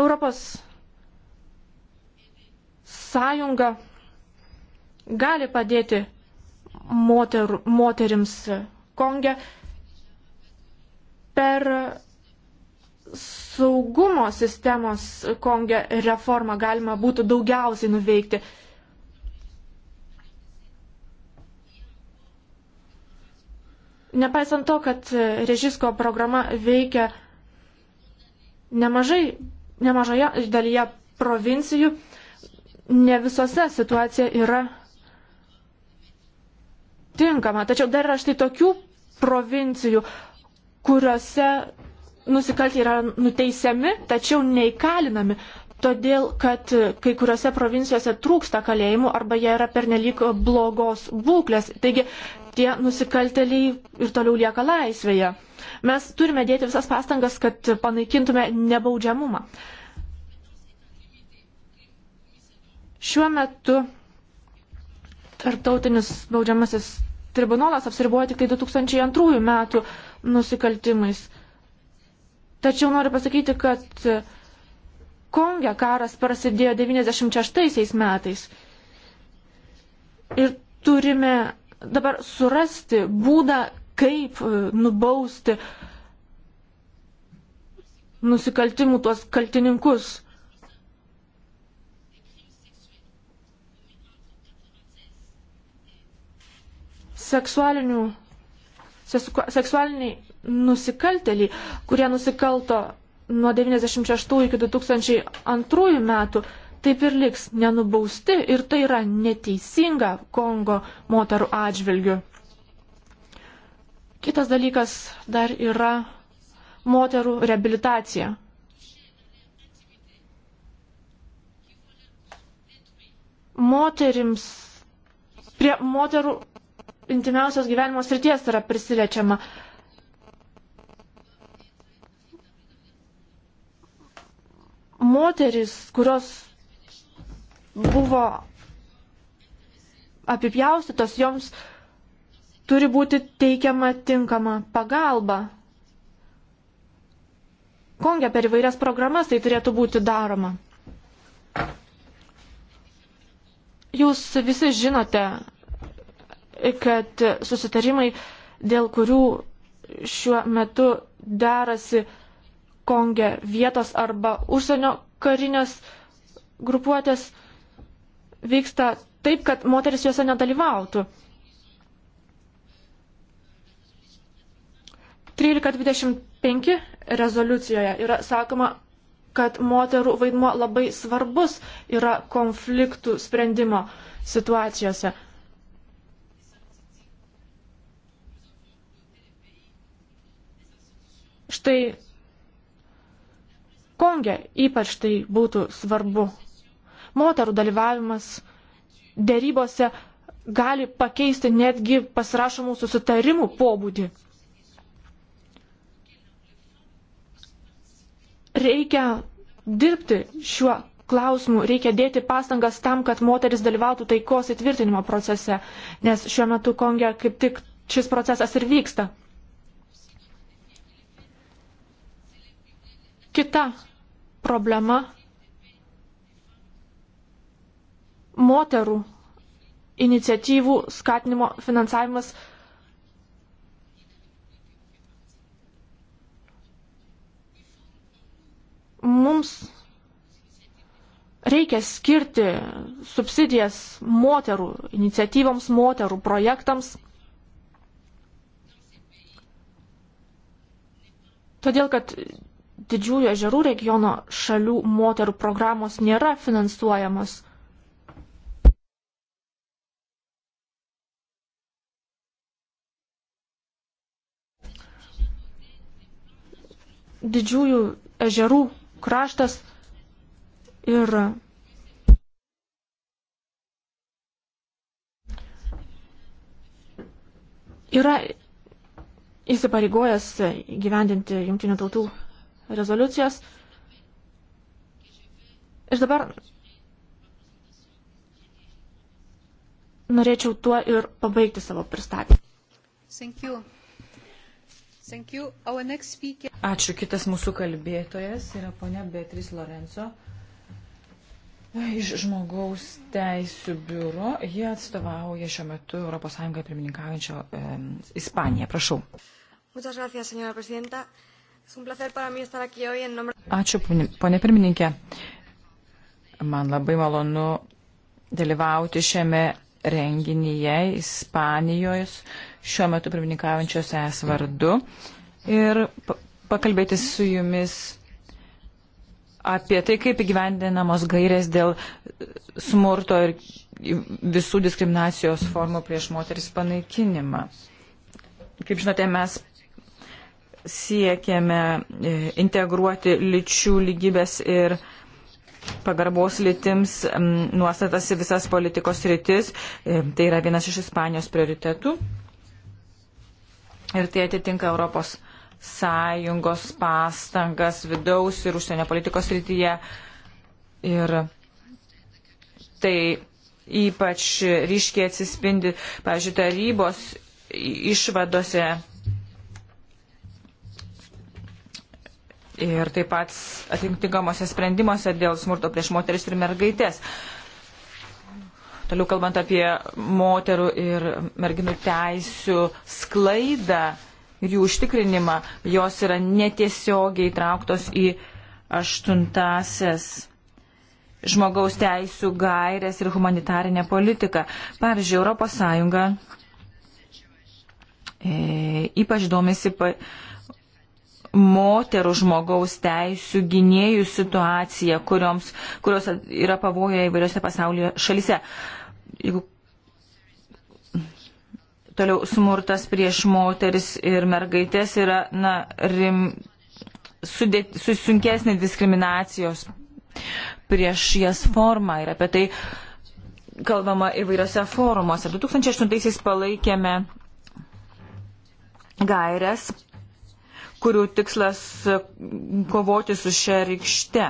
Europos sąjunga gali padėti moter, moterims Konge per saugumo sistemos Konge reformą galima būtų daugiausiai nuveikti. Nepaisant to, kad režisko programa veikia nemažai, nemažoje dalyje provincijų, ne visose situacija yra tinkama. Tačiau dar yra štai tokių provincijų, kuriuose nusikaltėliai yra nuteisiami, tačiau neįkalinami, todėl kad kai kuriuose provincijose trūksta kalėjimų arba jie yra pernelyg blogos būklės. Taigi tie nusikaltėliai ir toliau lieka laisvėje. Mes turime dėti visas pastangas, kad panaikintume nebaudžiamumą. Šiuo metu tarptautinis baudžiamasis tribunolas apsiribuoja tik tai 2002 metų nusikaltimais. Tačiau noriu pasakyti, kad Konge karas prasidėjo 96 metais. Ir turime dabar surasti būdą, kaip e, nubausti nusikaltimų tuos kaltininkus. seksualinių, seksualiniai nusikalteliai, kurie nusikalto nuo 96 iki 2002 metų, taip ir liks nenubausti ir tai yra neteisinga Kongo moterų atžvilgių. Kitas dalykas dar yra moterų reabilitacija. Moterims, prie moterų intimiausios gyvenimo srities yra prisilečiama. Moteris, kurios buvo apipjaustytos, joms turi būti teikiama tinkama pagalba. Konge per įvairias programas tai turėtų būti daroma. Jūs visi žinote, kad susitarimai, dėl kurių šiuo metu derasi Konge vietos arba užsienio karinės grupuotės, vyksta taip, kad moteris juose nedalyvautų. 1325 rezoliucijoje yra sakoma, kad moterų vaidmuo labai svarbus yra konfliktų sprendimo situacijose. Štai Konge ypač tai būtų svarbu. Moterų dalyvavimas dėrybose gali pakeisti netgi pasirašomų susitarimų pobūdį. Reikia dirbti šiuo klausimu, reikia dėti pastangas tam, kad moteris dalyvautų taikos įtvirtinimo procese, nes šiuo metu Konge kaip tik šis procesas ir vyksta. Kita problema - moterų iniciatyvų skatinimo finansavimas mums reikia skirti subsidijas moterų iniciatyvams, moterų projektams. Todėl, kad didžiųjų ežerų regiono šalių moterų programos nėra finansuojamos. Didžiųjų ežerų kraštas ir yra įsipareigojęs gyvendinti jungtinių tautų rezoliucijos. Ir dabar norėčiau tuo ir pabaigti savo pristatymą. Thank you. Thank you. Our next speaker. Ačiū. Kitas mūsų kalbėtojas yra ponia Beatriz Lorenzo iš žmogaus teisų biuro. Jie atstovauja šiuo metu ES pirmininkaujančio e, Ispaniją. Prašau. Muchas gracias, señora presidenta. Uh, Ačiū, ponė pirmininkė. Man labai malonu dalyvauti šiame renginyje Ispanijos šiuo metu pirmininkaujančios es vardu ir pakalbėti su jumis apie tai, kaip įgyvendinamos gairės dėl smurto ir visų diskriminacijos formų prieš moteris panaikinimą. Kaip žinote, mes siekiame e, integruoti lyčių lygybės ir pagarbos lytims nuostatas į visas politikos rytis. E, tai yra vienas iš Ispanijos prioritetų. Ir tai atitinka Europos sąjungos pastangas vidaus ir užsienio politikos rytyje. Ir tai ypač ryškiai atsispindi, pavyzdžiui, tarybos išvadose ir taip pat atitinkamuose sprendimuose dėl smurto prieš moteris ir mergaitės. Toliau kalbant apie moterų ir merginų teisų sklaidą ir jų užtikrinimą, jos yra netiesiogiai įtrauktos į aštuntasias žmogaus teisų gairės ir humanitarinę politiką. Pavyzdžiui, ES e, ypač domisi. Pa, e, moterų žmogaus teisų gynėjų situaciją, kurioms, kurios yra pavojoje įvairiose pasaulio šalise. Jeigu toliau smurtas prieš moteris ir mergaitės yra na, rim, sudėt, susunkesnė diskriminacijos prieš jas forma ir apie tai kalbama įvairiose forumuose. 2008-aisiais palaikėme gairias kurių tikslas e, kovoti su šia rykšte.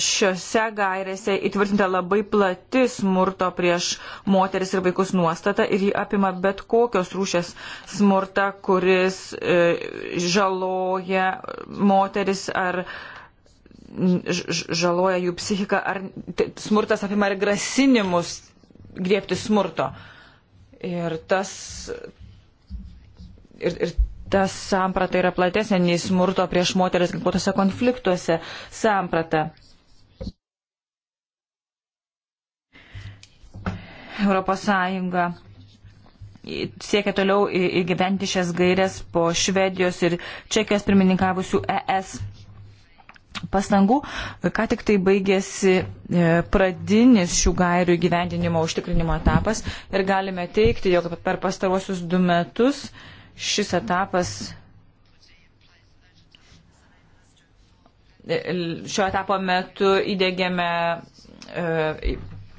Šiuose gairėse įtvirtinta labai plati smurto prieš moteris ir vaikus nuostata ir jį apima bet kokios rūšės smurta, kuris e, žaloja moteris ar žaloja jų psichiką, ar smurtas apima ir grasinimus griebti smurto. Ir tas ir, ir ta samprata yra platesnė nei smurto prieš moteris ginkluotose konfliktuose samprata. Europos Sąjunga siekia toliau įgyventi šias gairias po Švedijos ir Čekijos pirmininkavusių ES pastangų, ką tik tai baigėsi e, pradinis šių gairių įgyvendinimo užtikrinimo etapas ir galime teikti, jog per pastaruosius du metus uh, šis etapas šio etapo metu įdėgėme e,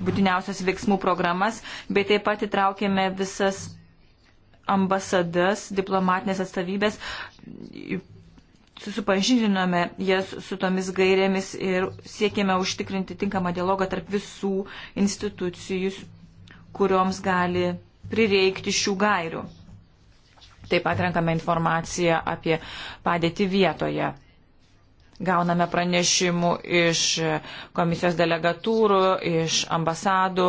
būtiniausias veiksmų programas, bei taip pat įtraukėme visas ambasadas, diplomatinės atstovybės, susipažinome jas su tomis gairėmis ir siekėme užtikrinti tinkamą dialogą tarp visų institucijų, kurioms gali prireikti šių gairių. Taip pat renkame informaciją apie padėtį vietoje. Gauname pranešimų iš komisijos delegatūrų, iš ambasadų.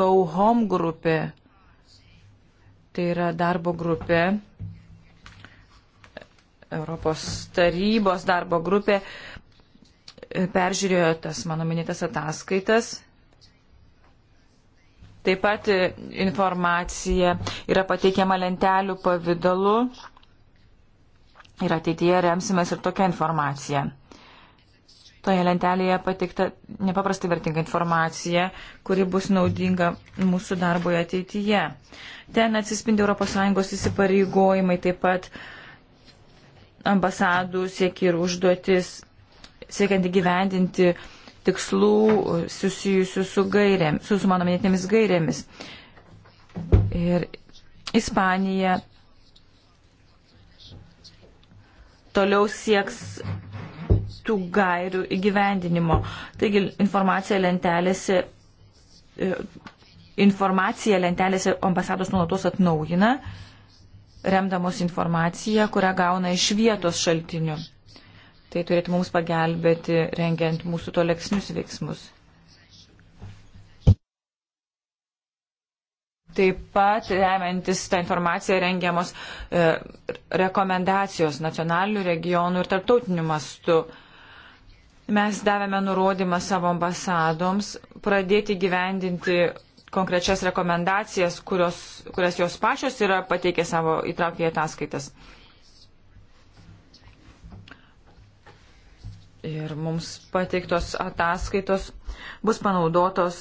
Kauhom grupė, tai yra darbo grupė, Europos tarybos darbo grupė peržiūrėjo tas mano minėtas ataskaitas Taip pat e, informacija yra pateikiama lentelių pavydalu ir ateityje remsimės ir tokią informaciją. Toje lentelėje pateikta nepaprastai vertinga informacija, kuri bus naudinga mūsų darboje ateityje. Ten atsispindi ES įsipareigojimai, taip pat ambasadų siekia ir užduotis siekiant įgyvendinti tikslų e, susijusių su, gairėm, su, su mano minėtėmis gairėmis. Ir Ispanija toliau sieks tų gairių įgyvendinimo. Taigi informacija lentelėse, e, informacija lentelėse ambasados nuolatos atnaujina, remdamos informaciją, kurią gauna iš vietos šaltinių. Tai turėtų mums pagelbėti rengiant mūsų toleksnius veiksmus. Taip pat remiantis tą informaciją rengiamos e, rekomendacijos nacionalinių regionų ir tarptautinių mastų. Mes davėme nurodymą savo ambasadoms pradėti gyvendinti konkrečias rekomendacijas, kurios, kurias jos pačios yra pateikę savo įtraukę ataskaitas. ir mums pateiktos ataskaitos bus panaudotos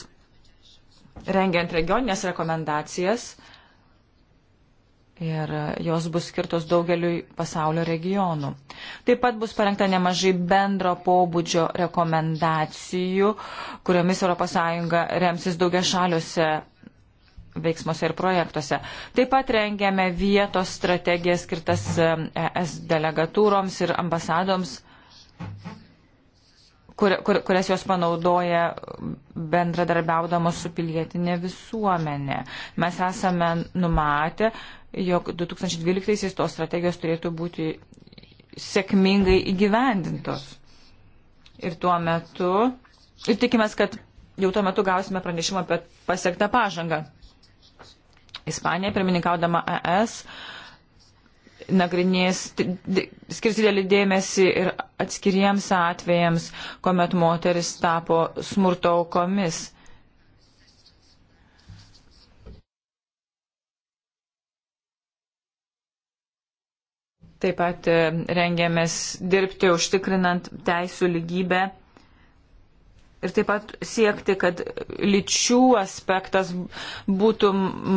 rengiant regioninės rekomendacijas ir jos bus skirtos daugeliui pasaulio regionų. Taip pat bus parengta nemažai bendro pobūdžio rekomendacijų, kuriomis ES remsis daugia šaliuose veiksmuose ir projektuose. Taip pat rengiame vietos strategijas skirtas e, ES delegatūroms ir ambasadoms kur, kur, kurias jos panaudoja bendradarbiaudamos su pilietinė visuomenė. Mes esame numatę, jog 2012-aisiais tos strategijos turėtų būti sėkmingai įgyvendintos. Ir tuo metu, ir tikimės, kad jau tuo metu gausime pranešimą apie pasiektą pažangą. Ispanija, pirmininkaudama ES, uh, nagrinės, skirs didelį dėmesį ir atskiriems atvejams, kuomet moteris tapo smurto aukomis. Taip pat e, rengiamės dirbti užtikrinant teisų lygybę ir taip pat siekti, kad lyčių aspektas būtų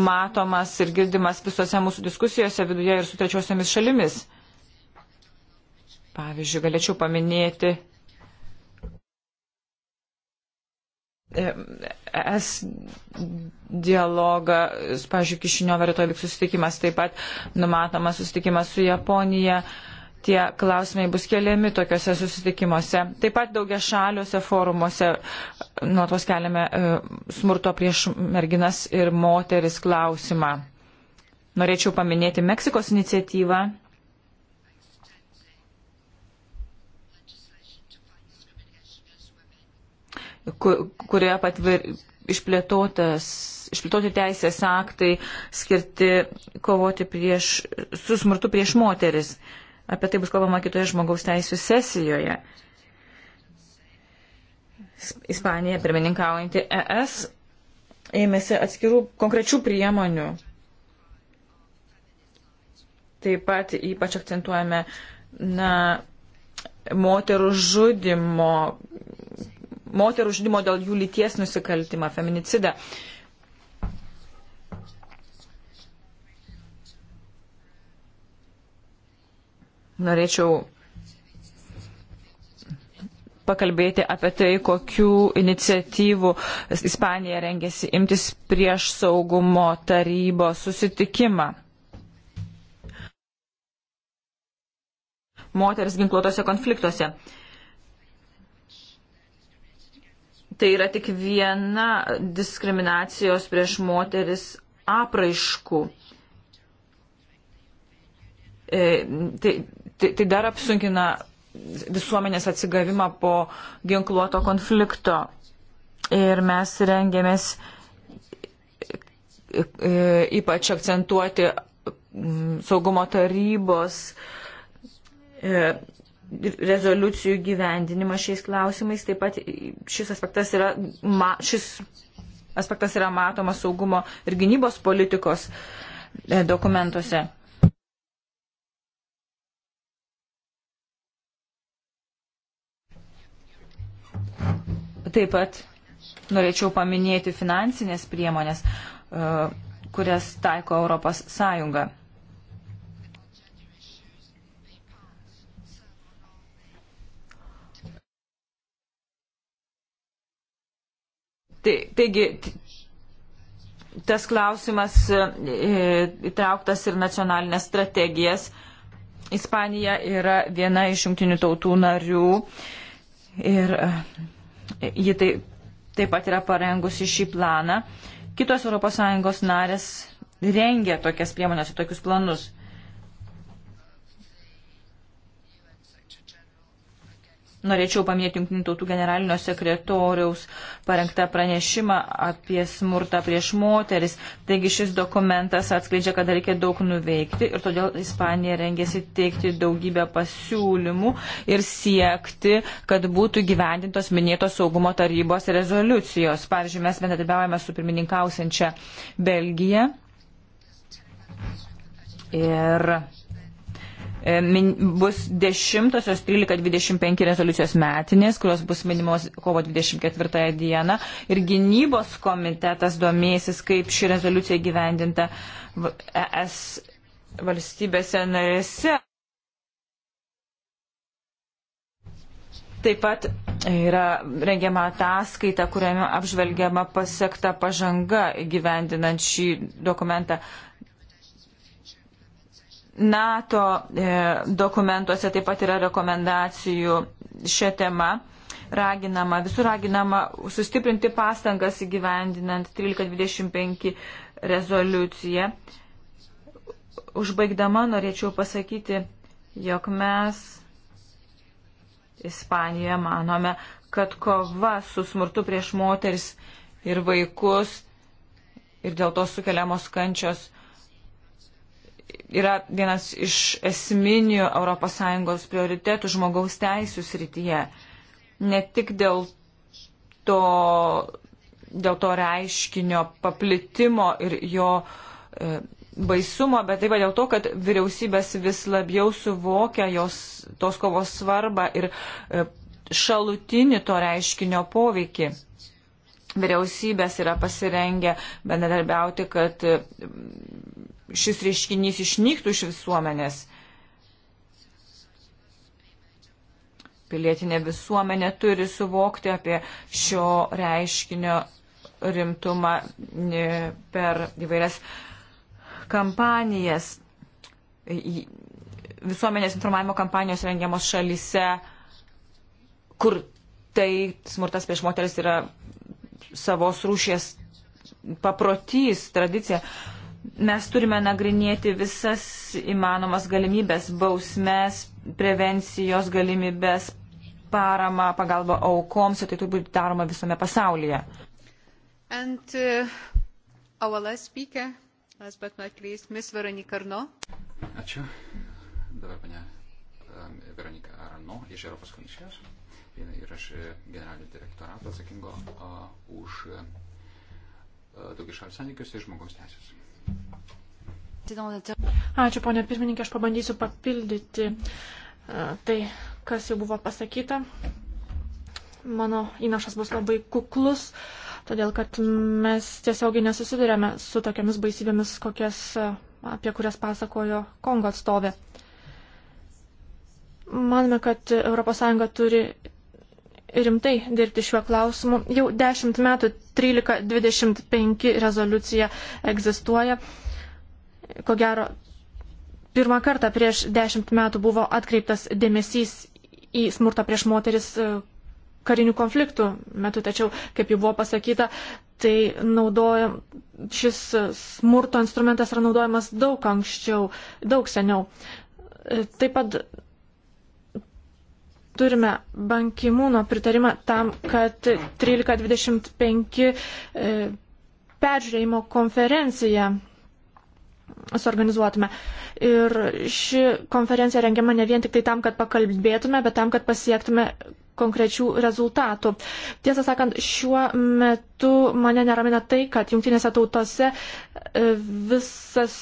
matomas ir girdimas visose mūsų diskusijose viduje ir su trečiosiamis šalimis. Pavyzdžiui, galėčiau paminėti e, es dialogą, pavyzdžiui, Kišinio varėto vyks susitikimas, taip pat numatomas susitikimas su Japonija. Uh, tie klausimai bus keliami tokiuose susitikimuose. Taip pat daugia šaliuose forumuose e, nuotos keliame e, smurto prieš merginas ir moteris klausimą. Norėčiau paminėti Meksikos iniciatyvą. kurioje patvir, išplėtoti teisės aktai skirti kovoti prieš, su smurtu prieš moteris. Uh, Apie tai bus kalbama kitoje žmogaus teisų sesijoje. Ispanija, pirmininkaujanti ES, ėmėsi atskirų konkrečių priemonių. Taip pat ypač akcentuojame na, moterų žudimo, moterų žudimo dėl jų lyties nusikaltimą, feminicidą. Uh, Norėčiau pakalbėti apie tai, kokių iniciatyvų Ispanija rengėsi imtis prieš saugumo tarybos susitikimą. Moteris ginkluotose konfliktuose. Tai yra tik viena diskriminacijos prieš moteris apraiškų. E, tai tai, tai dar apsunkina visuomenės atsigavimą po ginkluoto konflikto. Ir mes rengiamės e, e, ypač akcentuoti saugumo tarybos e, rezoliucijų gyvendinimą šiais klausimais. Taip pat šis aspektas yra, ma, šis aspektas yra matomas saugumo ir gynybos politikos dokumentuose. Taip pat norėčiau paminėti finansinės priemonės, e, kurias taiko Europos Sąjunga. Tai, taigi, tas klausimas e, įtrauktas ir nacionalinės strategijas. Ispanija yra viena iš jungtinių tautų narių ir e, Ji taip, taip pat yra parengusi šį planą. Kitos ES narės rengia tokias priemonės ir tokius planus. Norėčiau paminėti Junktinių tautų generalinio sekretoriaus parengtą pranešimą apie smurtą prieš moteris. Taigi šis dokumentas atskleidžia, kad reikia daug nuveikti ir todėl Ispanija rengėsi teikti daugybę pasiūlymų ir siekti, kad būtų gyvendintos minėtos saugumo tarybos rezoliucijos. Pavyzdžiui, mes bendradarbiavame su pirmininkausiančia Belgija. Ir E, bus 10.13.25 rezoliucijos metinės, kurios bus minimos kovo 24 dieną. Ir gynybos komitetas domėsis, kaip ši rezoliucija gyvendinta ES valstybėse narėse. Taip pat yra rengiama ataskaita, kuriame apžvelgiama pasiekta pažanga gyvendinant šį dokumentą. NATO e, dokumentuose taip pat yra rekomendacijų šią temą. Raginama, visur raginama sustiprinti pastangas įgyvendinant 1325 rezoliuciją. Užbaigdama norėčiau pasakyti, jog mes Ispanijoje manome, kad kova su smurtu prieš moteris ir vaikus ir dėl to sukeliamos kančios yra vienas iš esminių ES prioritetų žmogaus teisų srityje. Ne tik dėl to, dėl to reiškinio paplitimo ir jo e, baisumo, bet taip pat dėl to, kad vyriausybės vis labiau suvokia jos tos kovos svarbą ir e, šalutinį to reiškinio poveikį. Vyriausybės yra pasirengę bendradarbiauti, kad e, šis reiškinys išnyktų iš visuomenės. Pilietinė visuomenė turi suvokti apie šio reiškinio rimtumą per įvairias kampanijas. Visuomenės informavimo kampanijos rengiamos šalyse, kur tai smurtas prieš moteris yra savos rūšies paprotys, tradicija. Mes turime nagrinėti visas įmanomas galimybės, bausmes, prevencijos galimybės, paramą, pagalbą aukoms, tai turi būti daroma visame pasaulyje. And, uh, speaker, least, Ačiū. Dabar panė um, Veronika Arno iš Europos komisijos ir aš e, generalinio direktorato atsakingo uh, už uh, e, daugišalius santykius ir žmogaus teisės. Ačiū, ponė pirmininkė, aš pabandysiu papildyti e, tai, kas jau buvo pasakyta. Mano įnašas bus labai kuklus, todėl kad mes tiesiogiai nesusidurėme su tokiamis baisybėmis, kokias, e, apie kurias pasakojo Kongo atstovė. Manome, kad ES turi rimtai dirbti šiuo klausimu. Jau 10 metų 1325 rezoliucija egzistuoja. Ko gero, pirmą kartą prieš 10 metų buvo atkreiptas dėmesys į smurtą prieš moteris e, karinių konfliktų metu, tačiau, kaip jau buvo pasakyta, tai naudoja, šis smurto instrumentas yra naudojamas daug anksčiau, daug seniau. E, taip pat turime bankimūno pritarimą tam, kad 1325 e, peržiūrėjimo konferenciją suorganizuotume. Ir ši konferencija rengiama ne vien tik tai tam, kad pakalbėtume, bet tam, kad pasiektume konkrečių rezultatų. Tiesą sakant, šiuo metu mane neramina tai, kad jungtinėse tautose e, visas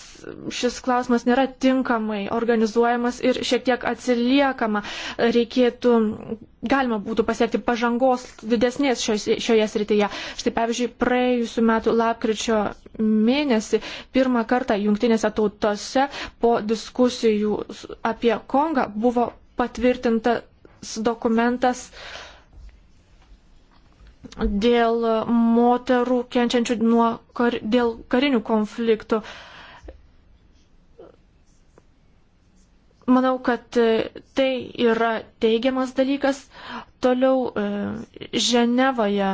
šis klausimas nėra tinkamai organizuojamas ir šiek tiek atsiliekama. Reikėtų, galima būtų pasiekti pažangos didesnės šioje, šioje srityje. Štai pavyzdžiui, praėjusiu metu lapkričio mėnesį pirmą kartą jungtinėse tautose po diskusijų apie Kongą buvo patvirtintas dokumentas dėl moterų kenčiančių nuo kar, dėl karinių konfliktų. Uh, Manau, kad e, tai yra teigiamas dalykas. Toliau e, Ženevoje,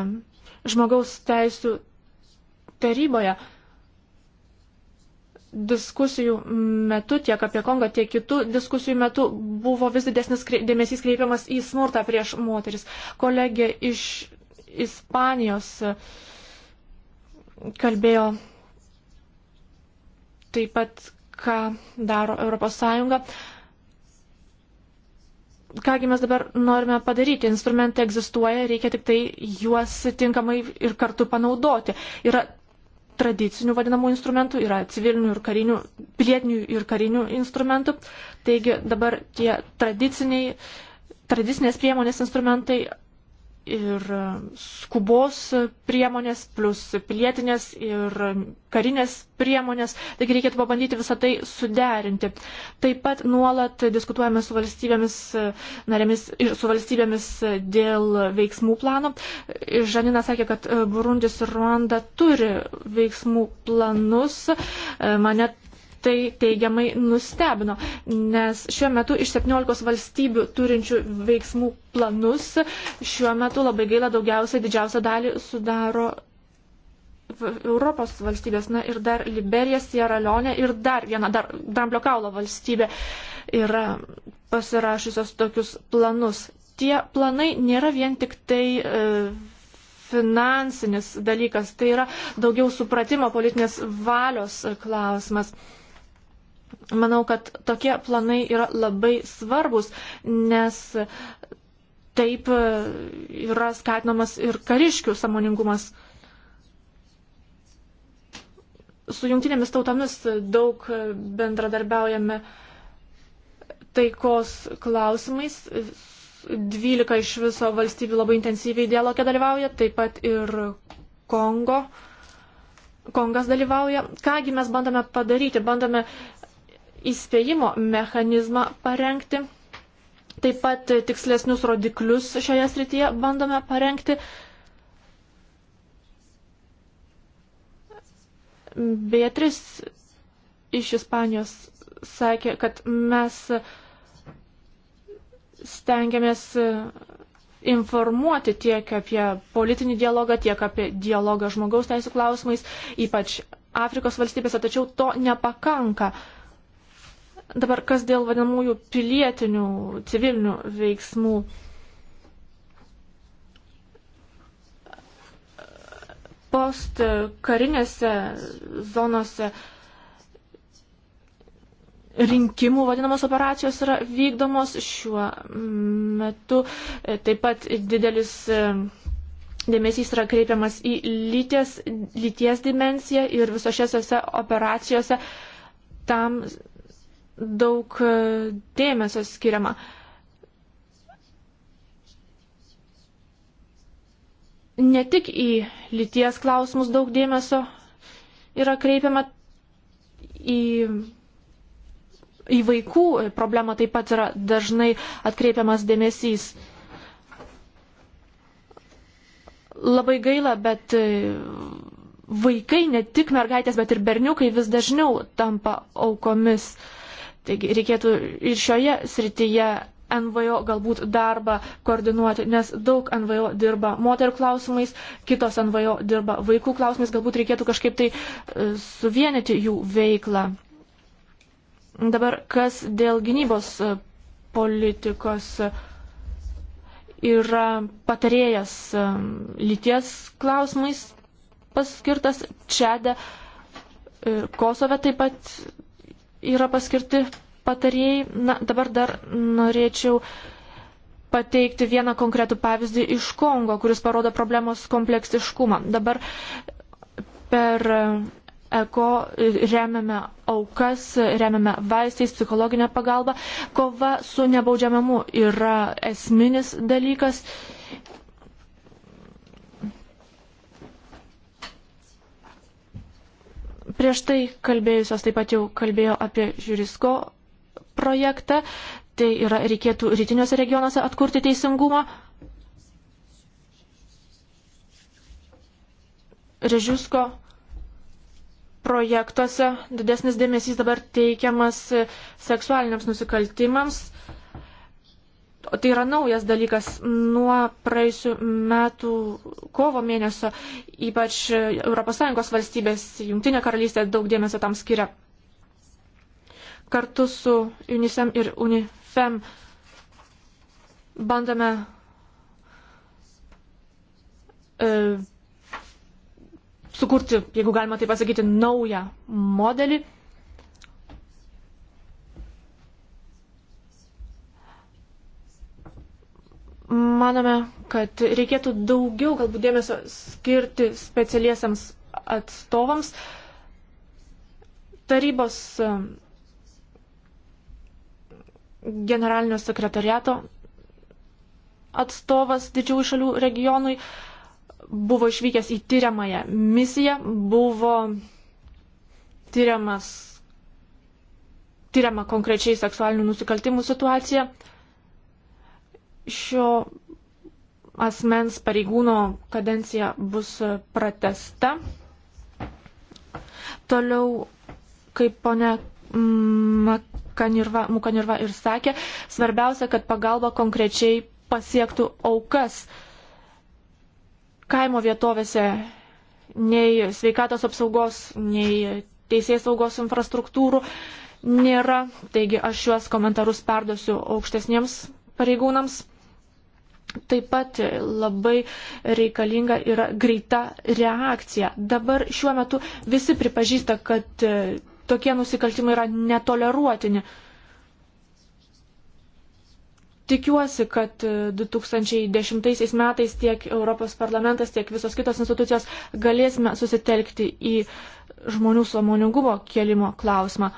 žmogaus teisų taryboje, diskusijų metu, tiek apie Kongą, tiek kitų diskusijų metu buvo vis didesnis dėmesys kreipiamas į smurtą prieš moteris. Kolegė iš Ispanijos e, kalbėjo taip pat, ką daro ES kągi mes dabar norime padaryti. Instrumentai egzistuoja, reikia tik tai juos tinkamai ir kartu panaudoti. Yra tradicinių vadinamų instrumentų, yra civilinių ir karinių, pilietinių ir karinių instrumentų. Taigi dabar tie tradiciniai, tradicinės priemonės instrumentai ir skubos priemonės, plus pilietinės ir karinės priemonės. Taigi reikėtų pabandyti visą tai suderinti. Taip pat nuolat diskutuojame su valstybėmis e, narėmis ir su valstybėmis e, dėl veiksmų plano. E, Žanina sakė, kad Burundis ir Ruanda turi veiksmų planus. Mane tai teigiamai nustebino, nes šiuo metu iš 17 valstybių turinčių veiksmų planus šiuo metu labai gaila daugiausia didžiausią dalį sudaro Europos valstybės, na ir dar Liberija, Sierra Leone ir dar viena, dar Dramblio kaulo valstybė yra pasirašusios tokius planus. Tie planai nėra vien tik tai e, finansinis dalykas, tai yra daugiau supratimo politinės valios klausimas. E, Manau, kad tokie planai yra labai svarbus, nes taip e, yra skatinamas ir kariškių samoningumas. Su jungtinėmis tautomis daug bendradarbiaujame taikos klausimais. 12 iš viso valstybių labai intensyviai dialogė dalyvauja, taip pat ir Kongo. Kongas dalyvauja. Kągi mes bandome padaryti? Bandome įspėjimo mechanizmą parengti. Taip pat tikslesnius rodiklius šioje srityje bandome parengti. Beatris iš Ispanijos sakė, kad mes stengiamės informuoti tiek apie politinį dialogą, tiek apie dialogą žmogaus teisų klausimais, ypač Afrikos valstybėse, tačiau to nepakanka. Uh, Dabar kas dėl vadinamųjų pilietinių, civilinių veiksmų. Post karinėse zonose rinkimų vadinamos operacijos yra vykdomos šiuo metu. E, taip pat didelis e, dėmesys yra kreipiamas į lyties, lyties dimenciją ir visose šiose operacijose tam daug e, dėmesio skiriama. Ne tik į lyties klausimus daug dėmesio yra kreipiama į, į vaikų problemą, taip pat yra dažnai atkreipiamas dėmesys. Labai gaila, bet e, vaikai, ne tik mergaitės, bet ir berniukai vis dažniau tampa aukomis. Uh, Taigi reikėtų ir šioje srityje NVO galbūt darbą koordinuoti, nes daug NVO dirba moterų klausimais, kitos NVO dirba vaikų klausimais, galbūt reikėtų kažkaip tai e, suvienyti jų veiklą. Dabar kas dėl gynybos e, politikos e, yra patarėjas lyties klausimais paskirtas Čede, Kosove taip pat yra paskirti patarėjai. Na, dabar dar norėčiau pateikti vieną konkretų pavyzdį iš Kongo, kuris parodo problemos kompleksiškumą. Dabar per eko remiame aukas, remiame vaistais, psichologinę pagalbą. Kova su nebaudžiamamu yra esminis dalykas. Prieš tai kalbėjusios taip pat jau kalbėjo apie Žiurisko projektą. Tai yra reikėtų rytiniuose regionuose atkurti teisingumą. Režiusko projektuose didesnis dėmesys dabar teikiamas seksualiniams nusikaltimams Tai yra naujas dalykas nuo praėjusių metų kovo mėnesio, ypač ES valstybės, Junktinė karalystė daug dėmesio tam skiria. Kartu su UNICEM ir UNIFEM bandome e, sukurti, jeigu galima tai pasakyti, naują modelį Manome, kad reikėtų daugiau galbūt dėmesio skirti specialiesiams atstovams. Tarybos um, generalinio sekretariato atstovas didžiųjų šalių regionui buvo išvykęs į tyriamąją misiją, buvo tyriamas, tyriama konkrečiai seksualinių nusikaltimų situacija šio asmens pareigūno kadencija bus pratesta. Toliau, kaip ponia Mukanirva, Mukanirva ir sakė, svarbiausia, kad pagalba konkrečiai pasiektų aukas kaimo vietovėse. Nei sveikatos apsaugos, nei teisės saugos infrastruktūrų nėra. Taigi aš šiuos komentarus perduosiu aukštesniems pareigūnams. Taip pat labai reikalinga yra greita reakcija. Dabar šiuo metu visi pripažįsta, kad e, tokie nusikaltimai yra netoleruotini. Tikiuosi, kad 2010 e, metais tiek Europos parlamentas, tiek visos kitos institucijos galėsime susitelkti į žmonių sąmoningumo kelimo klausimą.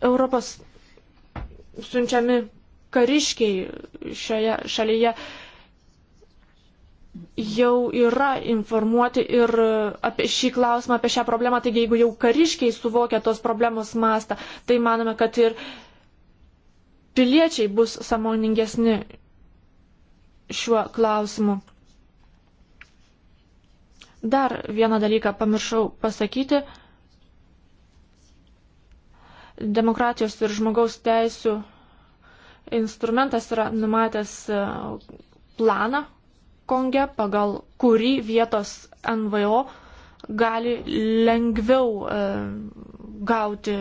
Europos siunčiami kariškiai šioje šalyje jau yra informuoti ir apie šį klausimą, apie šią problemą. Taigi, jeigu jau kariškiai suvokia tos problemos mastą, tai manome, kad ir piliečiai bus samoningesni šiuo klausimu. Dar vieną dalyką pamiršau pasakyti demokratijos ir žmogaus teisų instrumentas yra numatęs e, planą Konge, pagal kurį vietos NVO gali lengviau e, gauti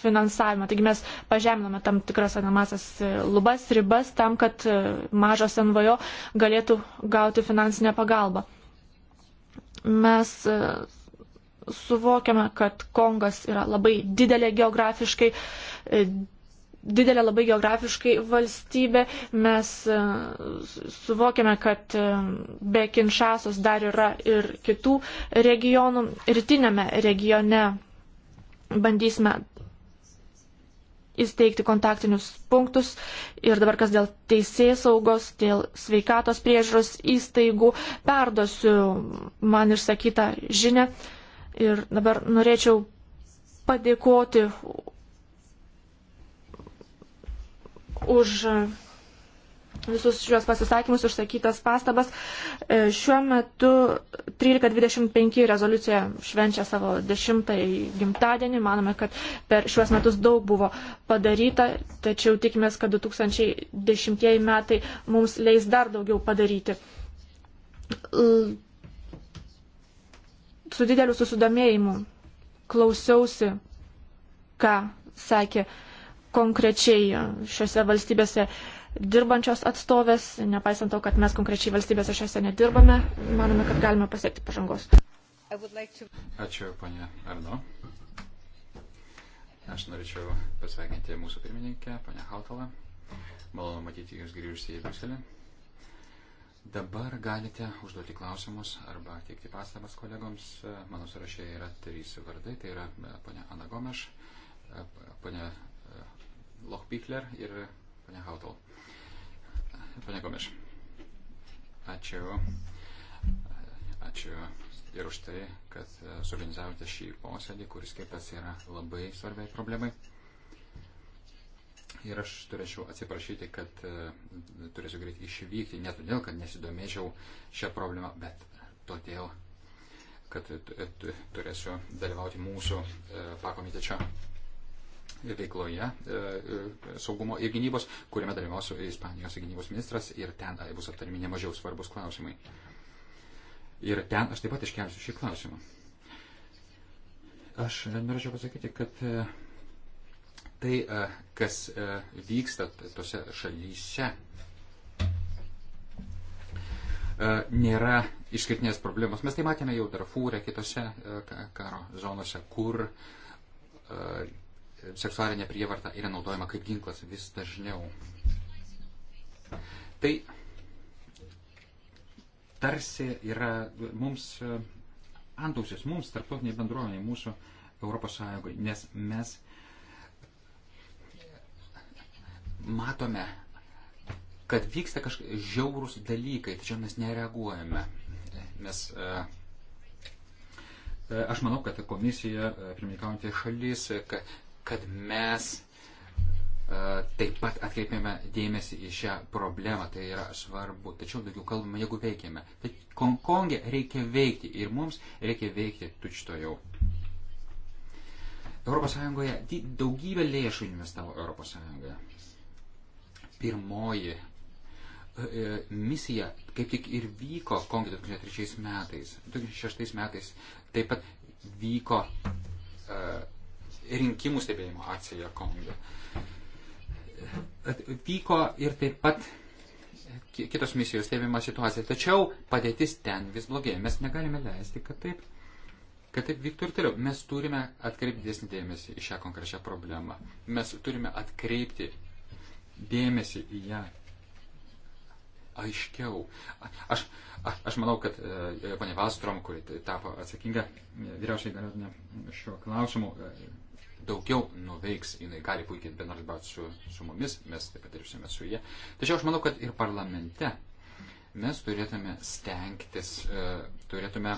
finansavimą. Taigi mes pažeminame tam tikras anamasias e, lubas, ribas tam, kad e, mažos NVO galėtų gauti finansinę pagalbą. Mes suvokiame, kad Kongas yra labai didelė geografiškai, e, didelė labai geografiškai valstybė. Mes e, suvokiame, kad e, be Kinšasos dar yra ir kitų regionų. Rytinėme regione bandysime įsteigti kontaktinius punktus ir dabar kas dėl teisės saugos, dėl sveikatos priežiūros įstaigų, perdosiu man išsakytą žinę. Uh, Ir dabar norėčiau padėkoti už visus šiuos pasisakymus, užsakytas pastabas. E, šiuo metu 1325 rezoliucija švenčia savo dešimtąjį gimtadienį. Manome, kad per šiuos metus daug buvo padaryta, tačiau tikimės, kad 2010 metai mums leis dar daugiau padaryti su dideliu susidomėjimu klausiausi, ką sakė konkrečiai šiuose valstybėse dirbančios atstovės, nepaisant to, kad mes konkrečiai valstybėse šiuose nedirbame, manome, kad galime pasiekti pažangos. Like to... Ačiū, ponė Arno. Aš norėčiau pasveikinti mūsų pirmininkę, ponę Hautalą. Malonu matyti Jūs grįžus į Bruselį. Dabar galite užduoti klausimus arba teikti pastabas kolegoms. Mano sąraše yra trys vardai. Tai yra e, ponia Ana Gomeš, e, ponia e, Lochpikler ir ponia Hautol. Ponia Gomeš. Ačiū. Ačiū ir už tai, kad suorganizavote šį posėdį, kuris skirtas yra labai svarbiai problemai. Ir aš turėčiau atsiprašyti, kad e, turėsiu greit išvykti, ne todėl, kad nesidomėčiau šią problemą, bet todėl, kad e, e, turėsiu dalyvauti mūsų pakomitečio veikloje saugumo ir gynybos, kuriame dalyvaus Ispanijos gynybos ministras ir ten bus aptarimi nemažiau svarbus klausimai. Ir ten aš taip pat iškelsiu šį klausimą. Aš norėčiau pasakyti, kad tai, e, kas e, vyksta tose šalyse, e, nėra iškirtinės problemos. Mes tai matėme jau Darfūrė, kitose karo zonose, kur seksualinė prievarta yra naudojama kaip ginklas vis dažniau. Tai tarsi yra mums antausis, mums tarptautiniai bendruomeniai, mūsų Europos Sąjungai, nes mes uh, matome, kad vyksta kažkokie žiaurūs dalykai, tačiau mes nereaguojame. Mes, e, e, aš manau, kad komisija, e, pirmininkaujantė šalis, kad, kad mes taip pat atkreipiame dėmesį į šią problemą, tai yra svarbu, tačiau daugiau kalbame, jeigu veikiame. Tai Hongkongė reikia veikti ir mums reikia veikti tučto jau. ES daugybę lėšų investavo ES pirmoji e, e, misija kaip tik ir vyko Kongo 2003 metais. 2006 metais taip pat vyko uh, rinkimų stebėjimo akcija Kongo. Vyko ir taip pat kitos misijos stebima situacija. Tačiau padėtis ten vis blogėja. Mes negalime leisti, kad taip, kad taip vyktų ir toliau. Mes turime atkreipti dėsnį dėmesį į šią konkrečią problemą. Mes turime atkreipti dėmesį į ją aiškiau. Aš, aš, aš manau, kad e, e ponė Valstrom, kuri tapo atsakinga e, vyriausiai galėtume šiuo klausimu, e, daugiau nuveiks, jinai gali puikiai bendradarbiauti su, su mumis, mes taip pat dirbsime su jie. Tačiau aš manau, kad ir parlamente mes turėtume stengtis, e, turėtume e,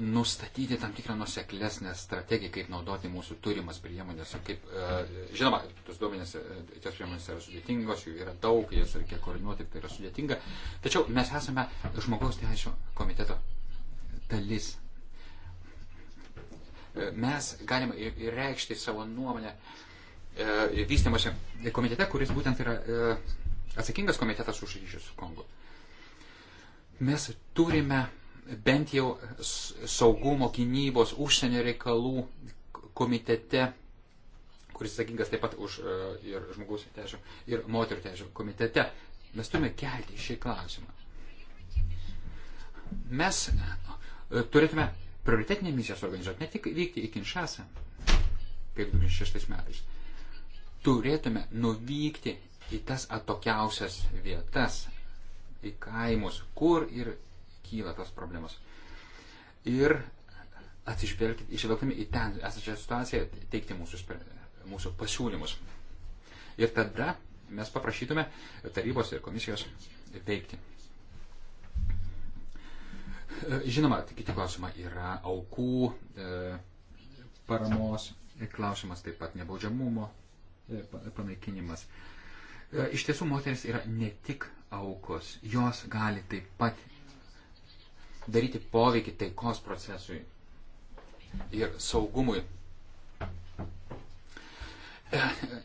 nustatyti tam tikrą nuseklesnę strategiją, kaip naudoti mūsų turimas priemonės. Kaip, e, žinoma, tos duomenės, e, tos priemonės yra sudėtingos, jų yra daug, jas reikia koordinuoti, tai yra sudėtinga. Tačiau mes esame žmogaus teisų komiteto dalis. E, mes galime reikšti savo nuomonę vystymosi komitete, kuris būtent yra atsakingas komitetas už ryšius su Kongu. Mes turime bent jau saugumo, gynybos, užsienio reikalų komitete, kuris sakingas taip pat už e, ir žmogaus teisų, ir moterų teisų komitete. Mes turime kelti šį klausimą. Mes e, turėtume prioritetinę misiją suorganizuoti, ne tik vykti į Kinšasą, kaip 2006 metais. Turėtume nuvykti į tas atokiausias vietas, į kaimus, kur ir kyla tos problemos. Ir atsižvelgdami į ten esančią situaciją, teikti mūsų, mūsų pasiūlymus. Ir tada mes paprašytume tarybos ir komisijos veikti. Žinoma, kiti klausimai yra aukų e, paramos klausimas, taip pat nebaudžiamumo e, panaikinimas. E, iš tiesų, moteris yra ne tik aukos, jos gali taip pat daryti poveikį taikos procesui ir saugumui. E,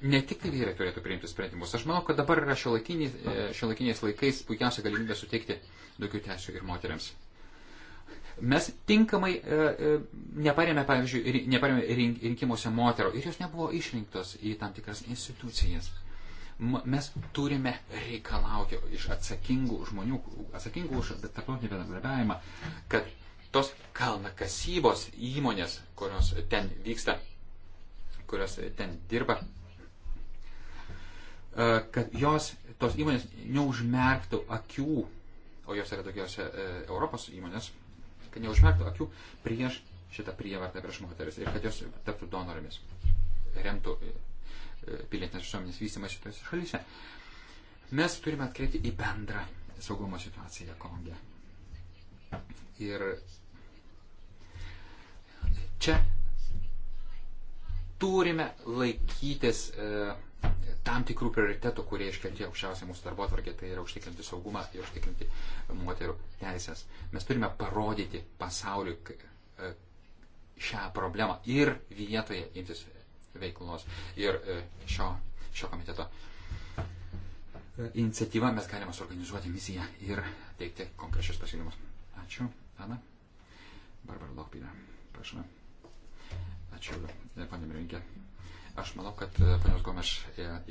ne tik tai vyrai turėtų priimti sprendimus. Aš manau, kad dabar yra e, šiuolaikiniais laikais puikiausia galimybė suteikti daugiau teisų ir moteriams. Mes tinkamai e, neparėmė, pavyzdžiui, neparėmė rinkimuose moterų ir jos nebuvo išrinktos į tam tikras institucijas mes turime reikalauti iš atsakingų žmonių, atsakingų už tarptautinį bendradarbiavimą, kad tos kalnakasybos įmonės, kurios ten vyksta, kurios ten dirba, e, kad jos, tos įmonės neužmerktų akių, o jos yra daugiausia e, Europos įmonės, kad neužmerktų akių prieš šitą prievartą prieš moteris ir kad jos taptų donorėmis, remtų pilietinės visuomenės vystymą šitose šalyse. Mes turime atkreipti į bendrą saugumo situaciją Konge. Ir čia turime laikytis e, tam tikrų prioritetų, kurie iškelti aukščiausiai mūsų darbo atvarkė, tai yra užtikrinti saugumą ir užtikrinti moterų teisės. Mes turime parodyti pasauliu e, šią problemą ir vietoje imtis veiklos ir e, šio, šio komiteto e, iniciatyva mes galime suorganizuoti misiją ir teikti konkrečius pasiūlymus. Ačiū, Ana. Barbara Lokpinė, prašome. Ačiū, e, panė Mirinkė. Aš manau, kad panios Gomeš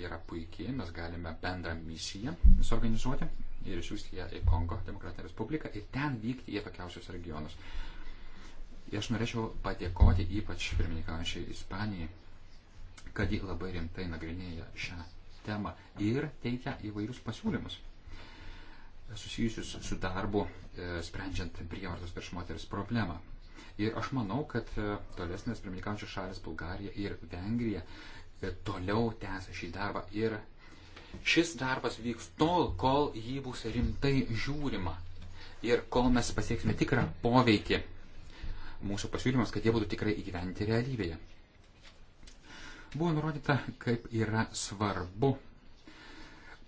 yra puikiai, mes galime bendrą misiją suorganizuoti ir išsiųsti ją į Kongo Demokratinę Respubliką ir ten vykti į atokiausius regionus. Ir aš norėčiau padėkoti ypač pirmininkaujančiai Ispanijai kad ji labai rimtai nagrinėja šią temą ir teikia įvairius pasiūlymus susijusius su darbu, e, sprendžiant prievartos prieš moteris problemą. Ir aš manau, kad e, tolesnės pirmininkaujančios šalis Bulgarija ir Vengrija e, toliau tęs šį darbą ir šis darbas vyks tol, kol jį bus rimtai žiūrima ir kol mes pasieksime tikrą poveikį mūsų pasiūlymams, kad jie būtų tikrai įgyventi realybėje. Buvo nurodyta, kaip yra svarbu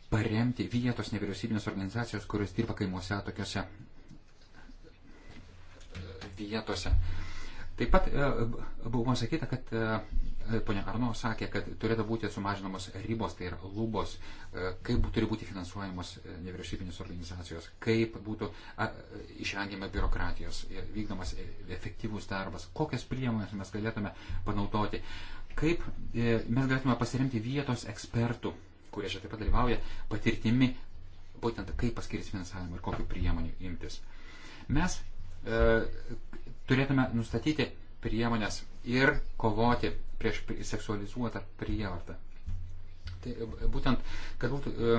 paremti vietos nevyriausybinės organizacijos, kurios dirba kaimuose tokiuose e, vietose. Taip pat e, buvo sakyta, kad e, ponia Arno sakė, kad turėtų būti sumažinamos ribos, tai yra lubos, kaip turi būti finansuojamos nevyriausybinės organizacijos, kaip būtų išvengiama biurokratijos, vykdomas efektyvus darbas, kokias priemonės mes galėtume panaudoti kaip e, mes galėtume pasiremti vietos ekspertų, kurie čia taip pat dalyvauja, patirtimi, būtent kaip paskirs finansavimą ir kokiu priemonių imtis. Mes e, turėtume nustatyti priemonės ir kovoti prieš seksualizuotą prievartą. Tai e, būtent, kad būtų e,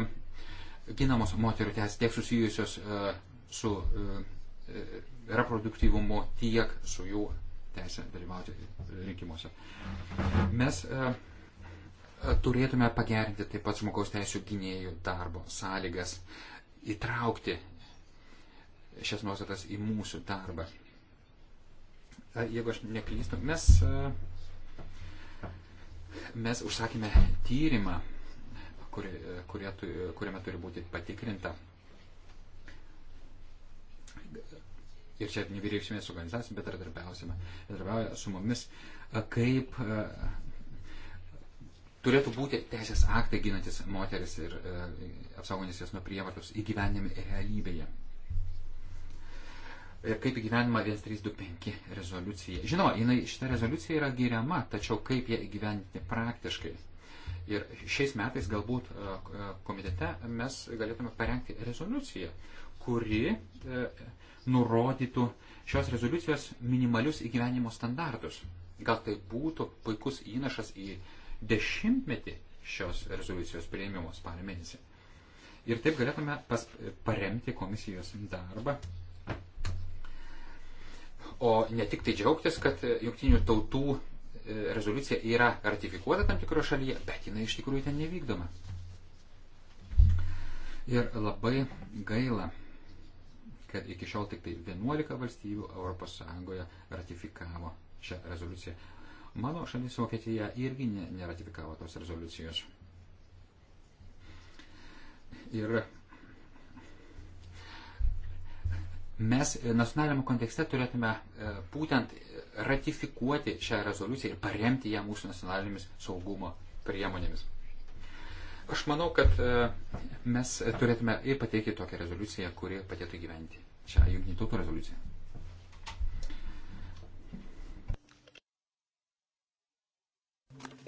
ginamos moterų teisės tiek susijusios e, su e, e reproduktyvumu, tiek su jų teisę dalyvauti rinkimuose. Mes e, e, turėtume pagerinti taip pat žmogaus teisų gynėjų darbo sąlygas, įtraukti šias nuostatas į mūsų darbą. E, jeigu aš neklystu, mes, mes užsakėme tyrimą, kuri, kurie, kuriame turi būti patikrinta ir čia nevyriausybės organizacijos bendradarbiausime, bendradarbiauja su mumis, kaip turėtų būti teisės aktai ginantis moteris ir apsaugantis jas nuo prievartos įgyvenimi realybėje. Ir e, kaip įgyvenima 1325 rezoliucija. Žinoma, jinai, šita rezoliucija yra giriama, tačiau kaip ją įgyvendinti praktiškai. Ir šiais metais galbūt komitete mes galėtume parengti rezoliuciją, kuri e, nurodytų šios rezoliucijos minimalius įgyvenimo standartus. Gal tai būtų puikus įnašas į dešimtmetį šios rezoliucijos prieimimo spalio mėnesį. Ir taip galėtume pas, paremti komisijos darbą. O ne tik tai džiaugtis, kad jungtinių tautų e, rezoliucija yra ratifikuota tam tikroje šalyje, bet jinai iš tikrųjų ten nevykdoma. Ir labai gaila, kad iki šiol tik tai 11 valstybių ES ratifikavo šią rezoliuciją. Mano šalis Vokietija irgi neratifikavo tos rezoliucijos. Ir mes nacionaliniam kontekste turėtume e, būtent ratifikuoti šią rezoliuciją ir paremti ją mūsų nacionalinėmis saugumo priemonėmis. Aš manau, kad e, mes turėtume ir pateikti tokią rezoliuciją, kuri padėtų gyventi šią jungtinių tautų rezoliuciją.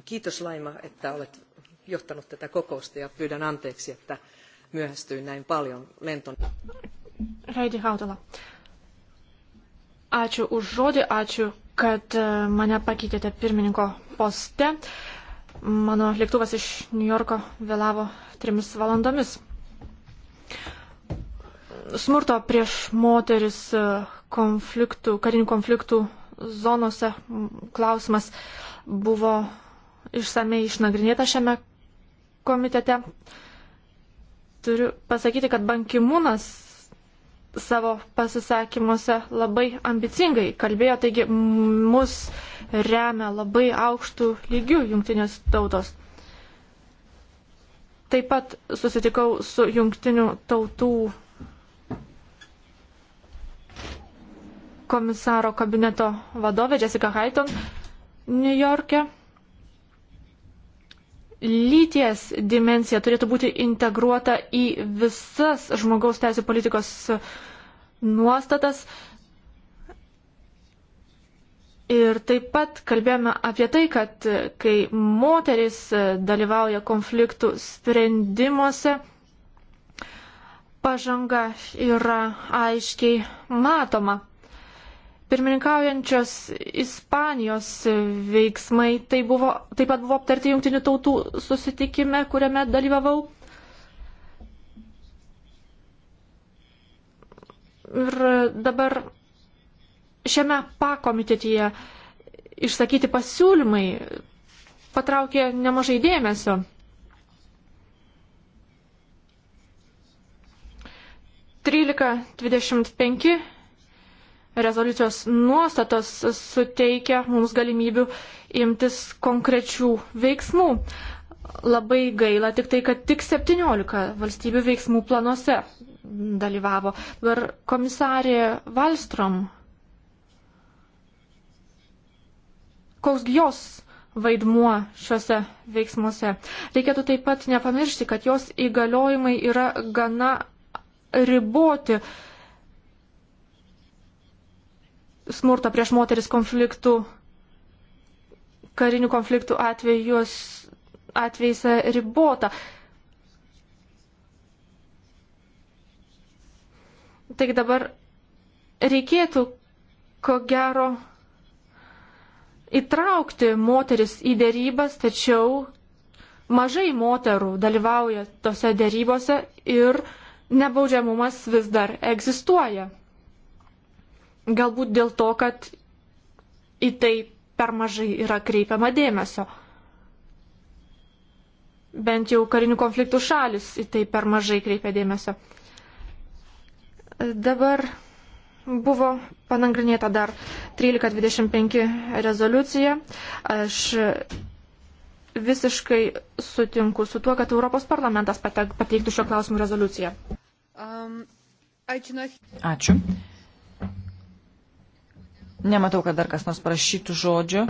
Kiitos Laima, että olet johtanut tätä kokousta ja pyydän anteeksi, että myöhästyin näin paljon lenton. Raidi Hautala. Ačiū už žodį, ačiū, kad e, mane pakeitėte pirmininko poste. Mano lėktuvas iš Niujorko vėlavo trimis valandomis smurto prieš moteris e, konfliktų, karinių konfliktų zonose klausimas buvo išsamei išnagrinėta šiame komitete. Turiu pasakyti, kad bankimūnas savo pasisakymuose labai ambicingai kalbėjo, taigi mus remia labai aukštų lygių jungtinės tautos. Taip pat susitikau su jungtinių tautų komisaro kabineto vadovė Jessica Hayton New York'e. Lyties dimencija turėtų būti integruota į visas žmogaus teisų politikos nuostatas. Ir taip pat kalbėjome apie tai, kad kai moteris dalyvauja konfliktų sprendimuose, pažanga yra aiškiai matoma. Pirmininkaujančios Ispanijos veiksmai tai buvo, taip pat buvo aptarti jungtinių tautų susitikime, kuriame dalyvavau. Ir dabar šiame pakomitetyje išsakyti pasiūlymai patraukė nemažai dėmesio. Trylika dvidešimt penki rezoliucijos nuostatos suteikia mums galimybių imtis konkrečių veiksmų. Labai gaila tik tai, kad tik 17 valstybių veiksmų planuose dalyvavo. Dabar komisarė Valstrom. Koks jos vaidmuo šiuose veiksmuose. Reikėtų taip pat nepamiršti, kad jos įgaliojimai yra gana riboti. Uh, smurto prieš moteris konfliktų, karinių konfliktų atvejus, atvejais ribota. Taigi dabar reikėtų, ko gero, įtraukti moteris į dėrybas, tačiau mažai moterų dalyvauja tose dėrybose ir nebaudžiamumas vis dar egzistuoja. Galbūt dėl to, kad į tai per mažai yra kreipiama dėmesio. Bent jau karinių konfliktų šalis į tai per mažai kreipia dėmesio. Dabar buvo panagrinėta dar 1325 rezoliucija. Aš visiškai sutinku su tuo, kad Europos parlamentas pateiktų šio klausimų rezoliuciją. Um, Ačiū. Nematau, kad dar kas nors prašytų žodžio.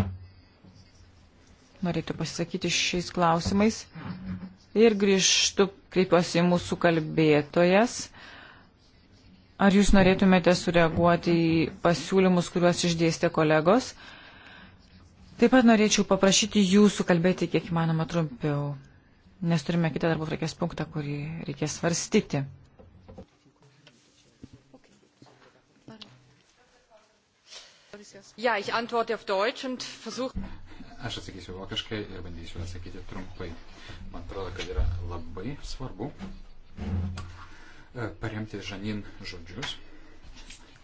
Norėtų pasisakyti šiais klausimais. Ir grįžtu, kreipiuosi į mūsų kalbėtojas. Ar jūs norėtumėte sureaguoti į pasiūlymus, kuriuos išdėstė kolegos? Taip pat norėčiau paprašyti jūsų kalbėti kiek įmanoma trumpiau, nes turime kitą darbo reikės punktą, kurį reikės svarstyti. Ja, ich antworte auf Deutsch und versuche. Aš atsakysiu vokiškai ir bandysiu atsakyti trumpai. Man atrodo, kad yra labai svarbu e, paremti Žanin žodžius,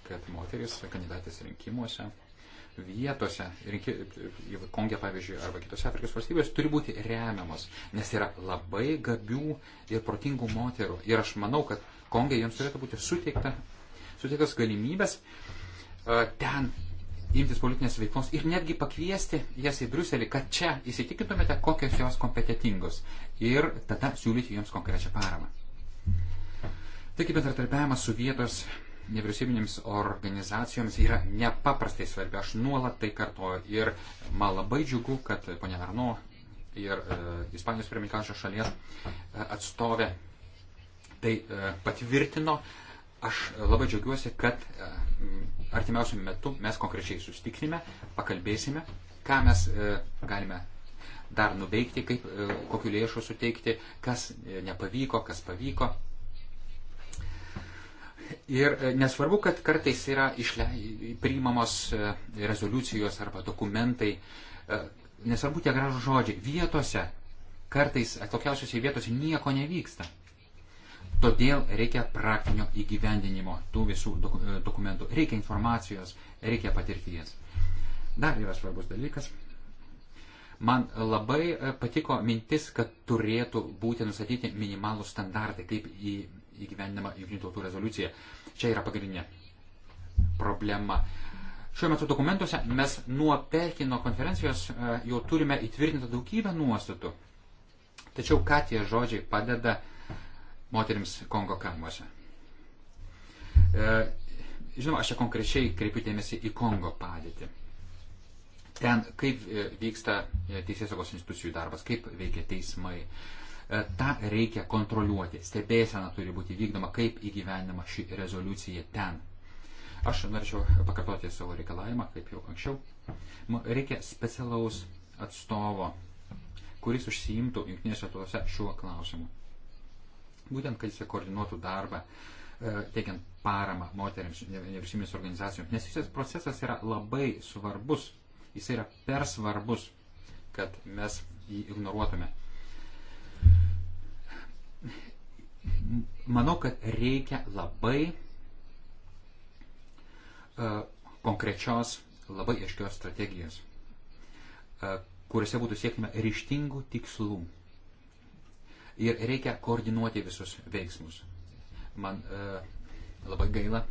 kad moteris kandidatės rinkimuose, vietose, rinki, Kongė pavyzdžiui, arba kitose Afrikos valstybės turi būti remiamos, nes yra labai gabių ir protingų moterų. Ir aš manau, kad Kongė jiems turėtų būti suteikta, suteiktas galimybės e, ten imtis politinės veiklos ir netgi pakviesti jas į Bruselį, kad čia įsitikintumėte, kokios jos kompetitingos ir tada siūlyti jiems konkrečią paramą. Taigi bendradarbiavimas su vietos nevyriausybinėms organizacijoms yra nepaprastai svarbi. Aš nuolat tai kartoju ir man labai džiugu, kad ponia Arno ir e, Ispanijos pirmininkančio šalies e, atstovė tai e, patvirtino, Aš labai džiaugiuosi, kad e, artimiausių metų mes konkrečiai sustiksime, pakalbėsime, ką mes e, galime dar nuveikti, kaip, e, kokiu lėšų suteikti, kas nepavyko, kas pavyko. Ir nesvarbu, kad kartais yra išle, priimamos rezoliucijos arba dokumentai, nesvarbu tie gražų žodžiai, vietose, kartais atokiausiose vietose nieko nevyksta. Todėl reikia praktinio įgyvendinimo tų visų dok e, dokumentų. Reikia informacijos, reikia patirties. Dar yra svarbus dalykas. Man labai e, patiko mintis, kad turėtų būti nustatyti minimalų standartai, kaip į, įgyvendinama Junktinių tautų rezoliucija. Čia yra pagrindinė problema. Šiuo metu dokumentuose mes nuo Pekino konferencijos e, jau turime įtvirtintą daugybę nuostatų. Tačiau ką tie žodžiai padeda uh, moteriams Kongo kaimuose. E, žinoma, aš čia konkrečiai kreipiu dėmesį į Kongo padėtį. Ten kaip e, vyksta e, teisėsaugos institucijų darbas, kaip veikia teismai. Ta reikia kontroliuoti. Stebėsena turi būti vykdoma, kaip įgyvenama ši rezoliucija ten. Aš norėčiau pakartoti savo reikalavimą, kaip jau anksčiau. Reikia specialaus atstovo, kuris užsiimtų jungtinėse tautose šiuo klausimu Būtent, kad jis koordinuotų darbą, e, teikiant paramą moteriams nevyriausybinės organizacijoms. Nes šis procesas yra labai svarbus, jis yra per svarbus, kad mes jį ignoruotume. Manau, kad reikia labai e, konkrečios, labai aiškios strategijos, e, kuriuose būtų siekime ryštingų tikslų ir reikia koordinuoti visus veiksmus. Man e, labai gaila,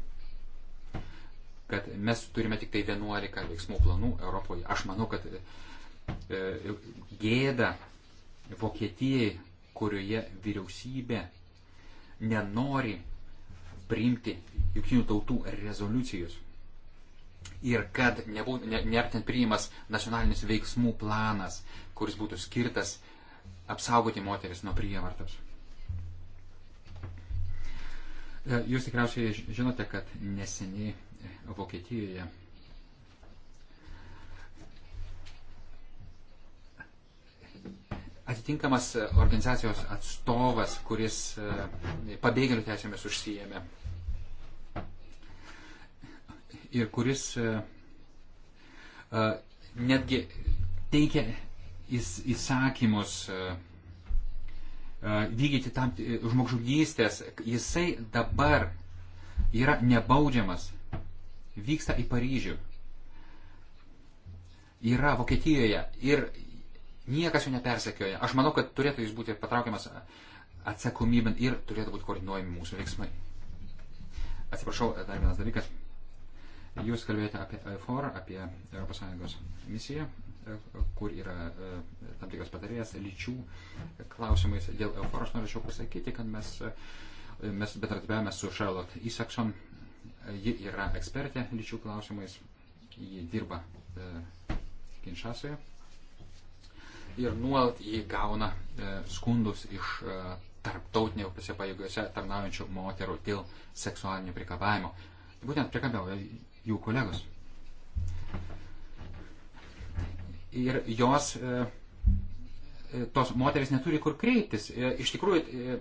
kad mes turime tik tai 11 veiksmų planų Europoje. Aš manau, kad e, e, gėda Vokietijai, kurioje vyriausybė nenori priimti jungtinių tautų rezoliucijos. Ir kad nebūtent ne, priimas nacionalinis veiksmų planas, kuris būtų skirtas e, apsaugoti moteris nuo prievartos. E, jūs tikriausiai žinote, kad neseniai e, Vokietijoje atitinkamas e, organizacijos atstovas, kuris pabėgėlių teisėmis užsijėmė ir kuris netgi teikia įsakymus, e, e, vykdyti tam žmogžudystės, jisai dabar yra nebaudžiamas, vyksta į Paryžių, yra Vokietijoje ir niekas jo nepersekioja. Aš manau, kad turėtų jis būti patraukiamas atsakomybėn ir turėtų būti koordinuojami mūsų veiksmai. Atsiprašau, dar vienas dalykas. Jūs kalbėjote apie EFOR, apie ES misiją kur yra e, tam tikras patarėjas lyčių klausimais. Dėl Eufor aš norėčiau pasakyti, kad mes, e, mes bendradarbiavame su Charlotte Isakson. Ji yra ekspertė lyčių klausimais. Ji dirba e, Kinšasoje. Ir nuolat jį gauna skundus iš tarptautinėse pajėgose tarnaujančių moterų dėl seksualinio prikabavimo. Būtent prikabėjo jų kolegos. ir jos, e, e, tos moteris neturi kur kreiptis. E, iš tikrųjų,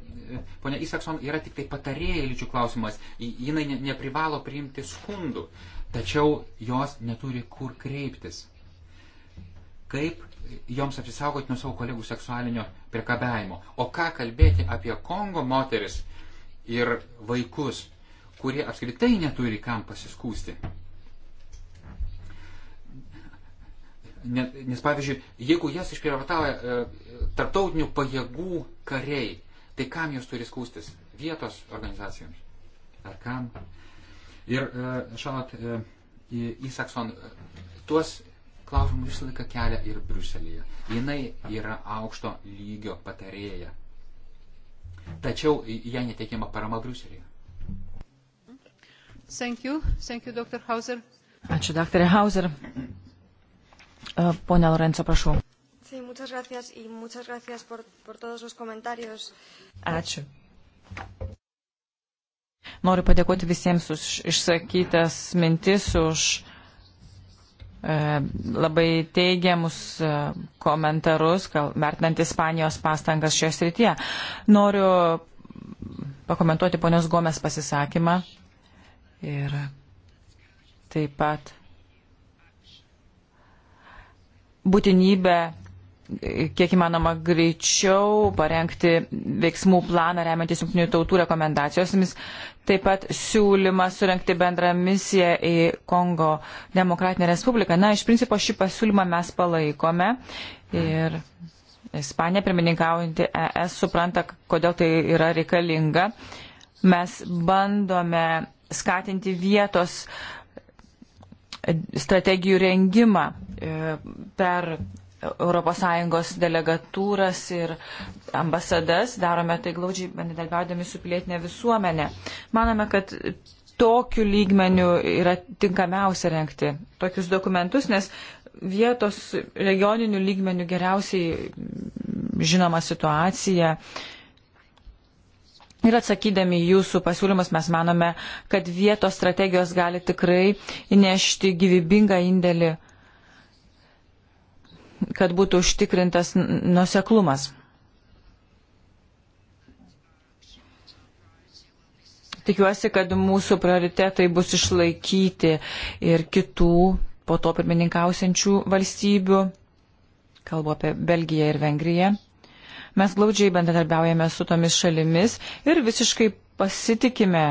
ponia Isakson yra tik tai patarėja lyčių klausimas, jinai neprivalo priimti skundų, tačiau jos neturi kur kreiptis. Kaip joms apsisaugoti nuo savo kolegų seksualinio priekabėjimo? O ką kalbėti apie Kongo moteris ir vaikus, kurie apskritai neturi kam pasiskūsti? Nes pavyzdžiui, jeigu jas išprievartauja e, tarptautinių pajėgų kariai, tai kam jos turi skūstis? Vietos organizacijoms? Ar kam? Ir šalat e, e, į Sakson, tuos klausimus visą laiką kelia ir Bruselėje. Jinai yra aukšto lygio patarėja. Tačiau jai neteikiama parama Bruselėje. Thank you. Thank you, Dr. Hauser. Ačiū, dr. Hauser. E, Pone Lorenco, prašau. Ačiū. Noriu padėkoti visiems už išsakytas mintis, už e, labai teigiamus e, komentarus, vertinant Ispanijos pastangas šioje srityje. Noriu pakomentuoti ponios Gomes pasisakymą ir taip pat būtinybę kiek įmanoma greičiau parengti veiksmų planą remiantis jungtinių tautų rekomendacijomis, taip pat siūlymą surenkti bendrą misiją į Kongo Demokratinę Respubliką. Na, iš principo šį pasiūlymą mes palaikome ir Ispanija, pirmininkaujanti ES, supranta, kodėl tai yra reikalinga. Mes bandome skatinti vietos uh, strategijų rengimą e, per ES delegatūras ir ambasadas, darome tai glaudžiai bendradarbiaudami su pilietinė visuomenė. Manome, kad tokiu lygmeniu yra tinkamiausia renkti tokius dokumentus, nes vietos regioninių lygmenių geriausiai žinoma situacija, uh, Ir atsakydami jūsų pasiūlymus mes manome, kad vietos strategijos gali tikrai įnešti gyvybingą indėlį, kad būtų užtikrintas nuseklumas. Tikiuosi, kad mūsų prioritetai bus išlaikyti ir kitų po to pirmininkausiančių valstybių, kalbu apie Belgiją ir Vengriją Mes glaudžiai bendradarbiaujame su tomis šalimis ir visiškai pasitikime,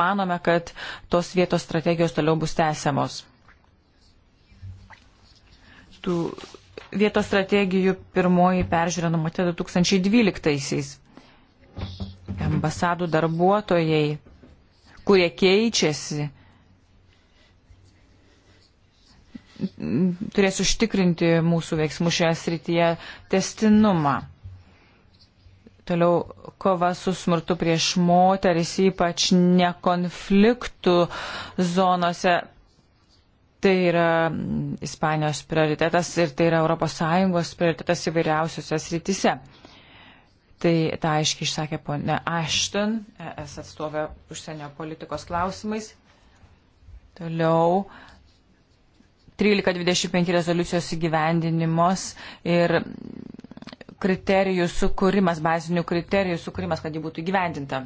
manome, kad tos vietos strategijos toliau bus tęsiamos. Tų vietos strategijų pirmoji peržiūra numatyta 2012-aisiais. Ambasadų darbuotojai, kurie keičiasi, turės užtikrinti mūsų veiksmų šioje srityje testinumą. Toliau kova su smurtu prieš moteris, ypač nekonfliktų zonose. Tai yra Ispanijos prioritetas ir tai yra ES prioritetas įvairiausiose srityse. Tai tą aiškiai išsakė ponė Ashton, es atstovė užsienio politikos klausimais. Toliau uh, 1325 rezoliucijos įgyvendinimos ir kriterijų sukūrimas, bazinių kriterijų sukūrimas, kad jį būtų įgyvendinta.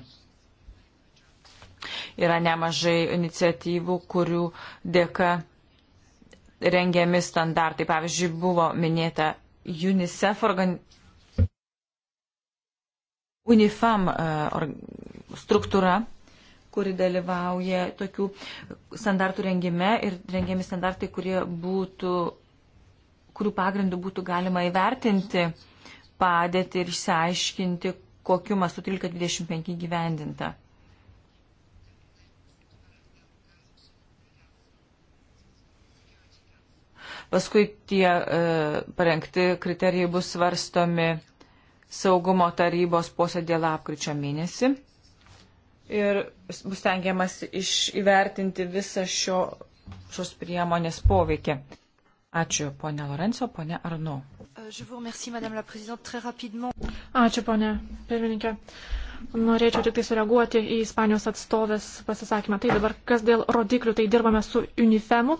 Yra nemažai iniciatyvų, kurių dėka rengiami standartai. Pavyzdžiui, buvo minėta UNICEF organ... UNIFAM e, struktūra kuri dalyvauja tokių standartų rengime ir rengiami standartai, kurie būtų, kurių pagrindų būtų galima įvertinti padėti ir išsiaiškinti, kokiu mastu 1325 gyvendinta. Paskui tie e, parengti kriterijai bus svarstomi saugumo tarybos posėdė lapkričio mėnesį ir bus tengiamas įvertinti visą šio, šios priemonės poveikį. Ačiū, ponė Lorenzo, ponė Arno. Euh, Ačiū, ponė pirmininkė. Norėčiau tik tai sureaguoti į Ispanijos atstovės pasisakymą. Tai dabar, kas dėl rodiklių, tai dirbame su UNIFEMu.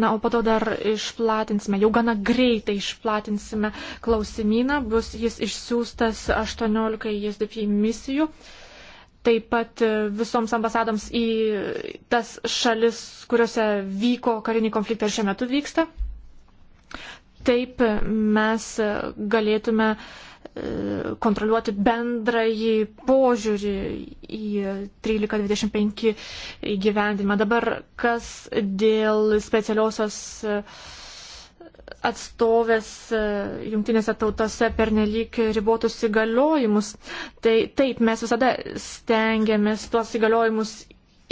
Na, o po to dar išplatinsime, jau gana greitai išplatinsime klausimyną, bus jis išsiųstas 18 JSDP misijų. Uh, taip pat e, visoms ambasadoms į tas šalis, kuriuose vyko kariniai konfliktai ir šiuo metu vyksta. Taip e, mes e, galėtume kontroliuoti bendrąjį požiūrį į 1325 įgyvendinimą. Dabar kas dėl specialiosios atstovės e, jungtinėse tautose pernelyg ribotus įgaliojimus. Tai taip, mes visada stengiamės tuos įgaliojimus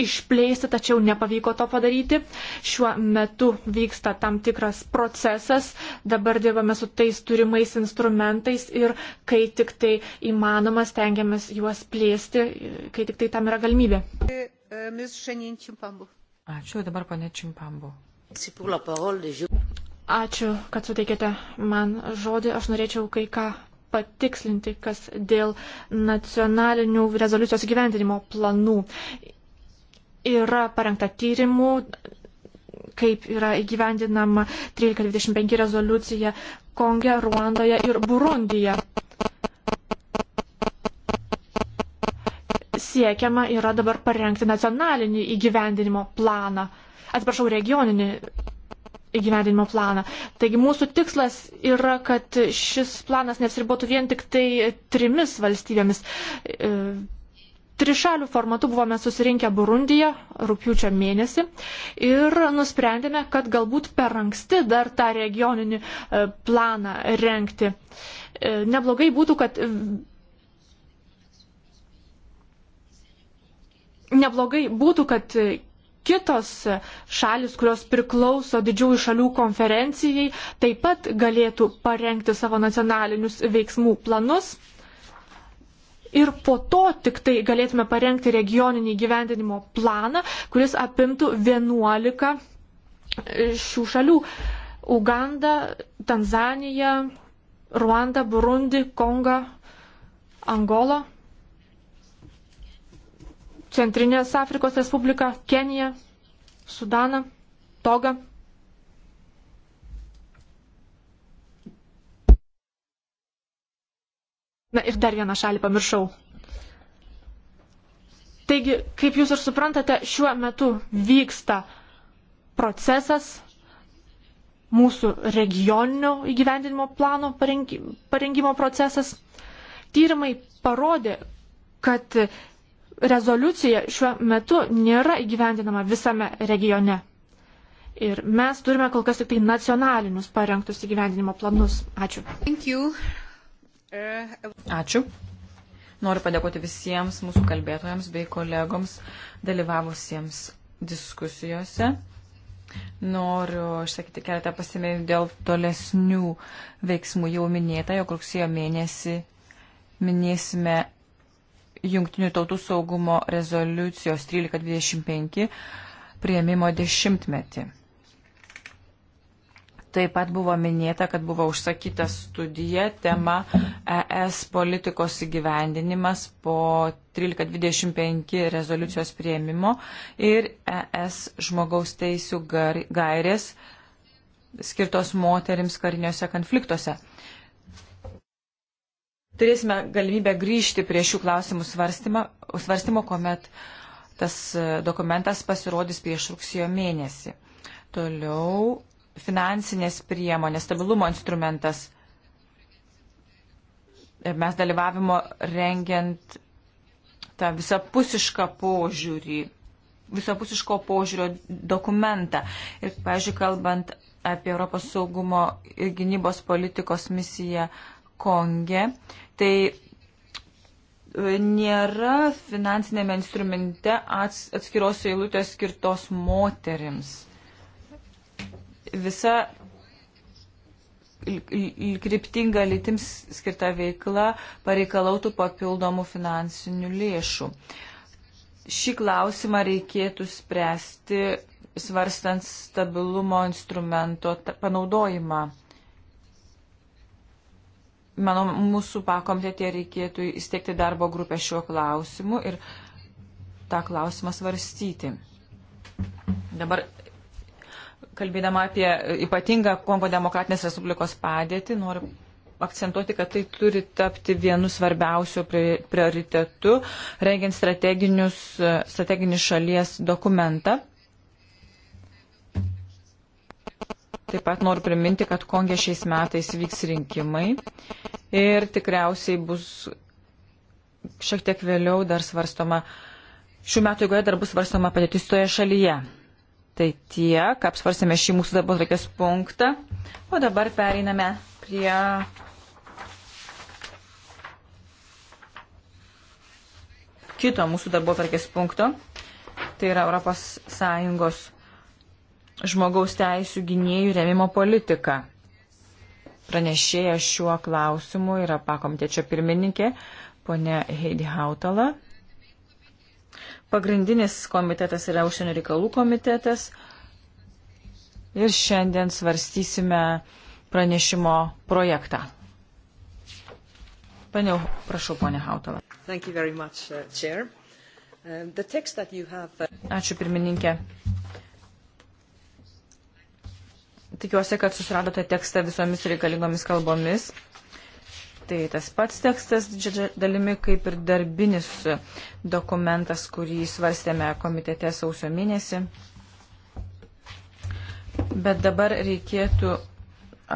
išplėsti, tačiau nepavyko to padaryti. Šiuo metu vyksta tam tikras procesas, dabar dirbame su tais turimais instrumentais ir kai tik tai įmanoma, stengiamės juos plėsti, kai tik tai tam yra galimybė. Ačiū dabar, ponė Čimpambu. Ačiū, kad suteikėte man žodį. Aš norėčiau kai ką patikslinti, kas dėl nacionalinių rezoliucijos gyventinimo planų. Yra parengta tyrimų, kaip yra įgyvendinama 1325 rezoliucija Konge, Ruandoje ir Burundija. Siekiama yra dabar parengti nacionalinį įgyvendinimo planą, atsiprašau, regioninį įgyvendinimo planą. Taigi mūsų tikslas yra, kad šis planas neapsiribotų vien tik tai trimis valstybėmis. E, trišalių formatų buvome susirinkę Burundiją rūpiučio mėnesį ir nusprendėme, kad galbūt per anksti dar tą regioninį e, planą renkti. E, neblogai būtų, kad neblogai būtų, kad kitos šalis, kurios priklauso didžiųjų šalių konferencijai, taip pat galėtų parengti savo nacionalinius veiksmų planus. Ir po to tik tai galėtume parengti regioninį gyvendinimo planą, kuris apimtų 11 šių šalių. Uganda, Tanzanija, Ruanda, Burundi, Konga, Angola, Centrinės Afrikos Respubliką, Keniją, Sudaną, Togą. Na ir dar vieną šalį pamiršau. Taigi, kaip jūs ir suprantate, šiuo metu vyksta procesas mūsų regioninio įgyvendinimo plano parengimo procesas. Tyrimai parodė, kad rezoliucija šiuo metu nėra įgyvendinama visame regione. Ir mes turime kol kas tik tai nacionalinius parengtus įgyvendinimo planus. Ačiū. Uh, Ačiū. Noriu padėkoti visiems mūsų kalbėtojams bei kolegoms dalyvavusiems diskusijose. Noriu išsakyti keletą pasimėjimų dėl tolesnių veiksmų. Jau minėta, jog rugsėjo mėnesį minėsime Junktinių tautų saugumo rezoliucijos 1325 prieimimo dešimtmetį. Taip pat buvo minėta, kad buvo užsakyta studija tema ES politikos įgyvendinimas po 1325 rezoliucijos prieimimo ir ES žmogaus teisų gairės skirtos moterims kariniuose konfliktuose turėsime galimybę grįžti prie šių klausimų svarstymo, kuomet tas e, dokumentas pasirodys prieš rugsėjo mėnesį. Toliau finansinės priemonės, stabilumo instrumentas. Mes dalyvavimo rengiant tą visapusišką požiūrį, visapusiško požiūrio dokumentą. Ir, pažiūrėjau, kalbant apie Europos saugumo ir gynybos politikos misiją Konge, tai e, nėra finansinėme instrumente atskiros eilutės skirtos moterims. Visa kryptinga lytims skirta veikla pareikalautų papildomų finansinių lėšų. Šį klausimą reikėtų spręsti svarstant stabilumo instrumento panaudojimą manau, mūsų pakomitetė reikėtų įsteigti darbo grupę šiuo klausimu ir tą klausimą svarstyti. Dabar, kalbėdama apie ypatingą Kongo Demokratinės Respublikos padėtį, noriu akcentuoti, kad tai turi tapti vienu svarbiausiu prioritetu, rengiant strateginius, strateginį šalies dokumentą. Taip pat noriu priminti, kad Kongė šiais metais vyks rinkimai ir tikriausiai bus šiek tiek vėliau dar svarstoma, šių metų įgoje dar bus svarstoma padėtis toje šalyje. Tai tiek, apsvarsime šį mūsų darbo tokias punktą, o dabar pereiname prie. Kito mūsų darbo tarkės punkto, tai yra ES žmogaus teisų gynėjų remimo politiką. Pranešėja šiuo klausimu yra pakomitečio pirmininkė, ponė Heidi Hautala. Pagrindinis komitetas yra užsienio reikalų komitetas. Ir šiandien svarstysime pranešimo projektą. Paniau, prašau, ponė Hautala. Much, uh, um, have... Uh, Ačiū pirmininkė. Tikiuosi, kad susiradote tekstą visomis reikalingomis kalbomis. Tai tas pats tekstas didžia dalimi kaip ir darbinis dokumentas, kurį svarstėme komitete sausio mėnesį. Bet dabar reikėtų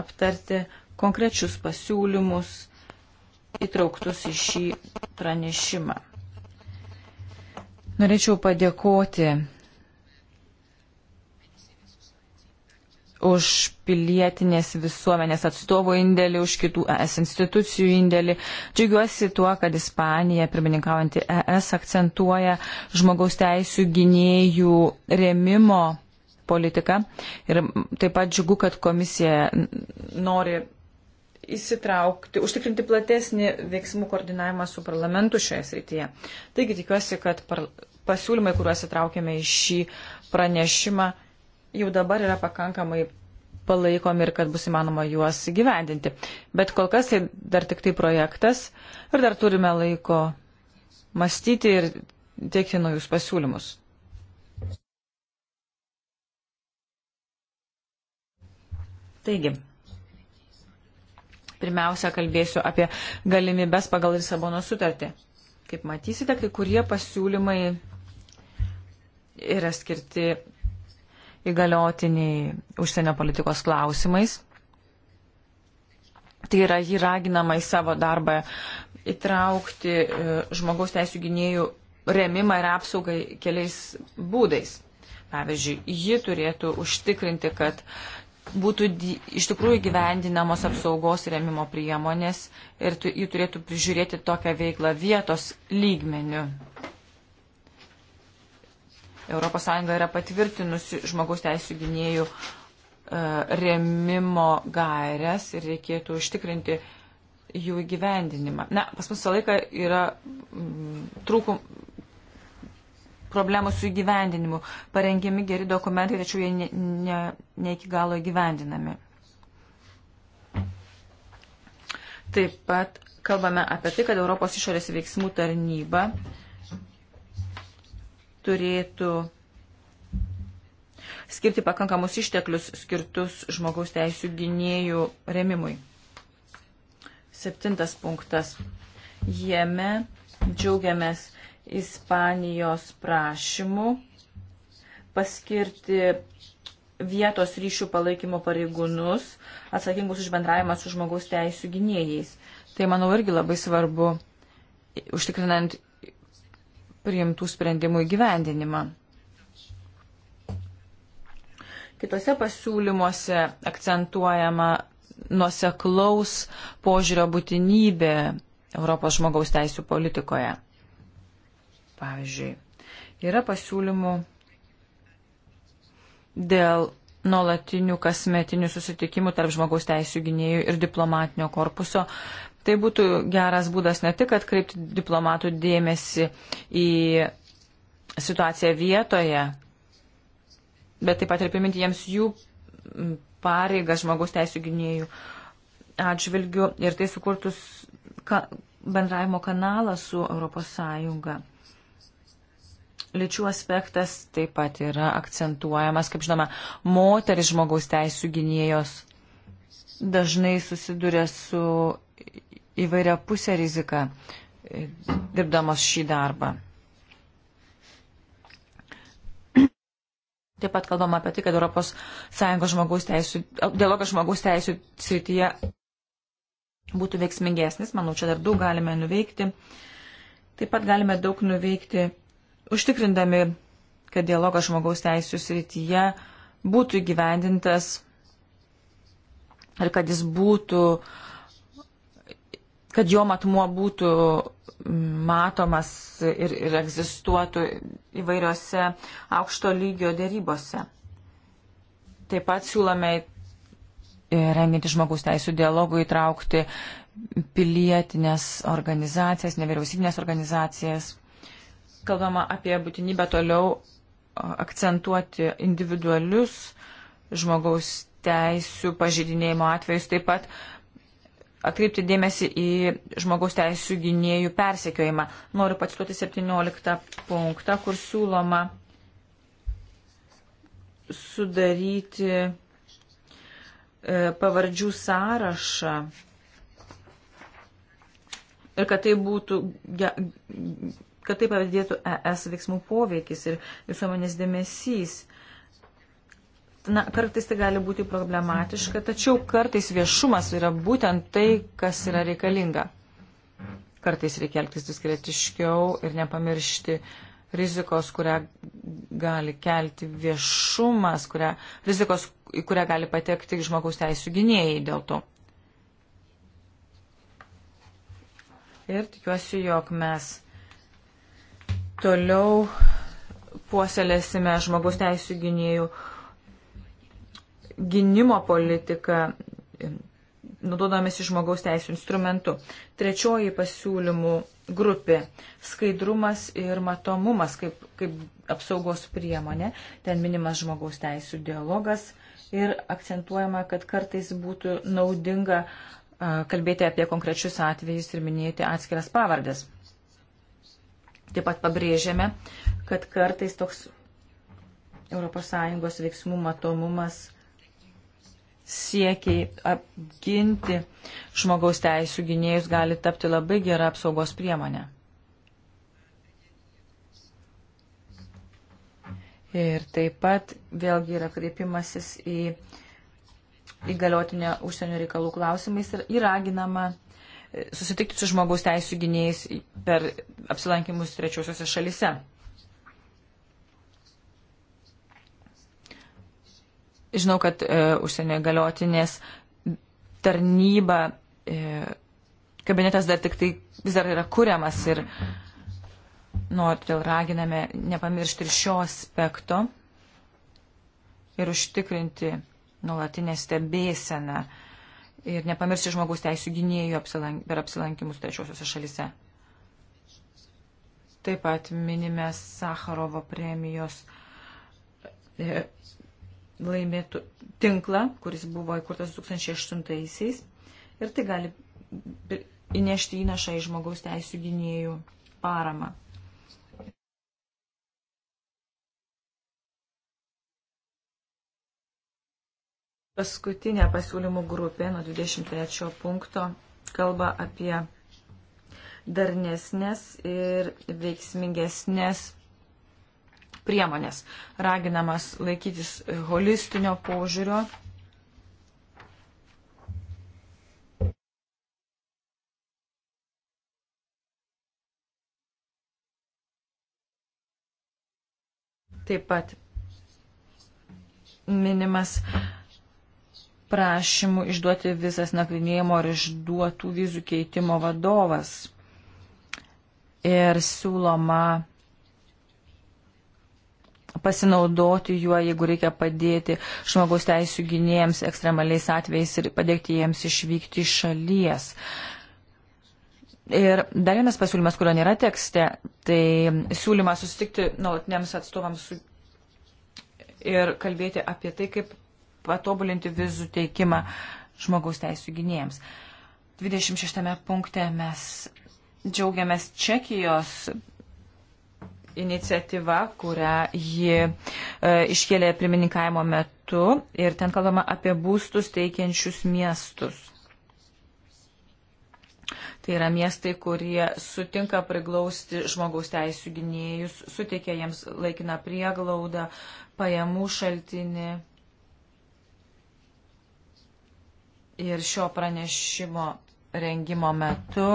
aptarti konkrečius pasiūlymus įtrauktus į šį pranešimą. Norėčiau padėkoti už pilietinės visuomenės atstovų indėlį, už kitų ES institucijų indėlį. Džiugiuosi tuo, kad Ispanija, pirmininkaujanti ES, akcentuoja žmogaus teisų gynėjų remimo politiką. Ir taip pat džiugu, kad komisija nori įsitraukti, užtikrinti platesnį veiksmų koordinavimą su parlamentu šioje srityje. Taigi tikiuosi, kad par, pasiūlymai, kuriuos įtraukėme į šį pranešimą, jau dabar yra pakankamai palaikomi ir kad bus įmanoma juos gyvendinti. Bet kol kas tai dar tik tai projektas ir dar turime laiko mąstyti ir teikti naujus pasiūlymus. Taigi, pirmiausia, kalbėsiu apie galimybės pagal Lisabono sutartį. Kaip matysite, kai kurie pasiūlymai yra skirti įgaliotiniai užsienio politikos klausimais. Tai yra jį raginama į savo darbą įtraukti e, žmogaus teisų gynėjų remimą ir apsaugą keliais būdais. Pavyzdžiui, ji turėtų užtikrinti, kad būtų iš tikrųjų gyvendinamos apsaugos remimo priemonės ir ji turėtų prižiūrėti tokią veiklą vietos lygmeniu. ES yra patvirtinusi žmogaus teisų gynėjų e, remimo gairias ir reikėtų užtikrinti jų įgyvendinimą. Na, pas mus visą laiką yra mm, trūkum problemų su įgyvendinimu. Parengiami geri dokumentai, tačiau jie ne, ne, ne iki galo įgyvendinami. Taip pat kalbame apie tai, kad Europos išorės veiksmų tarnyba uh, turėtų skirti pakankamus išteklius skirtus žmogaus teisų gynėjų remimui. Septintas punktas. Jame džiaugiamės Ispanijos prašymu paskirti vietos ryšių palaikymo pareigūnus, atsakingus už bendravimą su žmogaus teisų gynėjais. Tai, manau, irgi labai svarbu, užtikrinant priimtų sprendimų įgyvendinimą. Kitose pasiūlymuose akcentuojama nuoseklaus požiūrio būtinybė Europos žmogaus teisų politikoje. Pavyzdžiui, yra pasiūlymų dėl nuolatinių kasmetinių susitikimų tarp žmogaus teisų gynėjų ir diplomatinio korpuso Tai būtų geras būdas ne tik atkreipti diplomatų dėmesį į situaciją vietoje, bet taip pat ir priminti jiems jų pareigas žmogaus teisų gynėjų atžvilgių ir tai sukurtus ka bendravimo kanalą su ES. Lyčių aspektas taip pat yra akcentuojamas, kaip žinoma, moteris žmogaus teisų gynėjos dažnai susiduria su įvairia pusę riziką, e, dirbdamas šį darbą. Taip pat kalbama apie tai, kad ES žmogaus teisų, dialogas žmogaus teisų srityje būtų veiksmingesnis. Manau, čia dar daug galime nuveikti. Taip pat galime daug nuveikti, užtikrindami, kad dialogas žmogaus teisų srityje būtų įgyvendintas ir kad jis būtų uh, kad jo matmuo būtų matomas ir, ir egzistuotų įvairiose aukšto lygio dėrybose. Taip pat siūlome renginti žmogus teisų dialogų įtraukti pilietinės organizacijas, nevyriausybinės organizacijas. Kalbama apie būtinybę toliau akcentuoti individualius žmogaus teisų pažydinėjimo atvejus, taip pat uh, atkreipti dėmesį į žmogaus teisų gynėjų persekiojimą. Noriu pacituoti 17 punktą, kur siūloma sudaryti e, pavardžių sąrašą ir kad tai būtų, kad tai pavydėtų ES veiksmų poveikis ir visuomenės dėmesys. Na, kartais tai gali būti problematiška, tačiau kartais viešumas yra būtent tai, kas yra reikalinga. Kartais reikia elgtis diskretiškiau ir nepamiršti rizikos, kurią gali kelti viešumas, kurią, rizikos, į kurią gali patekti žmogaus teisų gynėjai dėl to. Ir tikiuosi, jog mes toliau puoselėsime žmogaus teisų gynėjų gynimo politiką, naudodamis žmogaus teisų instrumentu. Trečioji pasiūlymų grupė - skaidrumas ir matomumas kaip, kaip apsaugos priemonė. Ten minimas žmogaus teisų dialogas ir akcentuojama, kad kartais būtų naudinga kalbėti apie konkrečius atvejus ir minėti atskiras pavardės. Taip pat pabrėžiame, kad kartais toks ES veiksmų matomumas siekiai apginti žmogaus teisų gynėjus gali tapti labai gera apsaugos priemonė. Ir taip pat vėlgi yra kreipimasis į įgaliotinę užsienio reikalų klausimais ir įraginama e, susitikti su žmogaus teisų gynėjais per apsilankimus trečiosiuose šalise. Žinau, kad e, užsienio galiotinės tarnyba, e, kabinetas dar tik tai vis dar yra kuriamas ir nors nu, dėl raginame nepamiršti ir šio aspekto ir užtikrinti nuolatinę stebėseną ir nepamiršti žmogaus teisų gynėjų apsilank, per apsilankimus trečiosiuose šalise. Taip pat minime Sakarovo premijos e, laimėtų tinklą, kuris buvo įkurtas 2008-aisiais ir tai gali įnešti įnašą į žmogaus teisų gynėjų paramą. Paskutinė pasiūlymų grupė nuo 23 punkto kalba apie darnesnės ir veiksmingesnės priemonės. Raginamas laikytis holistinio požiūrio. Taip pat minimas prašymų išduoti visas nagrinėjimo ir išduotų vizų keitimo vadovas. Ir siūloma pasinaudoti juo, jeigu reikia padėti žmogaus teisų gynėjams ekstremaliais atvejais ir padėti jiems išvykti iš šalies. Ir dar vienas pasiūlymas, kurio nėra tekste, tai siūlymas susitikti nuolatiniams atstovams su, ir kalbėti apie tai, kaip patobulinti vizų teikimą žmogaus teisų gynėjams. 26 punkte mes džiaugiamės Čekijos iniciatyva, kurią ji e, iškėlė pirmininkavimo metu ir ten kalbama apie būstus teikiančius miestus. Tai yra miestai, kurie sutinka priglausti žmogaus teisų gynėjus, suteikia jiems laikiną prieglaudą, pajamų šaltinį. Ir šio pranešimo rengimo metu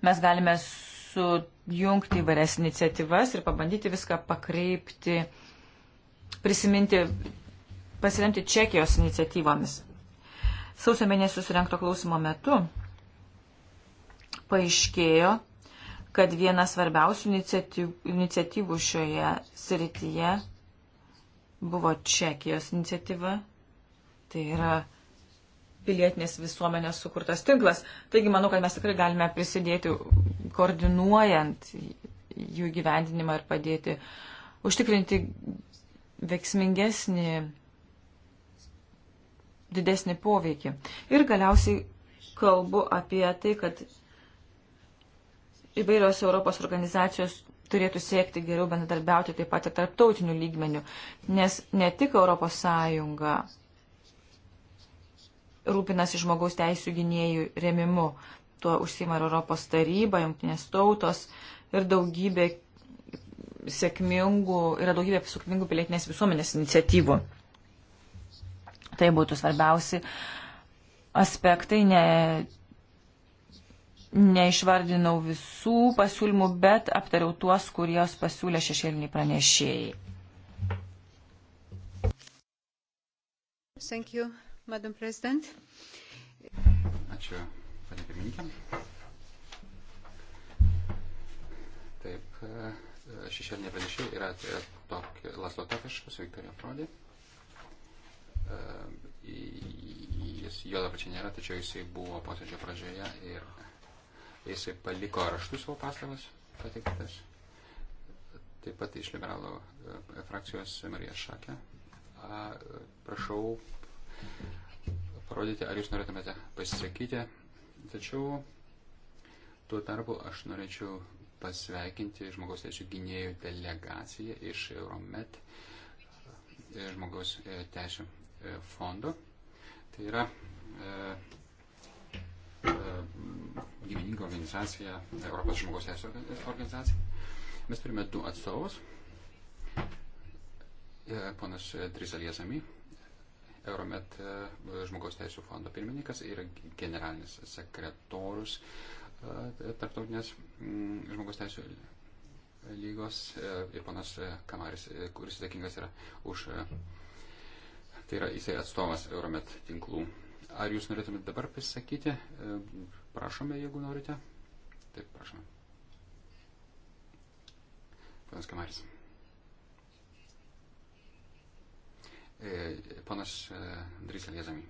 mes galime su jungti įvairias iniciatyvas ir pabandyti viską pakreipti, prisiminti, pasiremti Čekijos iniciatyvomis. Sausio mėnesį surinkto klausimo metu paaiškėjo, kad viena svarbiausių iniciatyvų šioje srityje buvo Čekijos iniciatyva. Tai yra pilietinės visuomenės sukurtas tinklas. Taigi manau, kad mes tikrai galime prisidėti koordinuojant jų gyvendinimą ir padėti užtikrinti veiksmingesnį, didesnį poveikį. Ir galiausiai kalbu apie tai, kad įvairios Europos organizacijos turėtų siekti geriau bendradarbiauti taip pat ir tarptautinių lygmenių, nes ne tik Europos Sąjunga rūpinasi žmogaus teisų gynėjų remimu. Tuo užsima ir Europos taryba, jungtinės tautos ir daugybė sėkmingų, yra daugybė sėkmingų pilietinės visuomenės iniciatyvų. Tai būtų svarbiausi aspektai, ne, neišvardinau visų pasiūlymų, bet aptariau tuos, kuriuos pasiūlė šešėliniai pranešėjai. Thank you. Madam President. Ačiū, panė pirmininkė. Taip, šešėlinė pranešė yra tokia Laslo Tokiškas, Viktorija Prodė. Jis jo dabar čia nėra, tačiau jisai buvo posėdžio pradžioje ir jisai paliko raštų savo pastabas pateiktas. Taip pat iš liberalų e, frakcijos Marija Šakė. Prašau parodyti, ar jūs norėtumėte pasisakyti. Tačiau tuo tarpu aš norėčiau pasveikinti žmogaus teisų gynėjų delegaciją iš Euromet e, žmogaus e, teisų e, fondo. Tai yra e, e, gyveninga organizacija, Europos žmogaus teisų organizacija. Mes turime du atstovus. E, ponas Trisalėsami Euromet e, žmogaus teisų fondo pirmininkas ir generalinis sekretorius e, tarptautinės žmogaus teisų lygos e, ir panas Kamaris, kuris atsakingas yra už, tai yra jisai atstovas Euromet tinklų. Ar jūs norėtumėte dabar pasisakyti? Prašome, jeigu norite. Taip, prašome. Panas Kamaris. E, Panas e, Drysel Jėzami.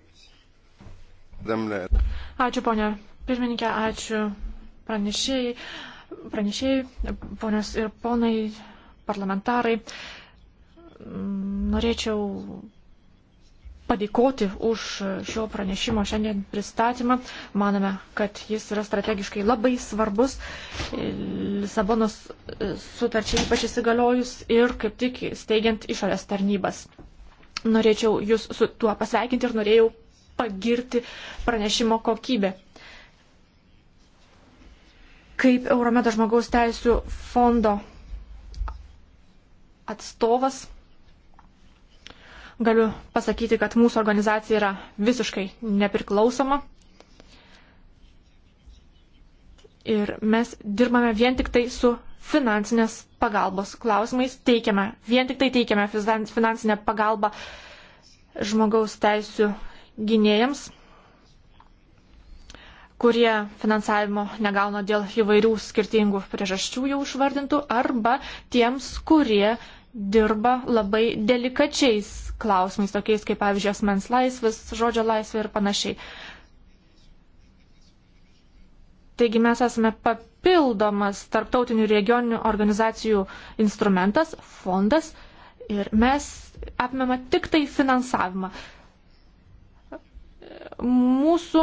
Ačiū, ponė. Pirmininkė, ačiū pranešėjai, pranešėjai ponios ir ponai, parlamentarai. Norėčiau padėkoti už šio pranešimo šiandien pristatymą. Manome, kad jis yra strategiškai labai svarbus. Lisabonos sutarčiai ypač įsigaliojus ir kaip tik steigiant išorės tarnybas. Norėčiau Jūs su tuo pasveikinti ir norėjau pagirti pranešimo kokybę. Kaip Eurometo žmogaus teisų fondo atstovas galiu pasakyti, kad mūsų organizacija yra visiškai nepriklausoma. Ir mes dirbame vien tik tai su finansinės pagalbos klausimais. Teikiame, vien tik tai teikiame finansinę pagalbą žmogaus teisų gynėjams, kurie finansavimo negauna dėl įvairių skirtingų priežasčių jau išvardintų, arba tiems, kurie dirba labai delikačiais klausimais, tokiais kaip, pavyzdžiui, asmens laisvės, žodžio laisvė ir panašiai. Taigi mes esame pap papildomas tarptautinių regioninių organizacijų instrumentas, fondas ir mes apmėma tik tai finansavimą. Mūsų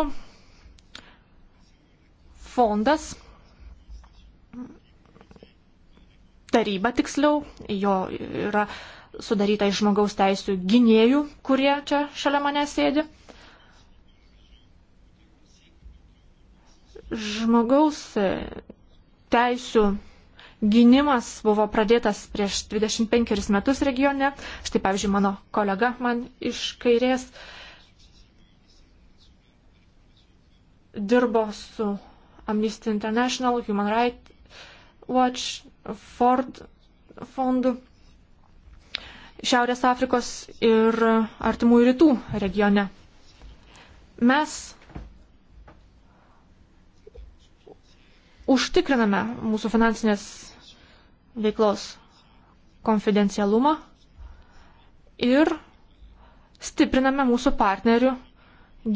fondas, taryba tiksliau, jo yra sudaryta iš žmogaus teisų gynėjų, kurie čia šalia mane sėdi. Žmogaus e, teisų gynimas buvo pradėtas prieš 25 metus regione. Štai pavyzdžiui, mano kolega man iš kairės dirbo su Amnesty International, Human Rights Watch, Ford fondu Šiaurės Afrikos ir Artimųjų Rytų regione. Mes užtikriname mūsų finansinės veiklos konfidencialumą ir stipriname mūsų partnerių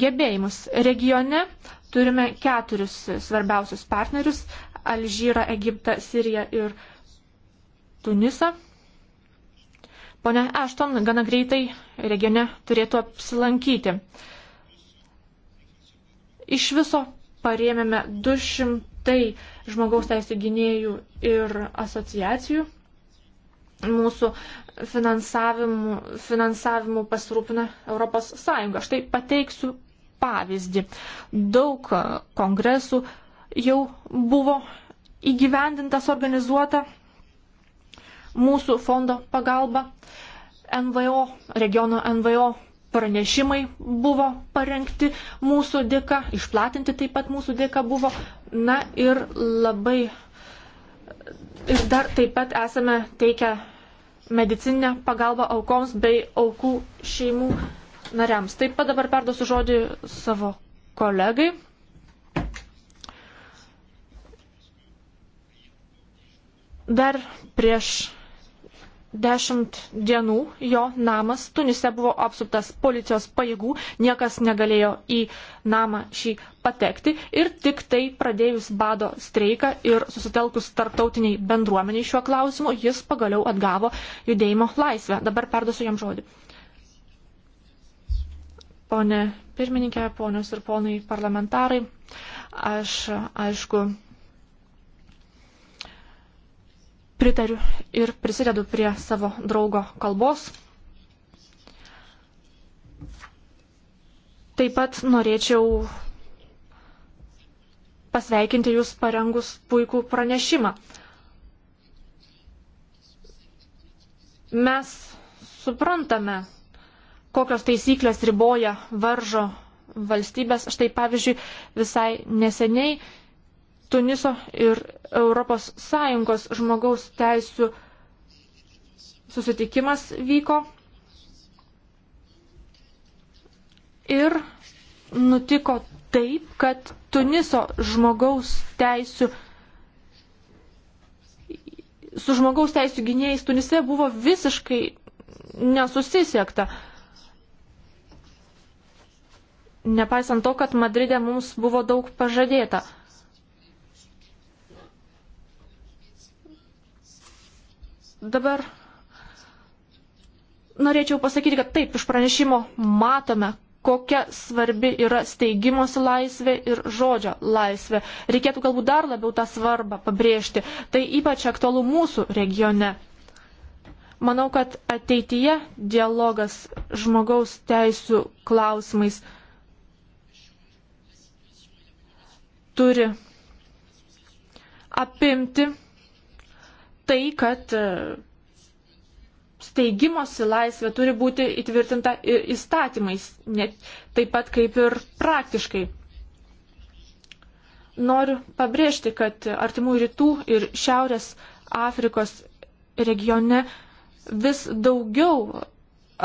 gebėjimus. Regione turime keturis svarbiausius partnerius - Alžyrą, Egiptą, Siriją ir Tunisą. Pone Ašton gana greitai regione turėtų apsilankyti. Iš viso parėmėme 200 apskritai žmogaus teisų gynėjų ir asociacijų. Mūsų finansavimu, finansavimu pasirūpina Europos Sąjunga. Štai pateiksiu pavyzdį. Daug kongresų jau buvo įgyvendintas organizuota mūsų fondo pagalba. NVO, regiono NVO pranešimai buvo parengti mūsų dėka, išplatinti taip pat mūsų dėka buvo. Na ir labai. Ir dar taip pat esame teikę medicinę pagalbą aukoms bei aukų šeimų nariams. Taip pat dabar perduosiu žodį savo kolegai. Dar prieš dešimt dienų jo namas Tunise buvo apsuptas policijos pajėgų, niekas negalėjo į namą šį patekti ir tik tai pradėjus bado streiką ir susitelkus tarptautiniai bendruomeniai šiuo klausimu, jis pagaliau atgavo judėjimo laisvę. Dabar perduosiu jam žodį. Pone pirmininkė, ponios ir ponai parlamentarai, aš aišku Pritariu ir prisidedu prie savo draugo kalbos. Taip pat norėčiau pasveikinti Jūs parengus puikų pranešimą. Mes suprantame, kokios taisyklės riboja, varžo valstybės. Štai pavyzdžiui, visai neseniai Tuniso ir ES žmogaus teisų susitikimas vyko ir nutiko taip, kad Tuniso žmogaus teisų su žmogaus teisų gynėjais Tunise buvo visiškai nesusisiekta. Nepaisant to, kad Madride mums buvo daug pažadėta. Dabar norėčiau pasakyti, kad taip, iš pranešimo matome, kokia svarbi yra steigimosi laisvė ir žodžio laisvė. Reikėtų galbūt dar labiau tą svarbą pabrėžti. Tai ypač aktualu mūsų regione. Manau, kad ateityje dialogas žmogaus teisų klausimais turi apimti tai, kad e, steigimosi laisvė turi būti įtvirtinta ir įstatymais, net taip pat kaip ir praktiškai. Noriu pabrėžti, kad artimų rytų ir šiaurės Afrikos regione vis daugiau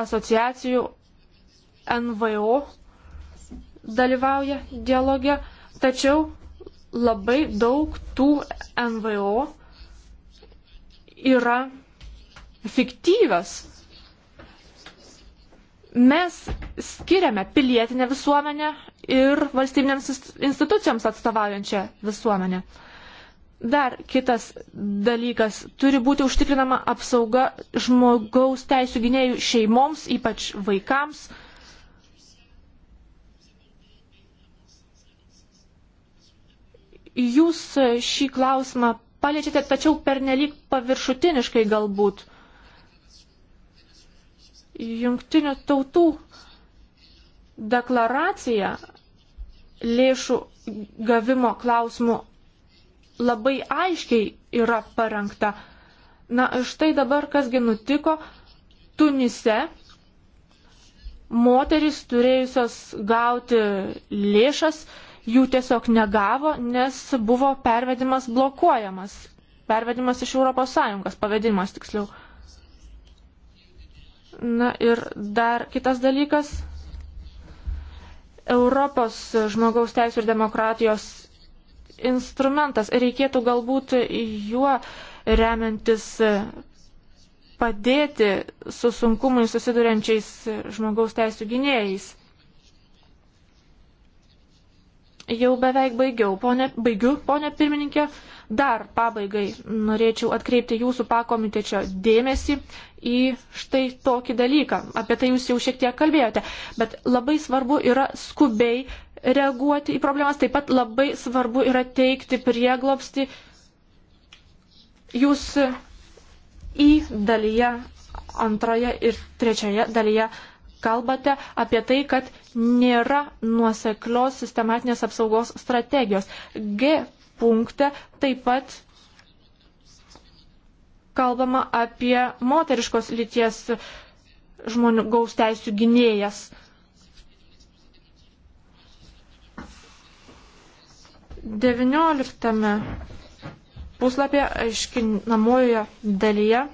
asociacijų NVO dalyvauja dialoge, tačiau labai daug tų NVO yra fiktyvios. Mes skiriame pilietinę visuomenę ir valstybinėms institucijoms atstovaujančią visuomenę. Dar kitas dalykas - turi būti užtikrinama apsauga žmogaus teisų gynėjų šeimoms, ypač vaikams. Jūs šį klausimą paliečiate, tačiau pernelyg paviršutiniškai galbūt. Jungtinių tautų deklaracija lėšų gavimo klausimų labai aiškiai yra parengta. Na, štai dabar kasgi nutiko Tunise. Moterys turėjusios gauti lėšas jų tiesiog negavo, nes buvo pervedimas blokuojamas. Pervedimas iš ES, pavedimas tiksliau. Na ir dar kitas dalykas. Europos žmogaus teisų ir demokratijos instrumentas. Reikėtų galbūt juo remiantis padėti su sunkumai susiduriančiais žmogaus teisų gynėjais. Jau beveik baigiau, ponė, baigiu, ponė pirmininkė. Dar pabaigai norėčiau atkreipti jūsų pakomitečio dėmesį į štai tokį dalyką. Apie tai jūs jau šiek tiek kalbėjote. Bet labai svarbu yra skubiai reaguoti į problemas. Taip pat labai svarbu yra teikti prieglopsti. Jūs į dalyje antroje ir trečioje dalyje kalbate apie tai, kad nėra nuoseklios sistematinės apsaugos strategijos. G punkte taip pat kalbama apie moteriškos lyties žmonių gaus teisų gynėjas. Devynioliktame puslapyje aiškinamojoje dalyje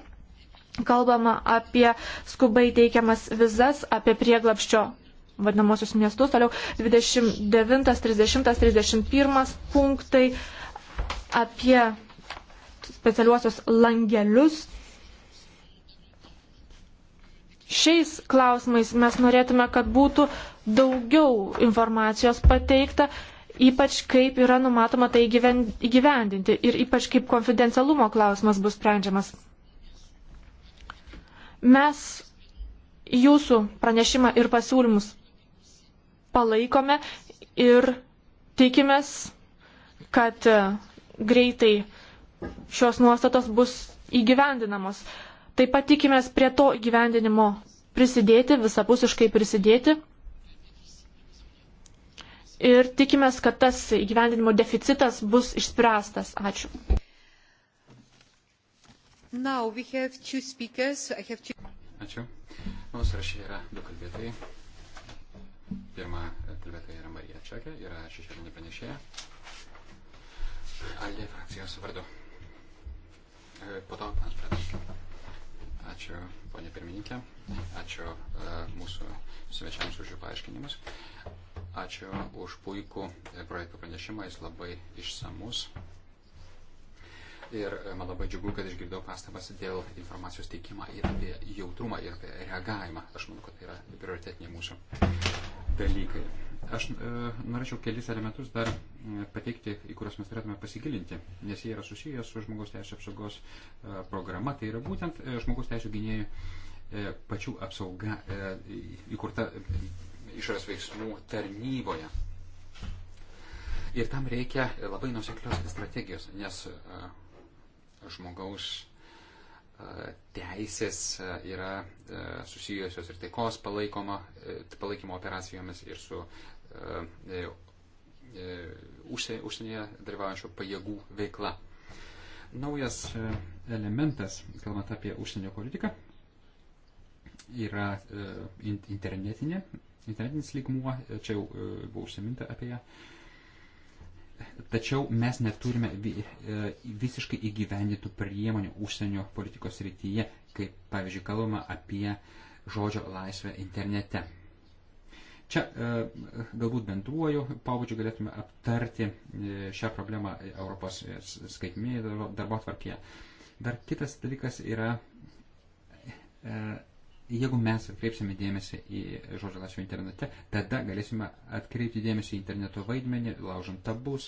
kalbama apie skubai teikiamas vizas, apie prieglapščio vadinamosius miestus, toliau 29, 30, 31 punktai apie specialiuosius langelius. Šiais klausimais mes norėtume, kad būtų daugiau informacijos pateikta, ypač kaip yra numatoma tai įgyvendinti ir ypač kaip konfidencialumo klausimas bus sprendžiamas. Mes jūsų pranešimą ir pasiūlymus palaikome ir tikimės, kad greitai šios nuostatos bus įgyvendinamos. Taip pat tikimės prie to įgyvendinimo prisidėti, visapusiškai prisidėti. Ir tikimės, kad tas įgyvendinimo deficitas bus išspręstas. Ačiū. Now we have two speakers. I have two... Ačiū. Mūsų sąraše yra du kalbėtojai. Pirma kalbėtoja yra Marija Čekė, yra šešėlinė panešėja. Aldė frakcijos vardu. E, po to panas Pratas. Ačiū, ponė pirmininkė. Ačiū uh, mūsų svečiams už jų paaiškinimus. Ačiū už puikų e, projekto pranešimą, jis labai išsamus. Uh, Ir e, man labai džiugu, kad išgirdau pastabas dėl informacijos teikimą ir apie jautrumą ir apie reagavimą. Aš manau, kad tai yra prioritetiniai mūsų dalykai. Aš e, norėčiau kelis elementus dar e, pateikti, į kuriuos mes turėtume pasigilinti, nes jie yra susijęs su žmogaus teisų apsaugos e, programa. Tai yra būtent e, žmogaus teisų gynėjų e, pačių apsauga e, įkurta e, išorės veiksmų tarnyboje. Ir tam reikia labai nuseklios strategijos, nes e, žmogaus e, teisės e, yra e, susijusios ir taikos palaikymo operacijomis ir su užsienyje dalyvaujančių pajėgų veikla. Naujas elementas, kalbant apie užsienio politiką, yra internetinė, internetinis lygmuo, čia jau buvo užsiminta apie ją tačiau mes neturime e, visiškai įgyvendintų priemonių užsienio politikos rytyje, kaip pavyzdžiui kalbama apie žodžio laisvę internete. Čia e, galbūt bendruoju pavadžiu galėtume aptarti e, šią problemą Europos skaitmėje darbo atvarkėje. Dar kitas dalykas yra jeigu mes atkreipsime dėmesį į žodžio laisvę internete, tada galėsime atkreipti dėmesį į interneto vaidmenį, laužant tabus,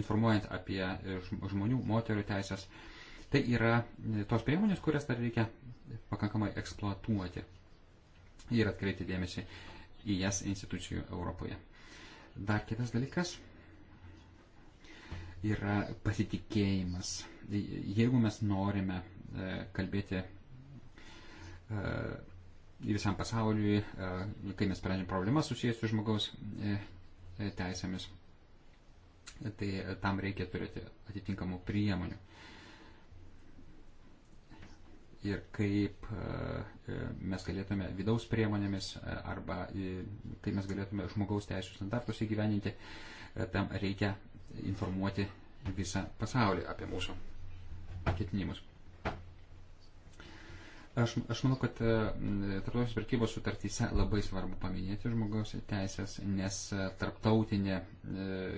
informuojant apie e, žmonių, moterų teisės. Tai yra e, tos priemonės, kurias dar reikia pakankamai eksploatuoti ir atkreipti dėmesį į jas institucijų Europoje. Dar kitas dalykas yra pasitikėjimas. Jeigu mes norime e, kalbėti visam pasauliui, e, kai mes sprendžiam problemas susijęs su žmogaus e, e, teisėmis. Tai tam reikia turėti atitinkamų priemonių. Ir kaip mes galėtume vidaus priemonėmis arba kaip mes galėtume žmogaus teisų standartus įgyveninti, tam reikia informuoti visą pasaulį apie mūsų ketinimus. Aš, aš manau, kad e, tarptautinės prekybos sutartyse labai svarbu paminėti žmogaus teisės, nes e, tarptautinė e,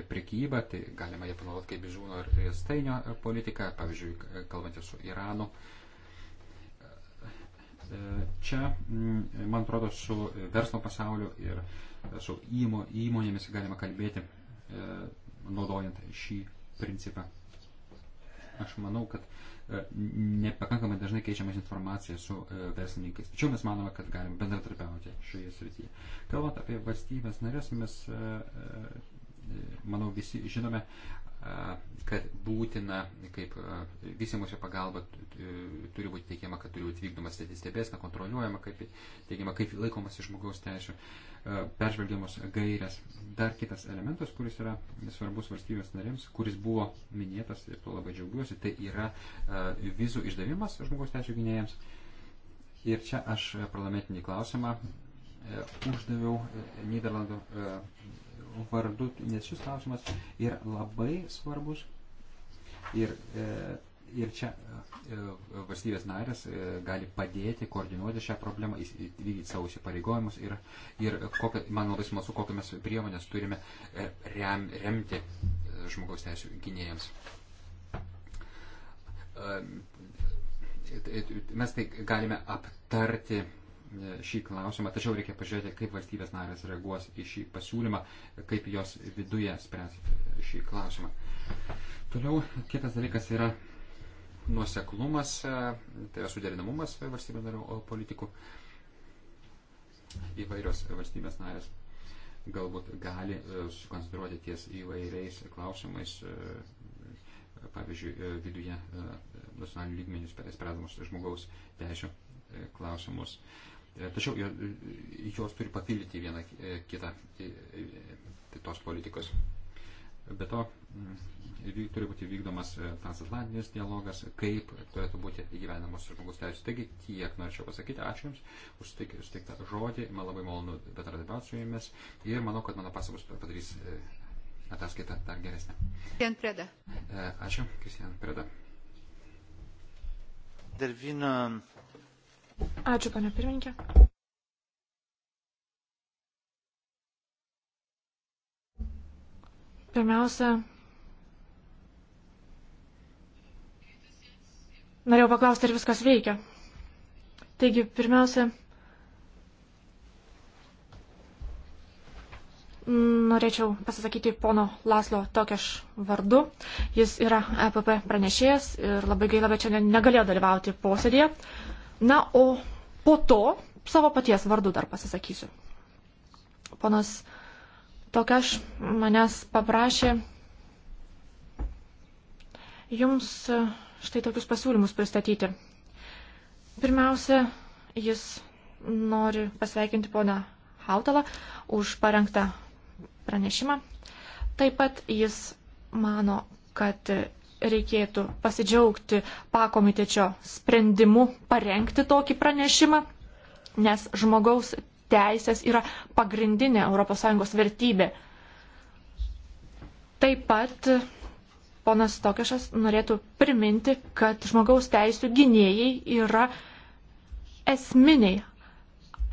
prekyba, tai galima ją panaudoti kaip žūno ir riestainio politika, pavyzdžiui, kalbantys su Iranu. Čia, mm, man atrodo, su verslo pasauliu ir su įmo, įmonėmis galima kalbėti, naudojant šį principą. Aš manau, kad E, nepakankamai dažnai keičiamas informacija su e, verslininkais. Tačiau mes manome, kad galim bendradarbiauti šioje srityje. Kalbant apie valstybės narės, mes, e, manau, visi žinome, kad būtina, kaip visimuose pagalba turi būti teikiama, kad turi būti vykdoma stebėsena, kontroliuojama, kaip, teigiama, kaip laikomasi žmogaus teisų. E, peržvelgiamos gairės. Dar kitas elementas, kuris yra svarbus valstybės narėms, kuris buvo minėtas ir tuo labai džiaugiuosi, tai yra e, vizų išdavimas žmogaus teisų gynėjams. Ir čia aš parlamentinį klausimą e, uždaviau Niderlandų vardu, nes šis klausimas yra labai svarbus. Ir ir čia e, e, valstybės narės e, gali padėti koordinuoti šią problemą, vykdyti savo įsipareigojimus ir, ir kokia, man labai smalsu, kokią mes priemonės turime rem, remti žmogaus teisų gynėjams mes tai galime aptarti šį klausimą, tačiau reikia pažiūrėti, kaip valstybės narės reaguos į šį pasiūlymą, kaip jos viduje spręs šį klausimą. Toliau kitas dalykas yra nuoseklumas, tai yra suderinamumas valstybių narių politikų. Įvairios valstybės narės galbūt gali e, susikoncentruoti ties įvairiais klausimais, e, pavyzdžiui, e, viduje nacionalinių lygmenių spręsdamus žmogaus teisų klausimus. Tačiau jos turi papildyti vieną kitą tai tos politikos. Be to, vyk, turi būti vykdomas e, transatlantinis dialogas, kaip turėtų būti įgyvenamos žmogus teisės. Taigi tiek norėčiau pasakyti. Ačiū Jums už suteiktą žodį. Man labai malonu bendradarbiauti su Jumis ir manau, kad mano pasakos padarys e, ataskaitą dar geresnę. Kristian Preda. E, ačiū, Kristian Preda. Dervina. Ačiū, pane pirmininkė. Pirmiausia, Norėjau paklausti, ar viskas veikia. Taigi, pirmiausia, norėčiau pasisakyti pono Laslo Tokeš vardu. Jis yra EPP pranešėjas ir labai gaila, bet šiandien negalėjo dalyvauti posėdėje. Na, o po to savo paties vardu dar pasisakysiu. Ponas Tokeš manęs paprašė jums štai tokius pasiūlymus pristatyti. Pirmiausia, jis nori pasveikinti poną Hautalą už parengtą pranešimą. Taip pat jis mano, kad reikėtų pasidžiaugti pakomitečio sprendimu parengti tokį pranešimą, nes žmogaus teisės yra pagrindinė ES vertybė. Taip pat ponas Tokešas norėtų priminti, kad žmogaus teisų gynėjai yra esminiai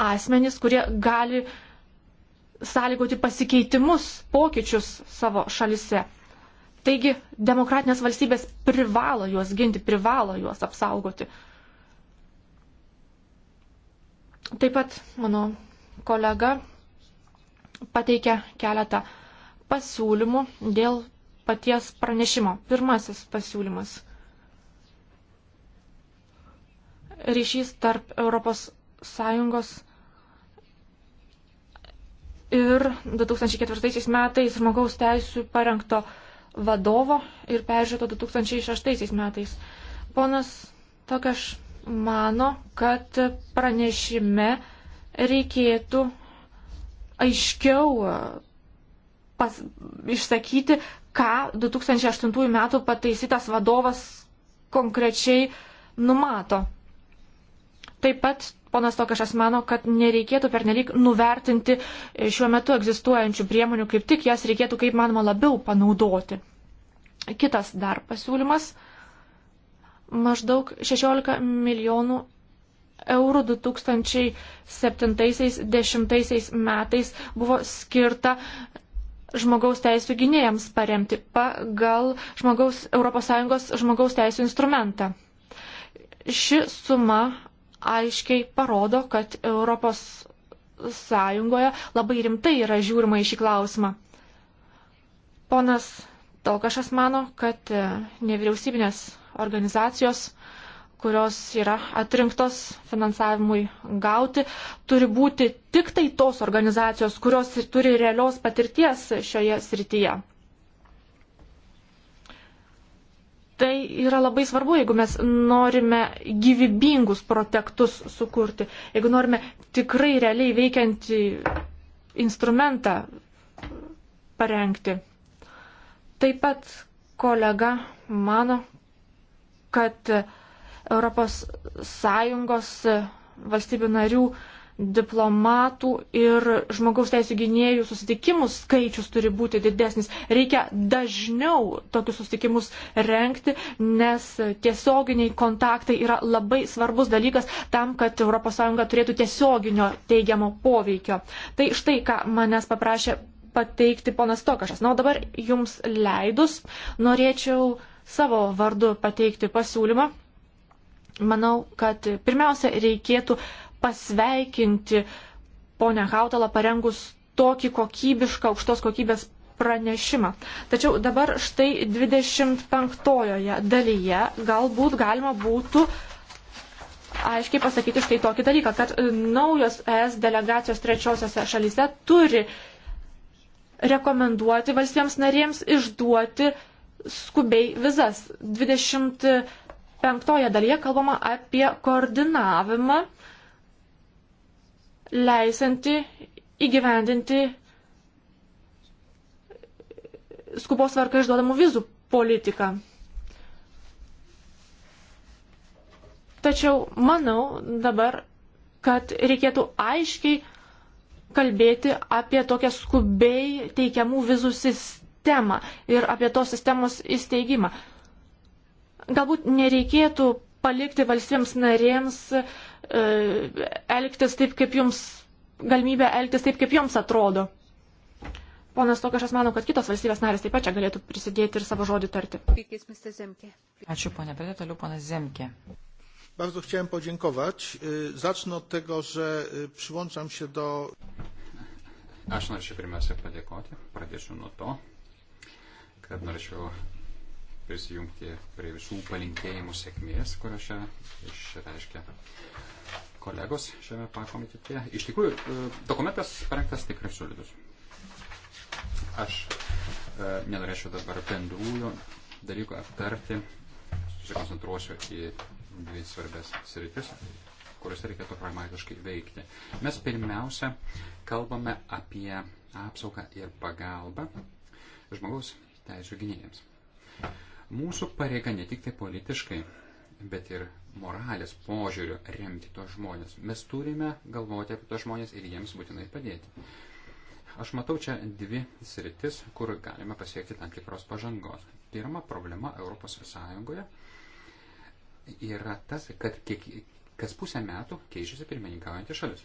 asmenys, kurie gali sąlygoti pasikeitimus, pokyčius savo šalise. Taigi demokratinės valstybės privalo juos ginti, privalo juos apsaugoti. Taip pat mano kolega pateikė keletą pasiūlymų dėl paties pranešimo. Pirmasis pasiūlymas. Ryšys tarp Europos Sąjungos ir 2004 metais žmogaus teisų parengto vadovo ir peržiūrėto 2006 metais. Ponas Tokaš mano, kad pranešime reikėtų aiškiau pas, išsakyti, ką 2008 metų pataisytas vadovas konkrečiai numato. Taip pat ponas Tokašas mano, kad nereikėtų pernelyg nuvertinti šiuo metu egzistuojančių priemonių, kaip tik jas reikėtų kaip manoma labiau panaudoti. Kitas dar pasiūlymas - maždaug 16 milijonų eurų 2007-2010 metais buvo skirta žmogaus teisų gynėjams paremti pagal žmogaus, ES žmogaus teisų instrumentą. Ši suma aiškiai parodo, kad ES labai rimtai yra žiūrima į šį klausimą. Ponas Tolkašas mano, kad nevyriausybinės organizacijos uh, kurios yra atrinktos finansavimui gauti, turi būti tik tai tos organizacijos, kurios turi realios patirties šioje srityje. Tai yra labai svarbu, jeigu mes norime gyvybingus protektus sukurti, jeigu norime tikrai realiai veikiantį instrumentą parengti. Taip pat kolega mano, kad ES valstybių narių diplomatų ir žmogaus teisų gynėjų susitikimų skaičius turi būti didesnis. Reikia dažniau tokius susitikimus renkti, nes tiesioginiai kontaktai yra labai svarbus dalykas tam, kad ES turėtų tiesioginio teigiamo poveikio. Tai štai, ką manęs paprašė pateikti ponas Tokašas. Na, o dabar jums leidus norėčiau savo vardu pateikti pasiūlymą manau, kad pirmiausia reikėtų pasveikinti ponę Hautalą parengus tokį kokybišką, aukštos kokybės pranešimą. Tačiau dabar štai 25 dalyje galbūt galima būtų aiškiai pasakyti štai tokį dalyką, kad e, naujos ES delegacijos trečiosiose šalyse turi rekomenduoti valstybėms narėms išduoti skubiai vizas. 20 penktoje dalyje kalbama apie koordinavimą, leisinti įgyvendinti skubos varka išduodamų vizų politiką. Tačiau manau dabar, kad reikėtų aiškiai kalbėti apie tokią skubiai teikiamų vizų sistemą ir apie tos sistemos įsteigimą galbūt nereikėtų palikti valstybėms narėms e, elgtis taip, kaip jums, galimybę elgtis taip, kaip joms atrodo. Ponas Tokašas mano, kad kitos valstybės narės taip pat čia galėtų prisidėti ir savo žodį tarti. Ačiū, ponė Pedė, toliau ponas Zemke. Bardzo chciałem podziękować. Zacznę od tego, że przyłączam się do. Aš norėčiau pirmiausia padėkoti, pradėsiu nuo to, kad norėčiau prisijungti prie visų palinkėjimų sėkmės, kurios čia išreiškia kolegos šiame pakomitete. Iš tikrųjų, e, dokumentas parengtas tikrai solidus. Aš e, nenorėčiau dabar bendrųjų dalykų aptarti, susikoncentruosiu į dvi svarbės sritis, kuriuose reikėtų pragmatiškai veikti. Mes pirmiausia kalbame apie apsaugą ir pagalbą žmogaus teisų gynėjams. Mūsų pareiga ne tik tai politiškai, bet ir moralės požiūriu remti tos žmonės. Mes turime galvoti apie tos žmonės ir jiems būtinai padėti. Aš matau čia dvi sritis, kur galime pasiekti tam tikros pažangos. Pirma problema ES yra tas, kad kiek, kas pusę metų keičiasi pirmininkaujantį šalis.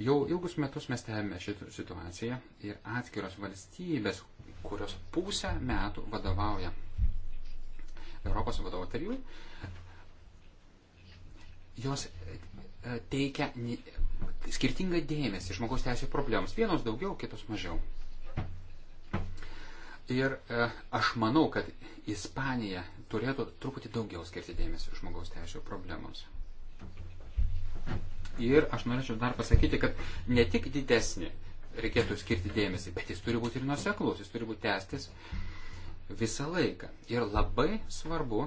Jau ilgus metus mes stebime šitą situaciją ir atskiros valstybės kurios pusę metų vadovauja Europos vadovo tarybai, jos e, teikia skirtingą dėmesį žmogaus teisų problemams. Vienos daugiau, kitos mažiau. Ir e, aš manau, kad Ispanija turėtų truputį daugiau skirti dėmesį žmogaus teisų problemams. Ir aš norėčiau dar pasakyti, kad ne tik didesnį reikėtų skirti dėmesį, bet jis turi būti ir nuseklus, jis turi būti tęstis visą laiką. Ir labai svarbu,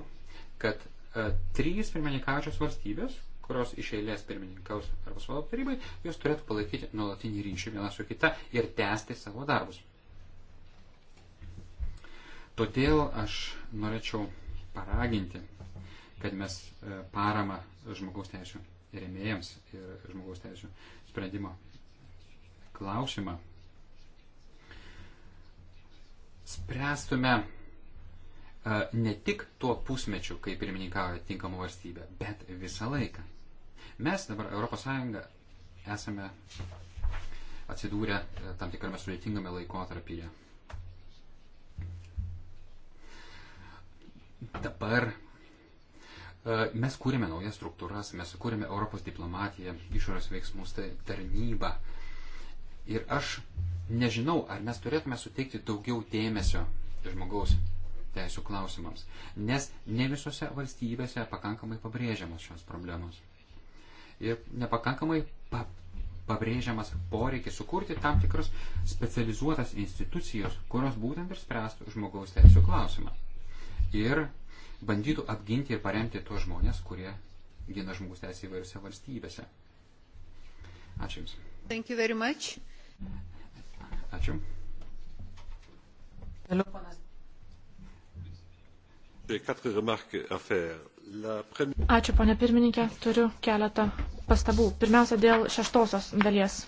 kad e, trys pirmininkaujančios valstybės, kurios iš eilės pirmininkaus Europos vadovų tarybai, jos turėtų palaikyti nuolatinį ryšį viena su kita ir tęsti savo darbus. Todėl aš norėčiau paraginti, kad mes e, paramą žmogaus teisų rėmėjams ir žmogaus teisų sprendimo klausimą spręstume e, ne tik tuo pusmečiu, kai pirmininkauja tinkama valstybė, bet visą laiką. Mes dabar ES esame atsidūrę e, tam tikrame sudėtingame laikotarpyje. Dabar e, mes kūrėme naujas struktūras, mes kūrėme Europos diplomatiją, išorės veiksmus tarnybą. Tai Ir aš nežinau, ar mes turėtume suteikti daugiau dėmesio žmogaus teisų klausimams, nes ne visose valstybėse pakankamai pabrėžiamos šios problemos. Ir nepakankamai pa pabrėžiamas poreikis sukurti tam tikras specializuotas institucijos, kurios būtent ir spręstų žmogaus teisų klausimą. Ir bandytų apginti ir paremti tuos žmonės, kurie gina žmogus teisę įvairiose valstybėse. Ačiū Jums. Thank you very much. Ačiū. Toliau panas. Ačiū, ponė pirmininkė. Turiu keletą pastabų. Pirmiausia, dėl šeštosios dalies.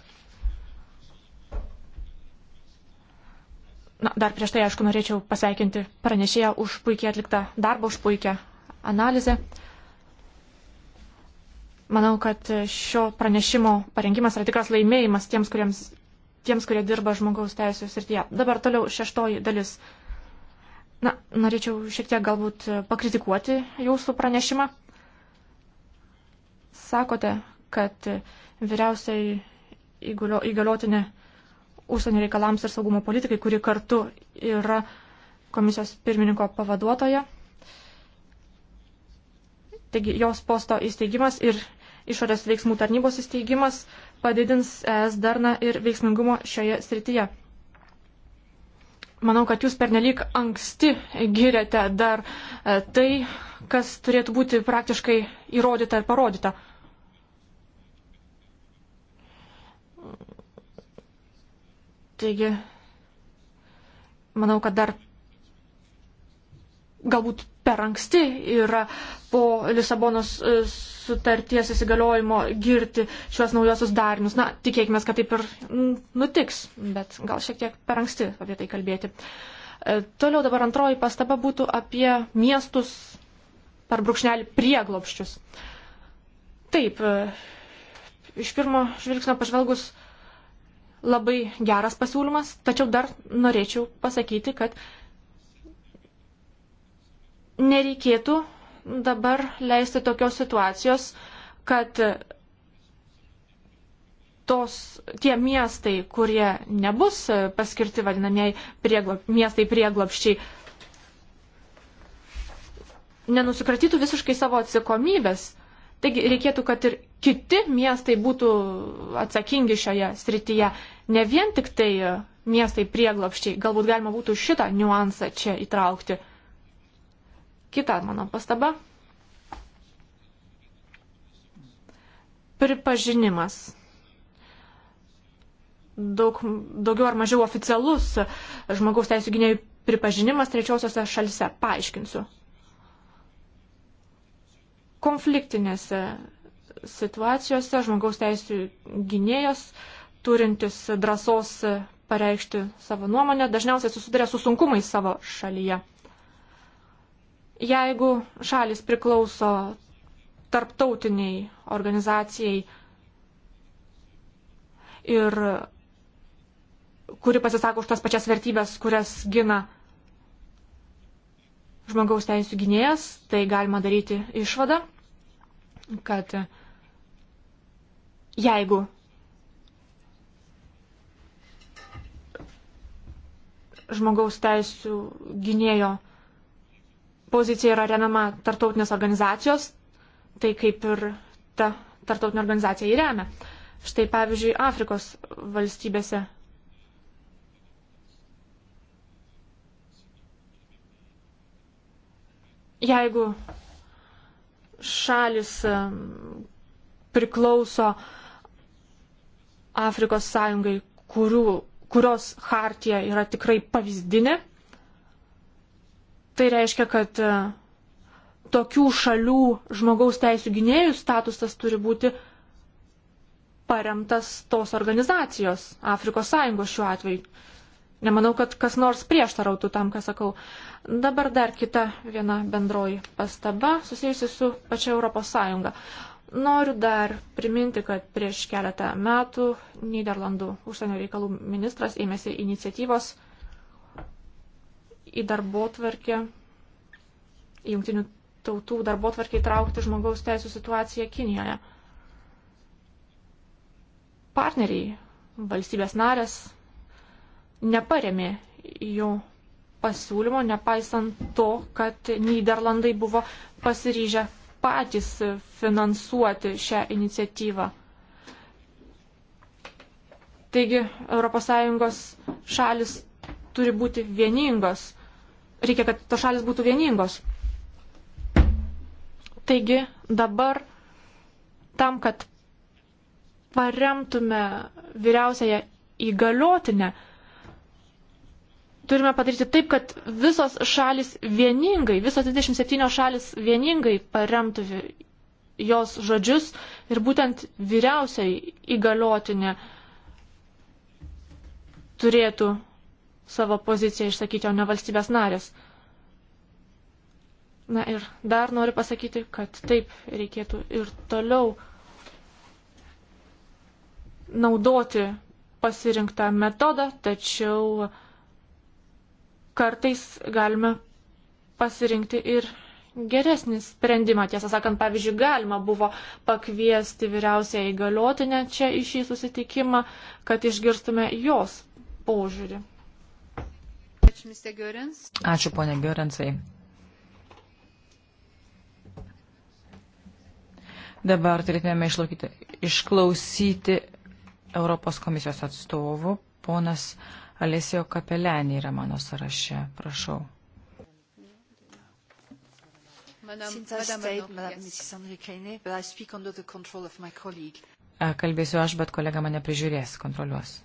Na, dar prieš tai, aišku, norėčiau pasveikinti pranešėją už puikiai atliktą darbą, už puikią analizę. Manau, kad šio pranešimo parengimas yra tikras laimėjimas tiems, kuriems tiems, kurie dirba žmogaus teisų srityje. Dabar toliau šeštoji dalis. Na, norėčiau šiek tiek galbūt pakritikuoti jūsų pranešimą. Sakote, kad vyriausiai įgaliotinė užsienio reikalams ir saugumo politikai, kuri kartu yra komisijos pirmininko pavaduotoja. Taigi jos posto įsteigimas ir Išorės veiksmų tarnybos įsteigimas padidins ES darną ir veiksmingumo šioje srityje. Manau, kad jūs pernelyg anksti girėte dar e, tai, kas turėtų būti praktiškai įrodyta ir parodyta. Taigi, manau, kad dar galbūt per anksti yra po Lisabonos e, sutarties įsigaliojimo girti šios naujosius darinius. Na, tikėkime, kad taip ir nutiks, bet gal šiek tiek per anksti apie tai kalbėti. E, toliau dabar antroji pastaba būtų apie miestus per brūkšnelį prieglopščius. Taip, e, iš pirmo žvilgsnio pažvelgus labai geras pasiūlymas, tačiau dar norėčiau pasakyti, kad nereikėtų dabar leisti tokios situacijos, kad tos, tie miestai, kurie nebus paskirti vadinamieji prieglop, miestai prieglopščiai, nenusikratytų visiškai savo atsakomybės. Taigi reikėtų, kad ir kiti miestai būtų atsakingi šioje srityje. Ne vien tik tai miestai prieglopščiai. Galbūt galima būtų šitą niuansą čia įtraukti. Kita mano pastaba. Pripažinimas. Daug, daugiau ar mažiau oficialus žmogaus teisų gynėjų pripažinimas trečiosiose šalise. Paaiškinsiu. Konfliktinėse situacijose žmogaus teisų gynėjas, turintis drąsos pareikšti savo nuomonę, dažniausiai susiduria su sunkumais savo šalyje. Jeigu šalis priklauso tarptautiniai organizacijai ir kuri pasisako už tas pačias vertybės, kurias gina žmogaus teisų gynėjas, tai galima daryti išvadą, kad jeigu žmogaus teisų gynėjo pozicija yra remiama tartautinės organizacijos, tai kaip ir ta tartautinė organizacija jį remia. Štai pavyzdžiui, Afrikos valstybėse. Jeigu šalis priklauso Afrikos sąjungai, kurių, kurios hartija yra tikrai pavyzdinė, Tai reiškia, kad e, tokių šalių žmogaus teisų gynėjų statusas turi būti paremtas tos organizacijos, Afrikos Sąjungos šiuo atveju. Nemanau, kad kas nors prieštarautų tam, ką sakau. Dabar dar kita viena bendroji pastaba susijusi su pačia Europos Sąjunga. Noriu dar priminti, kad prieš keletą metų Niderlandų užsienio reikalų ministras ėmėsi iniciatyvos į darbo tvarkę, į jungtinių tautų darbo tvarkę įtraukti žmogaus teisų situaciją Kinijoje. Partneriai, valstybės narės, neparemė jo pasiūlymo, nepaisant to, kad Niderlandai buvo pasiryžę patys finansuoti šią iniciatyvą. Taigi ES šalis turi būti vieningos reikia, kad to šalis būtų vieningos. Taigi dabar tam, kad paremtume vyriausiąją įgaliotinę, turime padaryti taip, kad visos šalis vieningai, visos 27 šalis vieningai paremtų jos žodžius ir būtent vyriausiai įgaliotinė turėtų savo poziciją išsakyti, o ne valstybės narės. Na ir dar noriu pasakyti, kad taip reikėtų ir toliau naudoti pasirinktą metodą, tačiau kartais galime pasirinkti ir geresnį sprendimą. Tiesą sakant, pavyzdžiui, galima buvo pakviesti vyriausią įgaliotinę čia į šį susitikimą, kad išgirstume jos požiūrį much, Mr. Görens. Ačiū, ponė Görensai. Dabar turėtume išlaukyti, išklausyti Europos komisijos atstovų. Ponas Alesio Kapelenį yra mano sąraše. Prašau. Kalbėsiu aš, bet kolega mane prižiūrės, kontroliuos.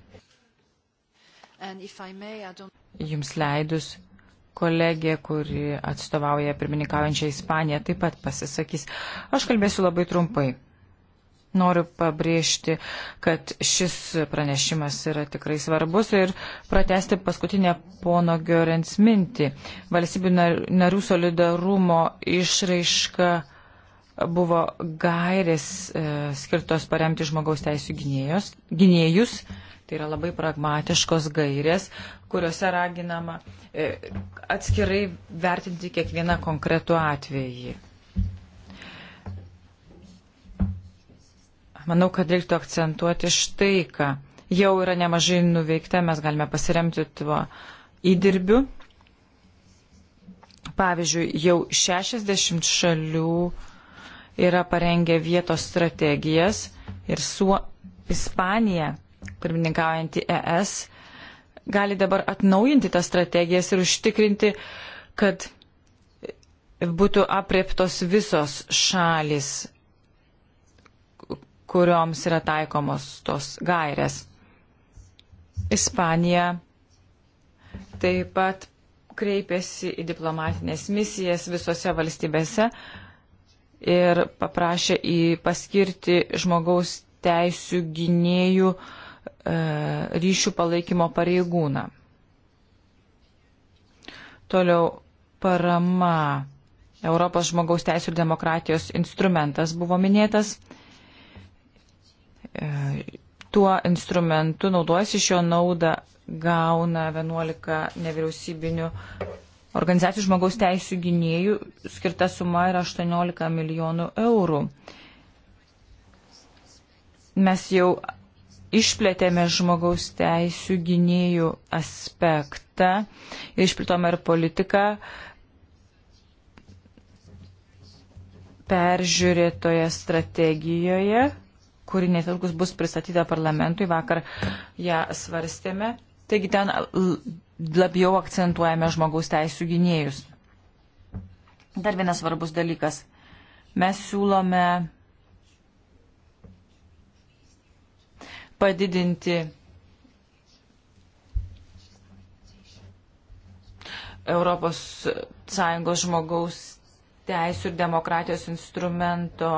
I may, I jums leidus, kolegė, kuri atstovauja pirmininkaujančią Ispaniją, taip pat pasisakys. Aš kalbėsiu labai trumpai. Noriu pabrėžti, kad šis pranešimas yra tikrai svarbus ir pratesti paskutinę pono Giorens mintį. Valstybių narių solidarumo išraiška buvo gairės e, skirtos paremti žmogaus teisų gynėjus Tai yra labai pragmatiškos gairės, kuriuose raginama e, atskirai vertinti kiekvieną konkretų atvejį. Manau, kad reiktų akcentuoti štai, ką jau yra nemažai nuveikta, mes galime pasiremti tuo įdirbiu. Pavyzdžiui, jau 60 šalių yra parengę vietos strategijas ir su Ispanija pirmininkaujantį ES, gali dabar atnaujinti tas strategijas ir užtikrinti, kad būtų apriptos visos šalis, kurioms yra taikomos tos gairės. Ispanija taip pat kreipėsi į diplomatinės misijas visose valstybėse ir paprašė į paskirti žmogaus teisų gynėjų uh, E, ryšių palaikymo pareigūną. Toliau parama Europos žmogaus teisų ir demokratijos instrumentas buvo minėtas. E, tuo instrumentu naudojasi šio naudą gauna 11 nevyriausybinių organizacijų žmogaus teisų gynėjų, skirta suma yra 18 milijonų eurų. Mes jau išplėtėme žmogaus teisų gynėjų aspektą, išplėtome ir politiką. Peržiūrėtoje strategijoje, kuri netrukus bus pristatyta parlamentui, vakar ją svarstėme. Taigi ten labiau akcentuojame žmogaus teisų gynėjus. Dar vienas svarbus dalykas. Mes siūlome padidinti Europos Sąjungos žmogaus teisų ir demokratijos instrumento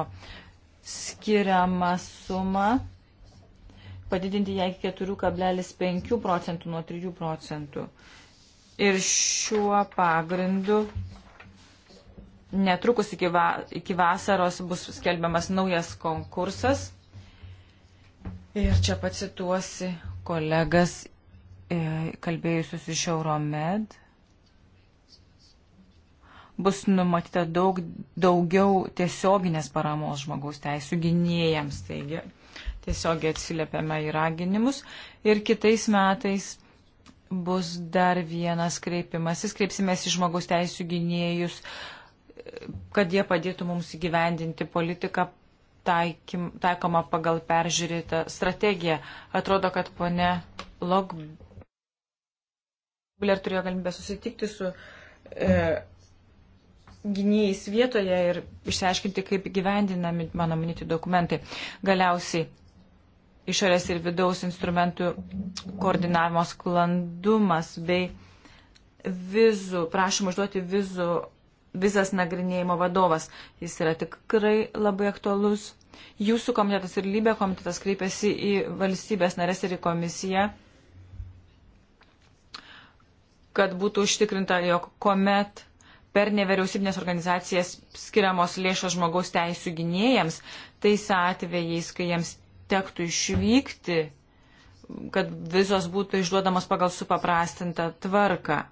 skiriamą sumą, padidinti ją iki 4,5 procentų nuo 3 procentų. Ir šiuo pagrindu netrukus iki, va, iki vasaros bus skelbiamas naujas konkursas Ir čia pacituosi kolegas e, kalbėjusius iš Euromed bus numatyta daug, daugiau tiesioginės paramos žmogaus teisų gynėjams. Taigi tiesiogiai atsiliepiame į raginimus. Ir kitais metais bus dar vienas kreipimasis. Kreipsimės į žmogaus teisų gynėjus, kad jie padėtų mums įgyvendinti politiką taikim, taikoma pagal peržiūrėtą strategiją. Atrodo, kad ponė Logbler turėjo galimybę susitikti su e, gynėjais vietoje ir išsiaiškinti, kaip gyvendinami mano minėti dokumentai. Galiausiai išorės ir vidaus instrumentų koordinavimo sklandumas bei vizų, prašymų užduoti vizų vizas nagrinėjimo vadovas. Jis yra tikrai labai aktualus. Jūsų komitetas ir Lybė komitetas kreipėsi į valstybės narės ir į komisiją, kad būtų užtikrinta, jog kuomet per nevyriausybinės organizacijas skiriamos lėšos žmogaus teisų gynėjams, tais atvejais, kai jiems tektų išvykti, kad vizos būtų išduodamos pagal supaprastintą tvarką.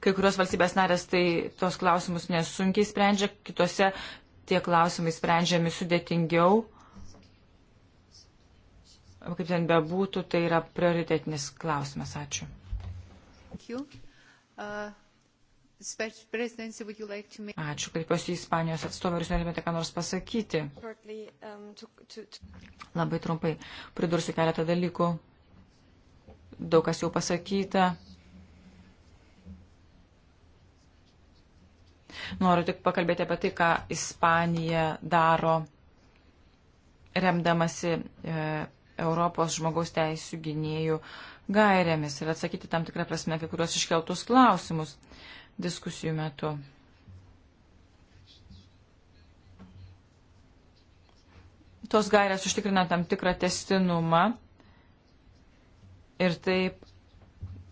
Kai kurios valstybės narės tai tos klausimus nesunkiai sprendžia, kitose tie klausimai sprendžiami sudėtingiau. Kaip ten bebūtų, tai yra prioritetinis klausimas. Ačiū. Uh, Ačiū, kreipiuosi į Ispanijos atstovą ir jūs norėtumėte ką nors pasakyti. Um, Labai trumpai pridursiu keletą dalykų. Daug kas jau pasakyta. Noriu tik pakalbėti apie tai, ką Ispanija daro remdamasi e, Europos žmogaus teisų gynėjų gairėmis ir atsakyti tam tikrą prasme kai kurios iškeltus klausimus diskusijų metu. Tos gairės užtikrina tam tikrą testinumą ir taip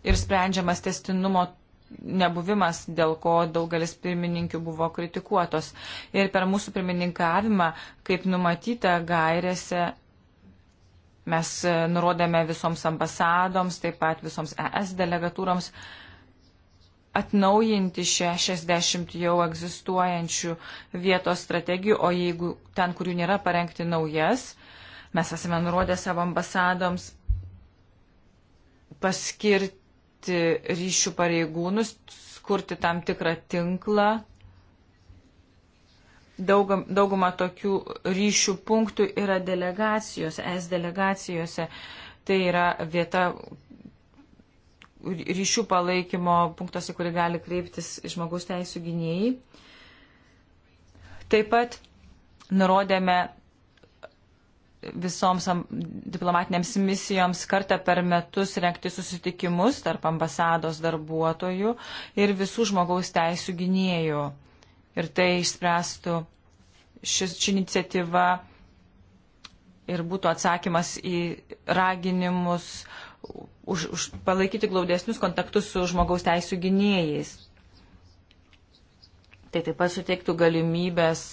ir sprendžiamas testinumo nebuvimas, dėl ko daugelis pirmininkių buvo kritikuotos. Ir per mūsų pirmininkavimą, kaip numatyta gairėse, mes e, nurodėme visoms ambasadoms, taip pat visoms ES delegatūroms atnaujinti 60 jau egzistuojančių vietos strategijų, o jeigu ten, kurių nėra, parengti naujas. Mes esame nurodę savo ambasadoms paskirti telkti ryšių pareigūnus, kurti tam tikrą tinklą. Daug, dauguma tokių ryšių punktų yra delegacijose, es delegacijose. Tai yra vieta ryšių palaikymo punktas, į kurį gali kreiptis žmogus teisų gynėjai. Taip pat nurodėme visoms diplomatinėms misijoms kartą per metus renkti susitikimus tarp ambasados darbuotojų ir visų žmogaus teisų gynėjų. Ir tai išspręstų šis, ši iniciatyva ir būtų atsakymas į raginimus už, už palaikyti glaudesnius kontaktus su žmogaus teisų gynėjais. Tai taip pat suteiktų galimybės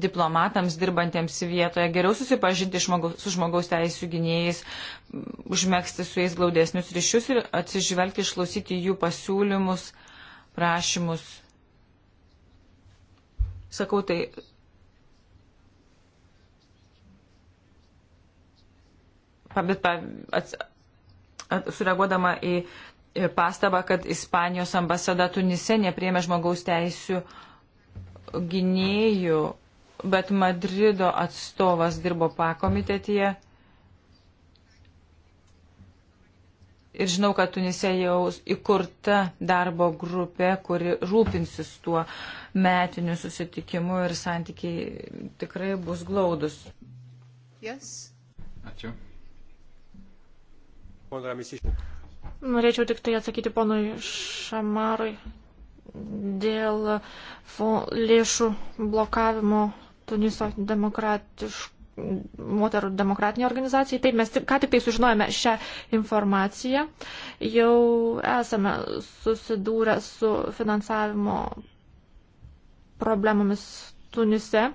diplomatams dirbantiems vietoje geriau susipažinti žmogaus, su žmogaus teisų gynėjais, užmėgsti su jais glaudesnius ryšius ir atsižvelgti, išklausyti jų pasiūlymus, prašymus. Sakau, tai. Bet pa, ats, at, sureaguodama į pastabą, kad Ispanijos ambasada Tunise nepriemė žmogaus teisų gynėjų bet Madrido atstovas dirbo pakomitetyje. Ir žinau, kad Tunise jau įkurta darbo grupė, kuri rūpinsis tuo metiniu susitikimu ir santykiai tikrai bus glaudus. Yes. Ačiū. Norėčiau tik tai atsakyti ponui Šamarui dėl lėšų blokavimo Tuniso demokratiškų moterų demokratinė organizacija. Taip, mes ką tik tai sužinojame šią informaciją. Jau esame susidūrę su finansavimo problemomis Tunise.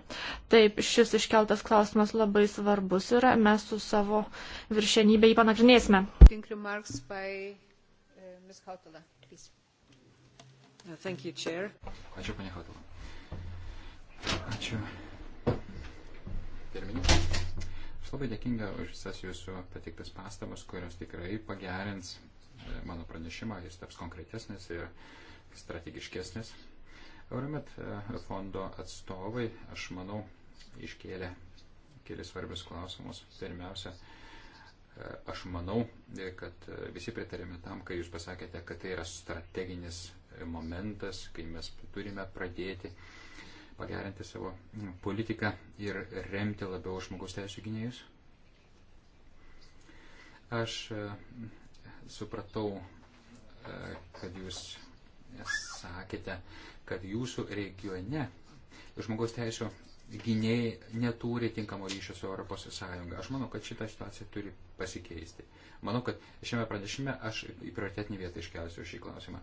Taip, šis iškeltas klausimas labai svarbus yra. Mes su savo viršenybė jį panagrinėsime. Uh, Ačiū, panė Hautala. Ačiū pirmininkas. Aš labai dėkinga už visas jūsų patiktas pastabas, kurios tikrai pagerins e, mano pranešimą, jis taps konkretesnis ir strategiškesnis. Euromet e, fondo atstovai, aš manau, iškėlė kelis svarbius klausimus. Pirmiausia, e, aš manau, kad visi pritarėme tam, kai jūs pasakėte, kad tai yra strateginis momentas, kai mes turime pradėti uh, pagerinti savo mm, politiką ir remti labiau žmogaus teisų gynėjus. Aš e, supratau, e, kad jūs sakėte, kad jūsų regione žmogaus teisų gynėjai neturi tinkamo ryšio su ES. Aš manau, kad šitą situaciją turi pasikeisti. Manau, kad šiame pranešime aš į prioritetinį vietą iškelsiu šį klausimą.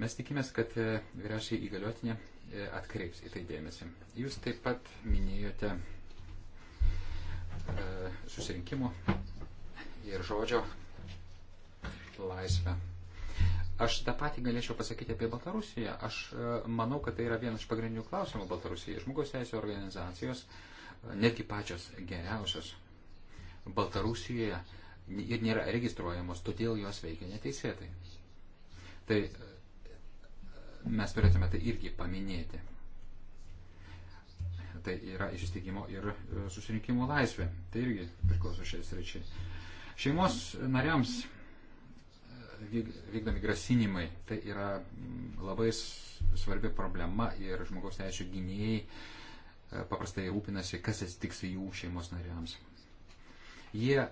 Mes tikimės, kad e, vyriausiai įgaliotinė E, atkreips į tai dėmesį. Jūs taip pat minėjote e, susirinkimų ir žodžio laisvę. Aš tą patį galėčiau pasakyti apie Baltarusiją. Aš e, manau, kad tai yra vienas iš pagrindinių klausimų Baltarusijai. Žmogaus teisų organizacijos, netgi pačios geriausios Baltarusijoje ir nėra registruojamos, todėl jos veikia neteisėtai. Tai mes turėtume tai irgi paminėti. Tai yra išsteigimo ir e, susirinkimo laisvė. Tai irgi priklauso šiais reičiai. Šeimos nariams e, vykdomi grasinimai tai yra mm, labai svarbi problema ir žmogaus teisų gynėjai e, paprastai rūpinasi, kas atsitiks jų šeimos nariams. Jie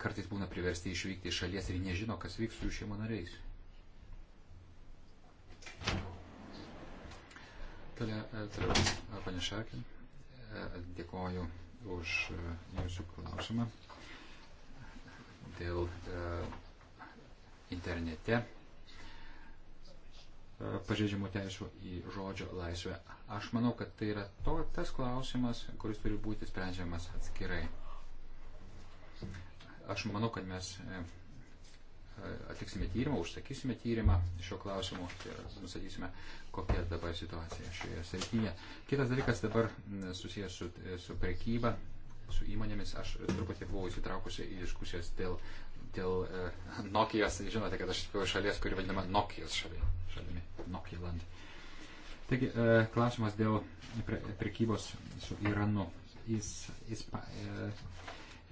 kartais būna priversti išvykti iš šalies ir nežino, kas vyks su jų šeimo nariais. Toliau, e, e, panė Šakin, e, dėkoju už jūsų klausimą dėl internete pažeidžiamų teisų į žodžio laisvę. Aš manau, kad tai yra to, tas klausimas, kuris turi būti sprendžiamas atskirai. Aš manau, kad mes atliksime tyrimą, užsakysime tyrimą šio klausimu ir nusatysime, kokia dabar situacija šioje srityje. Kitas dalykas dabar susijęs su, su prekyba, su įmonėmis. Aš truputį buvau įsitraukusi į diskusijas dėl, dėl e, Nokijos. Žinote, kad aš buvau šalies, kuri vadinama Nokijos šalimi. šalimi Nokija land. Taigi, e, klausimas dėl pre, prekybos su Iranu. Jis, jis, jis, e,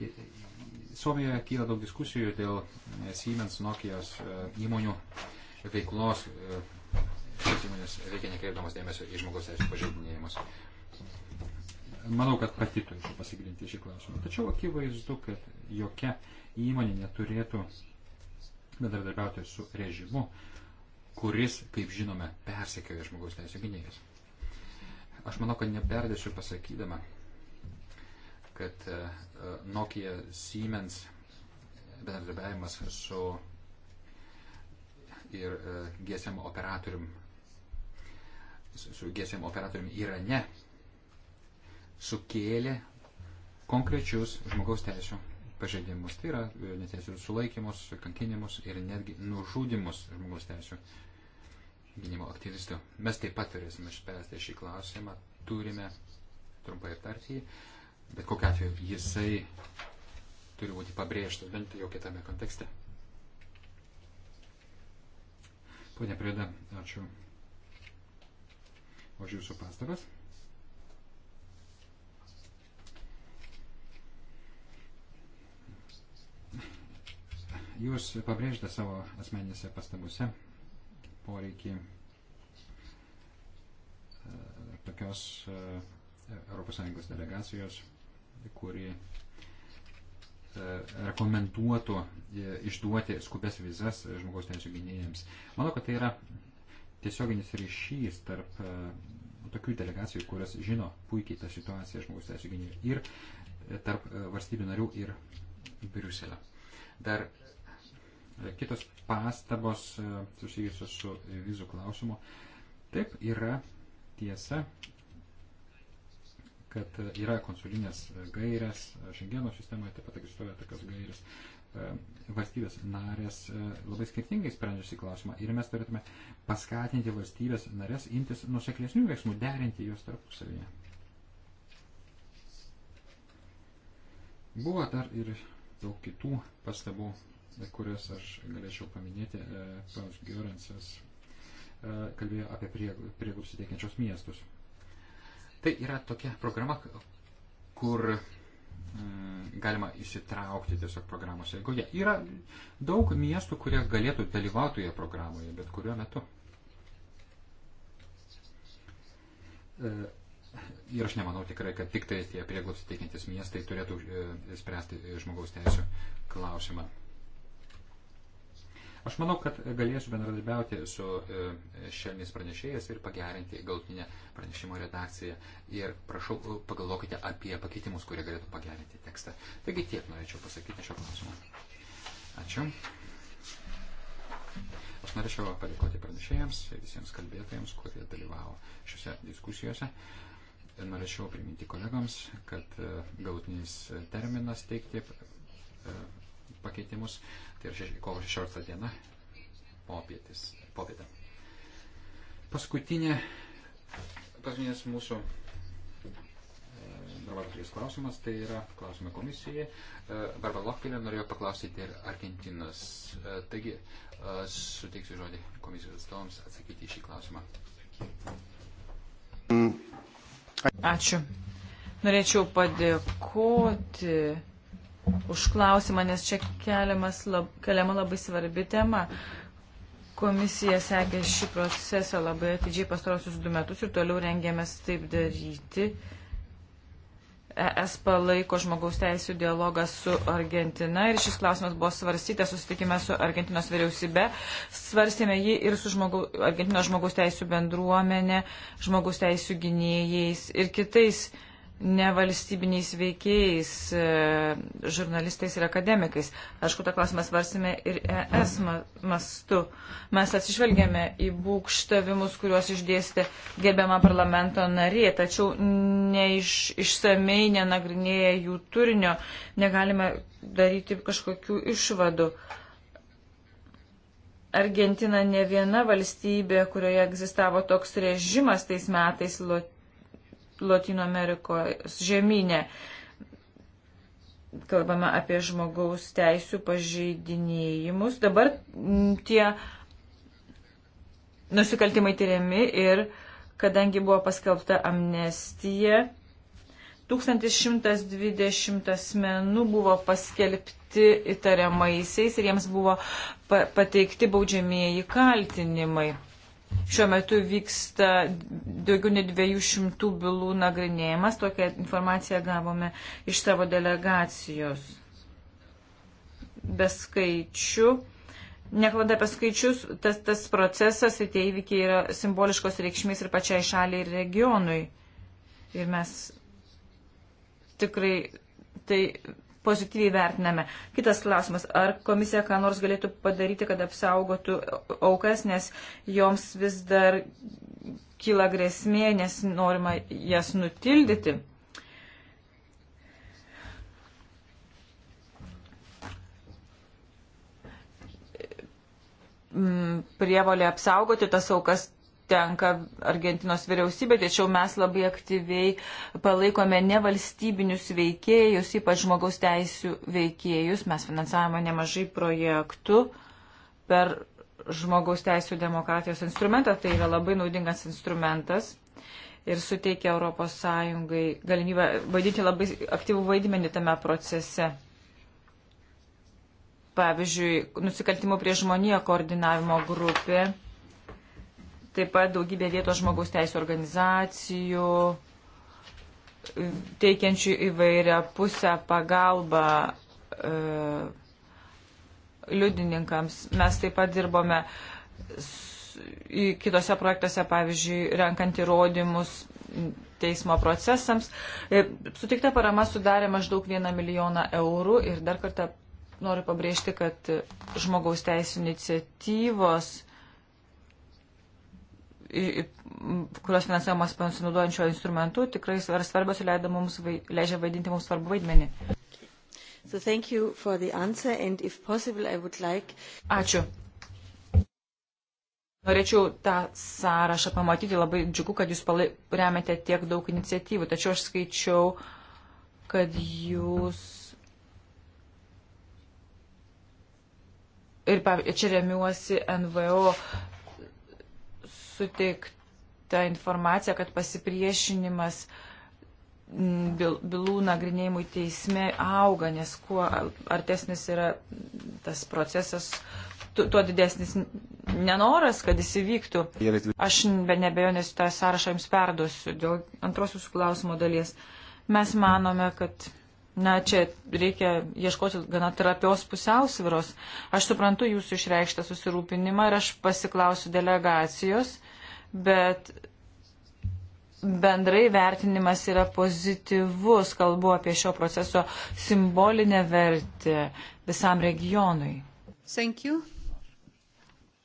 jis Suomijoje kyla daug diskusijų dėl e, Siemens Nokijos e, įmonių veiklos. E, šios įmonės veikia nekreipdamas dėmesio į žmogaus teisų pažeidinėjimus. Manau, kad pati turėčiau pasigilinti šį klausimą. Tačiau akivaizdu, kad jokia įmonė neturėtų bendradarbiauti su režimu, kuris, kaip žinome, persekioja žmogaus teisų gynėjus. Aš manau, kad neperdėsiu pasakydama, kad e, Nokia Siemens bendradarbiavimas su ir e, GSM operatorium, su GSM operatorium Irane sukėlė konkrečius žmogaus teisų pažeidimus. Tai yra e, neteisų sulaikymus, kankinimus ir netgi nužudimus žmogaus teisų gynimo aktyvistų. Mes taip pat turėsime išspręsti šį klausimą, turime trumpai aptarti jį. Bet kokiu atveju jisai turi būti pabrėžtas bent jau kitame kontekste. Pone Prida, ačiū už jūsų pastabas. Jūs pabrėžite savo asmeninėse pastabose poreikį e, tokios ES delegacijos kuri e, rekomenduotų e, išduoti skubės vizas e, žmogaus teisų gynėjams. Manau, kad tai yra tiesioginis ryšys tarp tokių delegacijų, kurios žino puikiai tą situaciją žmogaus teisų gynėjų ir tarp valstybių narių ir Briuselio. Dar kitos pastabos susijusios su vizų klausimu. Taip yra tiesa, kad e, yra konsulinės gairės, e, šengeno sistemoje taip pat egzistuoja tokios gairės. E, valstybės narės labai skirtingai sprendžia šį klausimą ir mes turėtume paskatinti valstybės narės imtis nuseklesnių veiksmų, derinti juos tarpusavyje. Buvo dar ir daug kitų pastabų, kurias aš galėčiau paminėti. Panas Giorensas kalbėjo apie prieglus įteikiančios miestus. Tai yra tokia programa, kur mm, galima įsitraukti tiesiog programos eigoje. Yra daug miestų, kurie galėtų dalyvauti toje programoje, bet kuriuo metu. E, ir aš nemanau tikrai, kad tik tai tie prieglobs teikiantis miestai turėtų e, spręsti žmogaus teisų klausimą. Aš manau, kad galėsiu bendradarbiauti su e, šiomis pranešėjas ir pagerinti galtinę pranešimo redakciją. Ir prašau, e, pagalvokite apie pakeitimus, kurie galėtų pagerinti tekstą. Taigi tiek norėčiau pasakyti šio klausimo. Ačiū. Aš norėčiau padėkoti pranešėjams ir visiems kalbėtojams, kurie dalyvavo šiuose diskusijose. Norėčiau priminti kolegams, kad e, galutinis terminas teikti pakeitimus tai yra kovo 16 diena, popietis, popietė. Paskutinė, paskutinis mūsų e, darbotvarkės klausimas, tai yra klausimai komisijai. E, Barbara Lokpilė norėjo paklausyti ir Argentinas. E, taigi, suteiksiu žodį komisijos atstovams atsakyti į šį klausimą. Mm. Ačiū. Norėčiau padėkoti už klausimą, nes čia lab, keliama labai svarbi tema. Komisija sekė šį procesą labai atidžiai pastarosius du metus ir toliau rengėmės taip daryti. ES palaiko žmogaus teisų dialogą su Argentina ir šis klausimas buvo svarstytas susitikime su Argentinos vyriausybe. Svarstėme jį ir su žmogu, Argentinos žmogaus teisų bendruomenė, žmogaus teisų gynėjais ir kitais nevalstybiniais veikėjais, e, žurnalistais ir akademikais. Aišku, tą klausimą svarsime ir ES mastu. Mes atsižvelgėme į būkštavimus, kuriuos išdėstė gerbiama parlamento narė, tačiau neiš, išsamei nenagrinėję jų turinio negalime daryti kažkokių išvadų. Argentina ne viena valstybė, kurioje egzistavo toks režimas tais metais, Lotinė Latino Amerikos žemynė. Kalbame apie žmogaus teisų pažeidinėjimus. Dabar tie nusikaltimai tyriami ir kadangi buvo paskelbta amnestija, 1120 asmenų buvo paskelbti įtariamaisiais ir jiems buvo pateikti baudžiamieji kaltinimai. Šiuo metu vyksta daugiau nei 200 bylų nagrinėjimas. Tokią informaciją gavome iš savo delegacijos. Be skaičių. Nekalbant apie skaičius, tas, tas procesas ir tie įvykiai yra simboliškos reikšmės ir pačiai šaliai ir regionui. Ir mes tikrai tai pozityviai vertiname. Kitas klausimas, ar komisija ką nors galėtų padaryti, kad apsaugotų aukas, nes joms vis dar kyla grėsmė, nes norima jas nutildyti. Mm, prievolė apsaugoti tas aukas tenka Argentinos vyriausybė, tačiau mes labai aktyviai palaikome nevalstybinius veikėjus, ypač žmogaus teisų veikėjus. Mes finansavome nemažai projektų per žmogaus teisų demokratijos instrumentą. Tai yra labai naudingas instrumentas ir suteikia ES galimybę vaidinti labai aktyvų vaidmenį tame procese. Pavyzdžiui, nusikaltimo prie žmoniją koordinavimo grupė taip pat daugybė vietos žmogaus teisų organizacijų, e, teikiančių įvairią pusę pagalbą e, liudininkams. Mes taip pat dirbome kitose projektuose, pavyzdžiui, renkant įrodymus teismo procesams. E, sutikta parama sudarė maždaug vieną milijoną eurų ir dar kartą noriu pabrėžti, kad žmogaus teisų iniciatyvos kurios finansuojamos pasinaudojančio instrumentu, tikrai yra svarbios ir leidžia, mums, leidžia vaidinti mums svarbu vaidmenį. So thank you for the answer and if possible I would like... Ačiū. Norėčiau tą sąrašą pamatyti, labai džiugu, kad jūs palai, remiate tiek daug iniciatyvų, tačiau aš skaičiau, kad jūs ir čia remiuosi NVO suteikta informacija, kad pasipriešinimas mm, bylų nagrinėjimui teisme auga, nes kuo artesnis yra tas procesas, tuo didesnis nenoras, kad jis įvyktų. Aš be nebejonės tą sąrašą jums perduosiu dėl antrosios klausimo dalies. Mes manome, kad na, čia reikia ieškoti gana terapios pusiausviros. Aš suprantu jūsų išreikštą susirūpinimą ir aš pasiklausiu delegacijos bet bendrai vertinimas yra pozityvus, kalbu apie šio proceso simbolinę vertę visam regionui.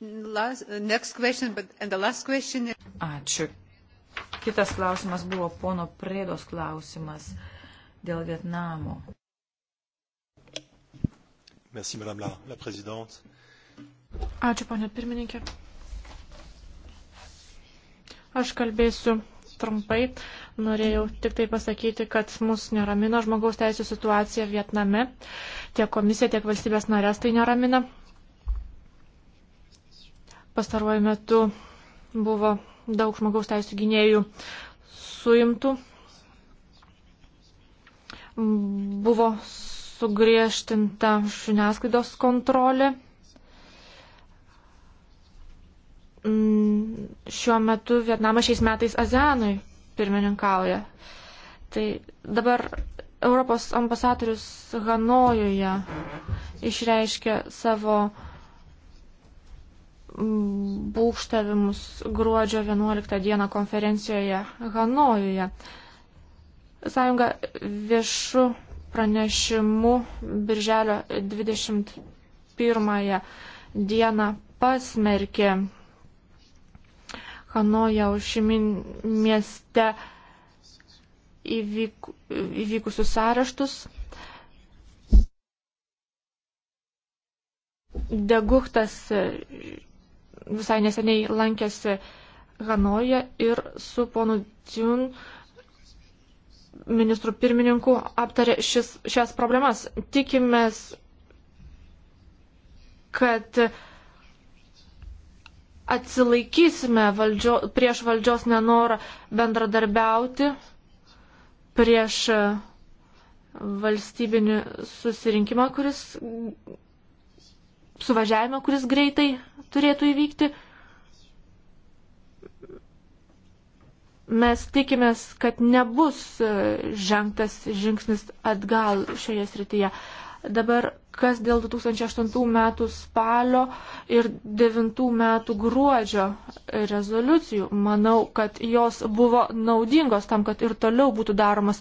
Uh, last, question, but, question... Ačiū. Kitas klausimas buvo pono Prėdos klausimas dėl Vietnamo. Merci, madame la, la présidente. Ačiū, ponė pirmininkė. Aš kalbėsiu trumpai. Norėjau tik tai pasakyti, kad mus neramina žmogaus teisų situacija Vietname. Tiek komisija, tiek valstybės narės tai neramina. Pastaruoju metu buvo daug žmogaus teisų gynėjų suimtų. Buvo sugriežtinta žiniasklaidos kontrolė Mm, šiuo metu Vietnamas šiais metais ASEANui pirmininkauja. Tai dabar Europos ambasadorius Hanojuje išreiškė savo mm, būkštavimus gruodžio 11 dieną konferencijoje Hanojuje. Sąjunga viešu pranešimu birželio 21 dieną pasmerkė Hanoja Ušimin mieste įvyk, įvykusius areštus. Deguhtas e, visai neseniai lankėsi Hanoje ir su ponu Dziun ministru pirmininku aptarė šis, šias problemas. Tikimės, kad uh, atsilaikysime valdžio, prieš valdžios nenorą bendradarbiauti, prieš e, valstybinį susirinkimą, kuris suvažiavimą, kuris greitai turėtų įvykti. Mes tikimės, kad nebus e, žengtas žingsnis atgal šioje srityje. Dabar kas dėl 2008 metų spalio ir 2009 metų gruodžio rezoliucijų, manau, kad jos buvo naudingos tam, kad ir toliau būtų daromas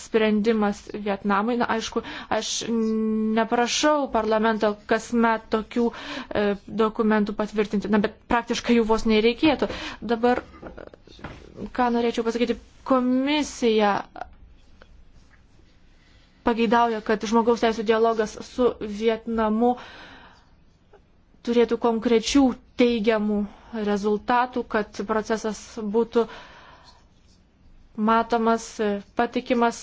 sprendimas Vietnamui. Na, aišku, aš neprašau parlamento kasmet tokių e, dokumentų patvirtinti, na, bet praktiškai jų vos nereikėtų. Dabar, ką norėčiau pasakyti, komisija pageidauja, kad žmogaus teisų dialogas su Vietnamu turėtų konkrečių teigiamų rezultatų, kad procesas būtų matomas, patikimas.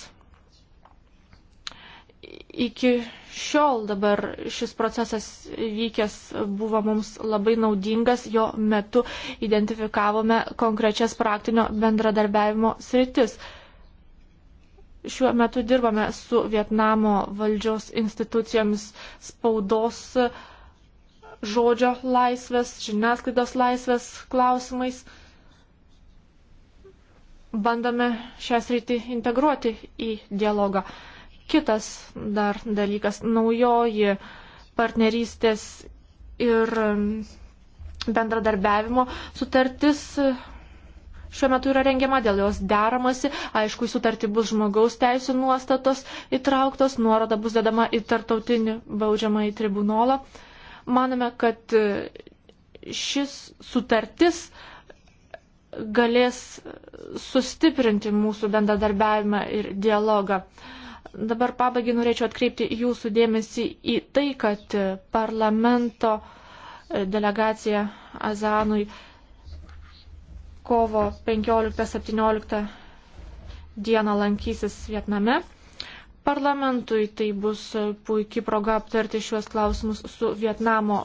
Iki šiol dabar šis procesas vykęs buvo mums labai naudingas, jo metu identifikavome konkrečias praktinio bendradarbiavimo sritis. Šiuo metu dirbame su Vietnamo valdžios institucijomis spaudos žodžio laisvės, žiniasklaidos laisvės klausimais. Bandome šią sritį integruoti į dialogą. Kitas dar dalykas - naujoji partnerystės ir bendradarbiavimo sutartis šiuo metu yra rengiama, dėl jos deramasi, aišku, į sutartį bus žmogaus teisų nuostatos įtrauktos, nuoroda bus dedama į tartautinį baudžiamą į tribunolą. Manome, kad e, šis sutartis galės sustiprinti mūsų bendradarbiavimą ir dialogą. Dabar pabaigai norėčiau atkreipti jūsų dėmesį į tai, kad e, parlamento e, delegacija Azanui uh, kovo 15-17 dieną lankysis Vietname. Parlamentui tai bus puikia proga aptarti šiuos klausimus su Vietnamo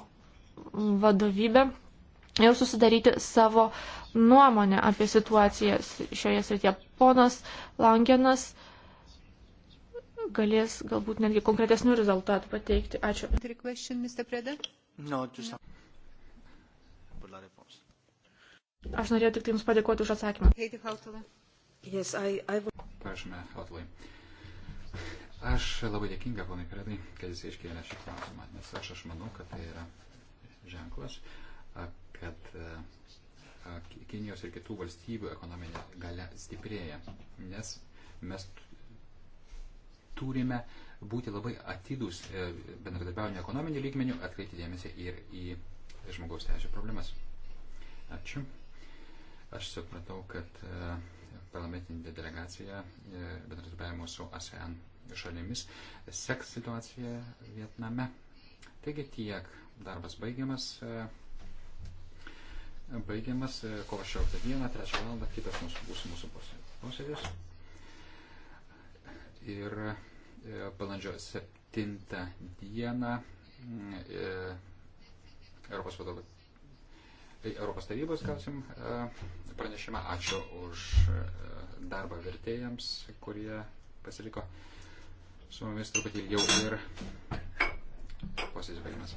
vadovybė ir susidaryti savo nuomonę apie situaciją šioje srityje. Ponas Langenas galės galbūt netgi konkretesnių rezultatų pateikti. Ačiū. No, just... Aš norėjau tik tai Jums padėkoti už atsakymą. Yes, I, I... Prašome, Otlai. Aš labai dėkinga ponai Kredai, kad jis iškėlė šį klausimą, nes aš, aš manau, kad tai yra ženklas, kad Kinijos ir kitų valstybių ekonominė gale stiprėja, nes mes turime būti labai atidus e, bendradarbiaujant ekonominių lygmenių, atkreipti dėmesį ir į žmogaus teisų problemas. Ačiū. Aš supratau, kad e, parlamentinė delegacija e, bendradarbiavimo su ASEAN šalimis seks situaciją Vietname. Taigi tiek. Darbas baigiamas. E, baigiamas kovo 16 dieną, 3 val. kitas mūsų bus mūsų posėdis. Ir balandžio 7 dieną Europos vadovų Tai Europos tarybos gausim e, pranešimą. Ačiū už e, darbą vertėjams, kurie pasiliko su mumis truputį ilgiau ir posėdžių baigimas.